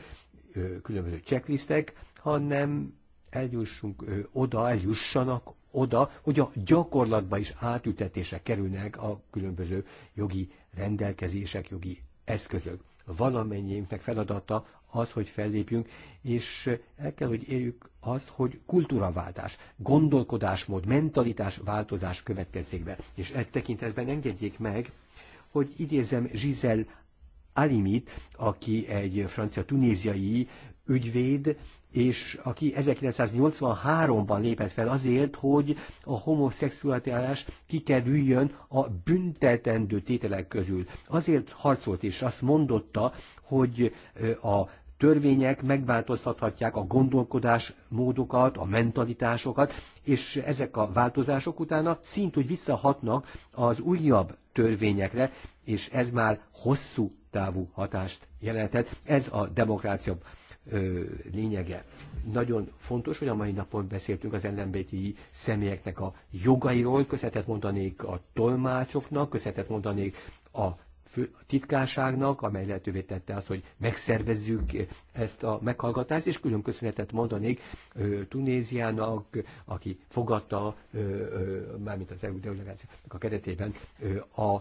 ö, különböző checklistek, hanem eljussunk ö, oda, eljussanak oda, hogy a gyakorlatba is átütetése kerülnek a különböző jogi rendelkezések, jogi eszközök. Valamennyiünknek feladata az, hogy fellépjünk, és el kell, hogy érjük azt, hogy kultúraváltás, gondolkodásmód, mentalitás változás következzék be. És ezt tekintetben engedjék meg, hogy idézem Giselle Alimit, aki egy francia-tunéziai ügyvéd, és aki 1983-ban lépett fel azért, hogy a homoszexualitás kikerüljön a büntetendő tételek közül. Azért harcolt és azt mondotta, hogy a törvények megváltoztathatják a gondolkodás módokat, a mentalitásokat, és ezek a változások utána szint, hogy visszahatnak az újabb törvényekre, és ez már hosszú távú hatást jelentett. Ez a demokrácia lényege. Nagyon fontos, hogy a mai napon beszéltünk az LMBTI személyeknek a jogairól, köszönetet mondanék a tolmácsoknak, köszönetet mondanék a fő titkárságnak, amely lehetővé tette azt, hogy megszervezzük ezt a meghallgatást, és külön köszönetet mondanék Tunéziának, aki fogadta, mármint az EU delegációnak a keretében a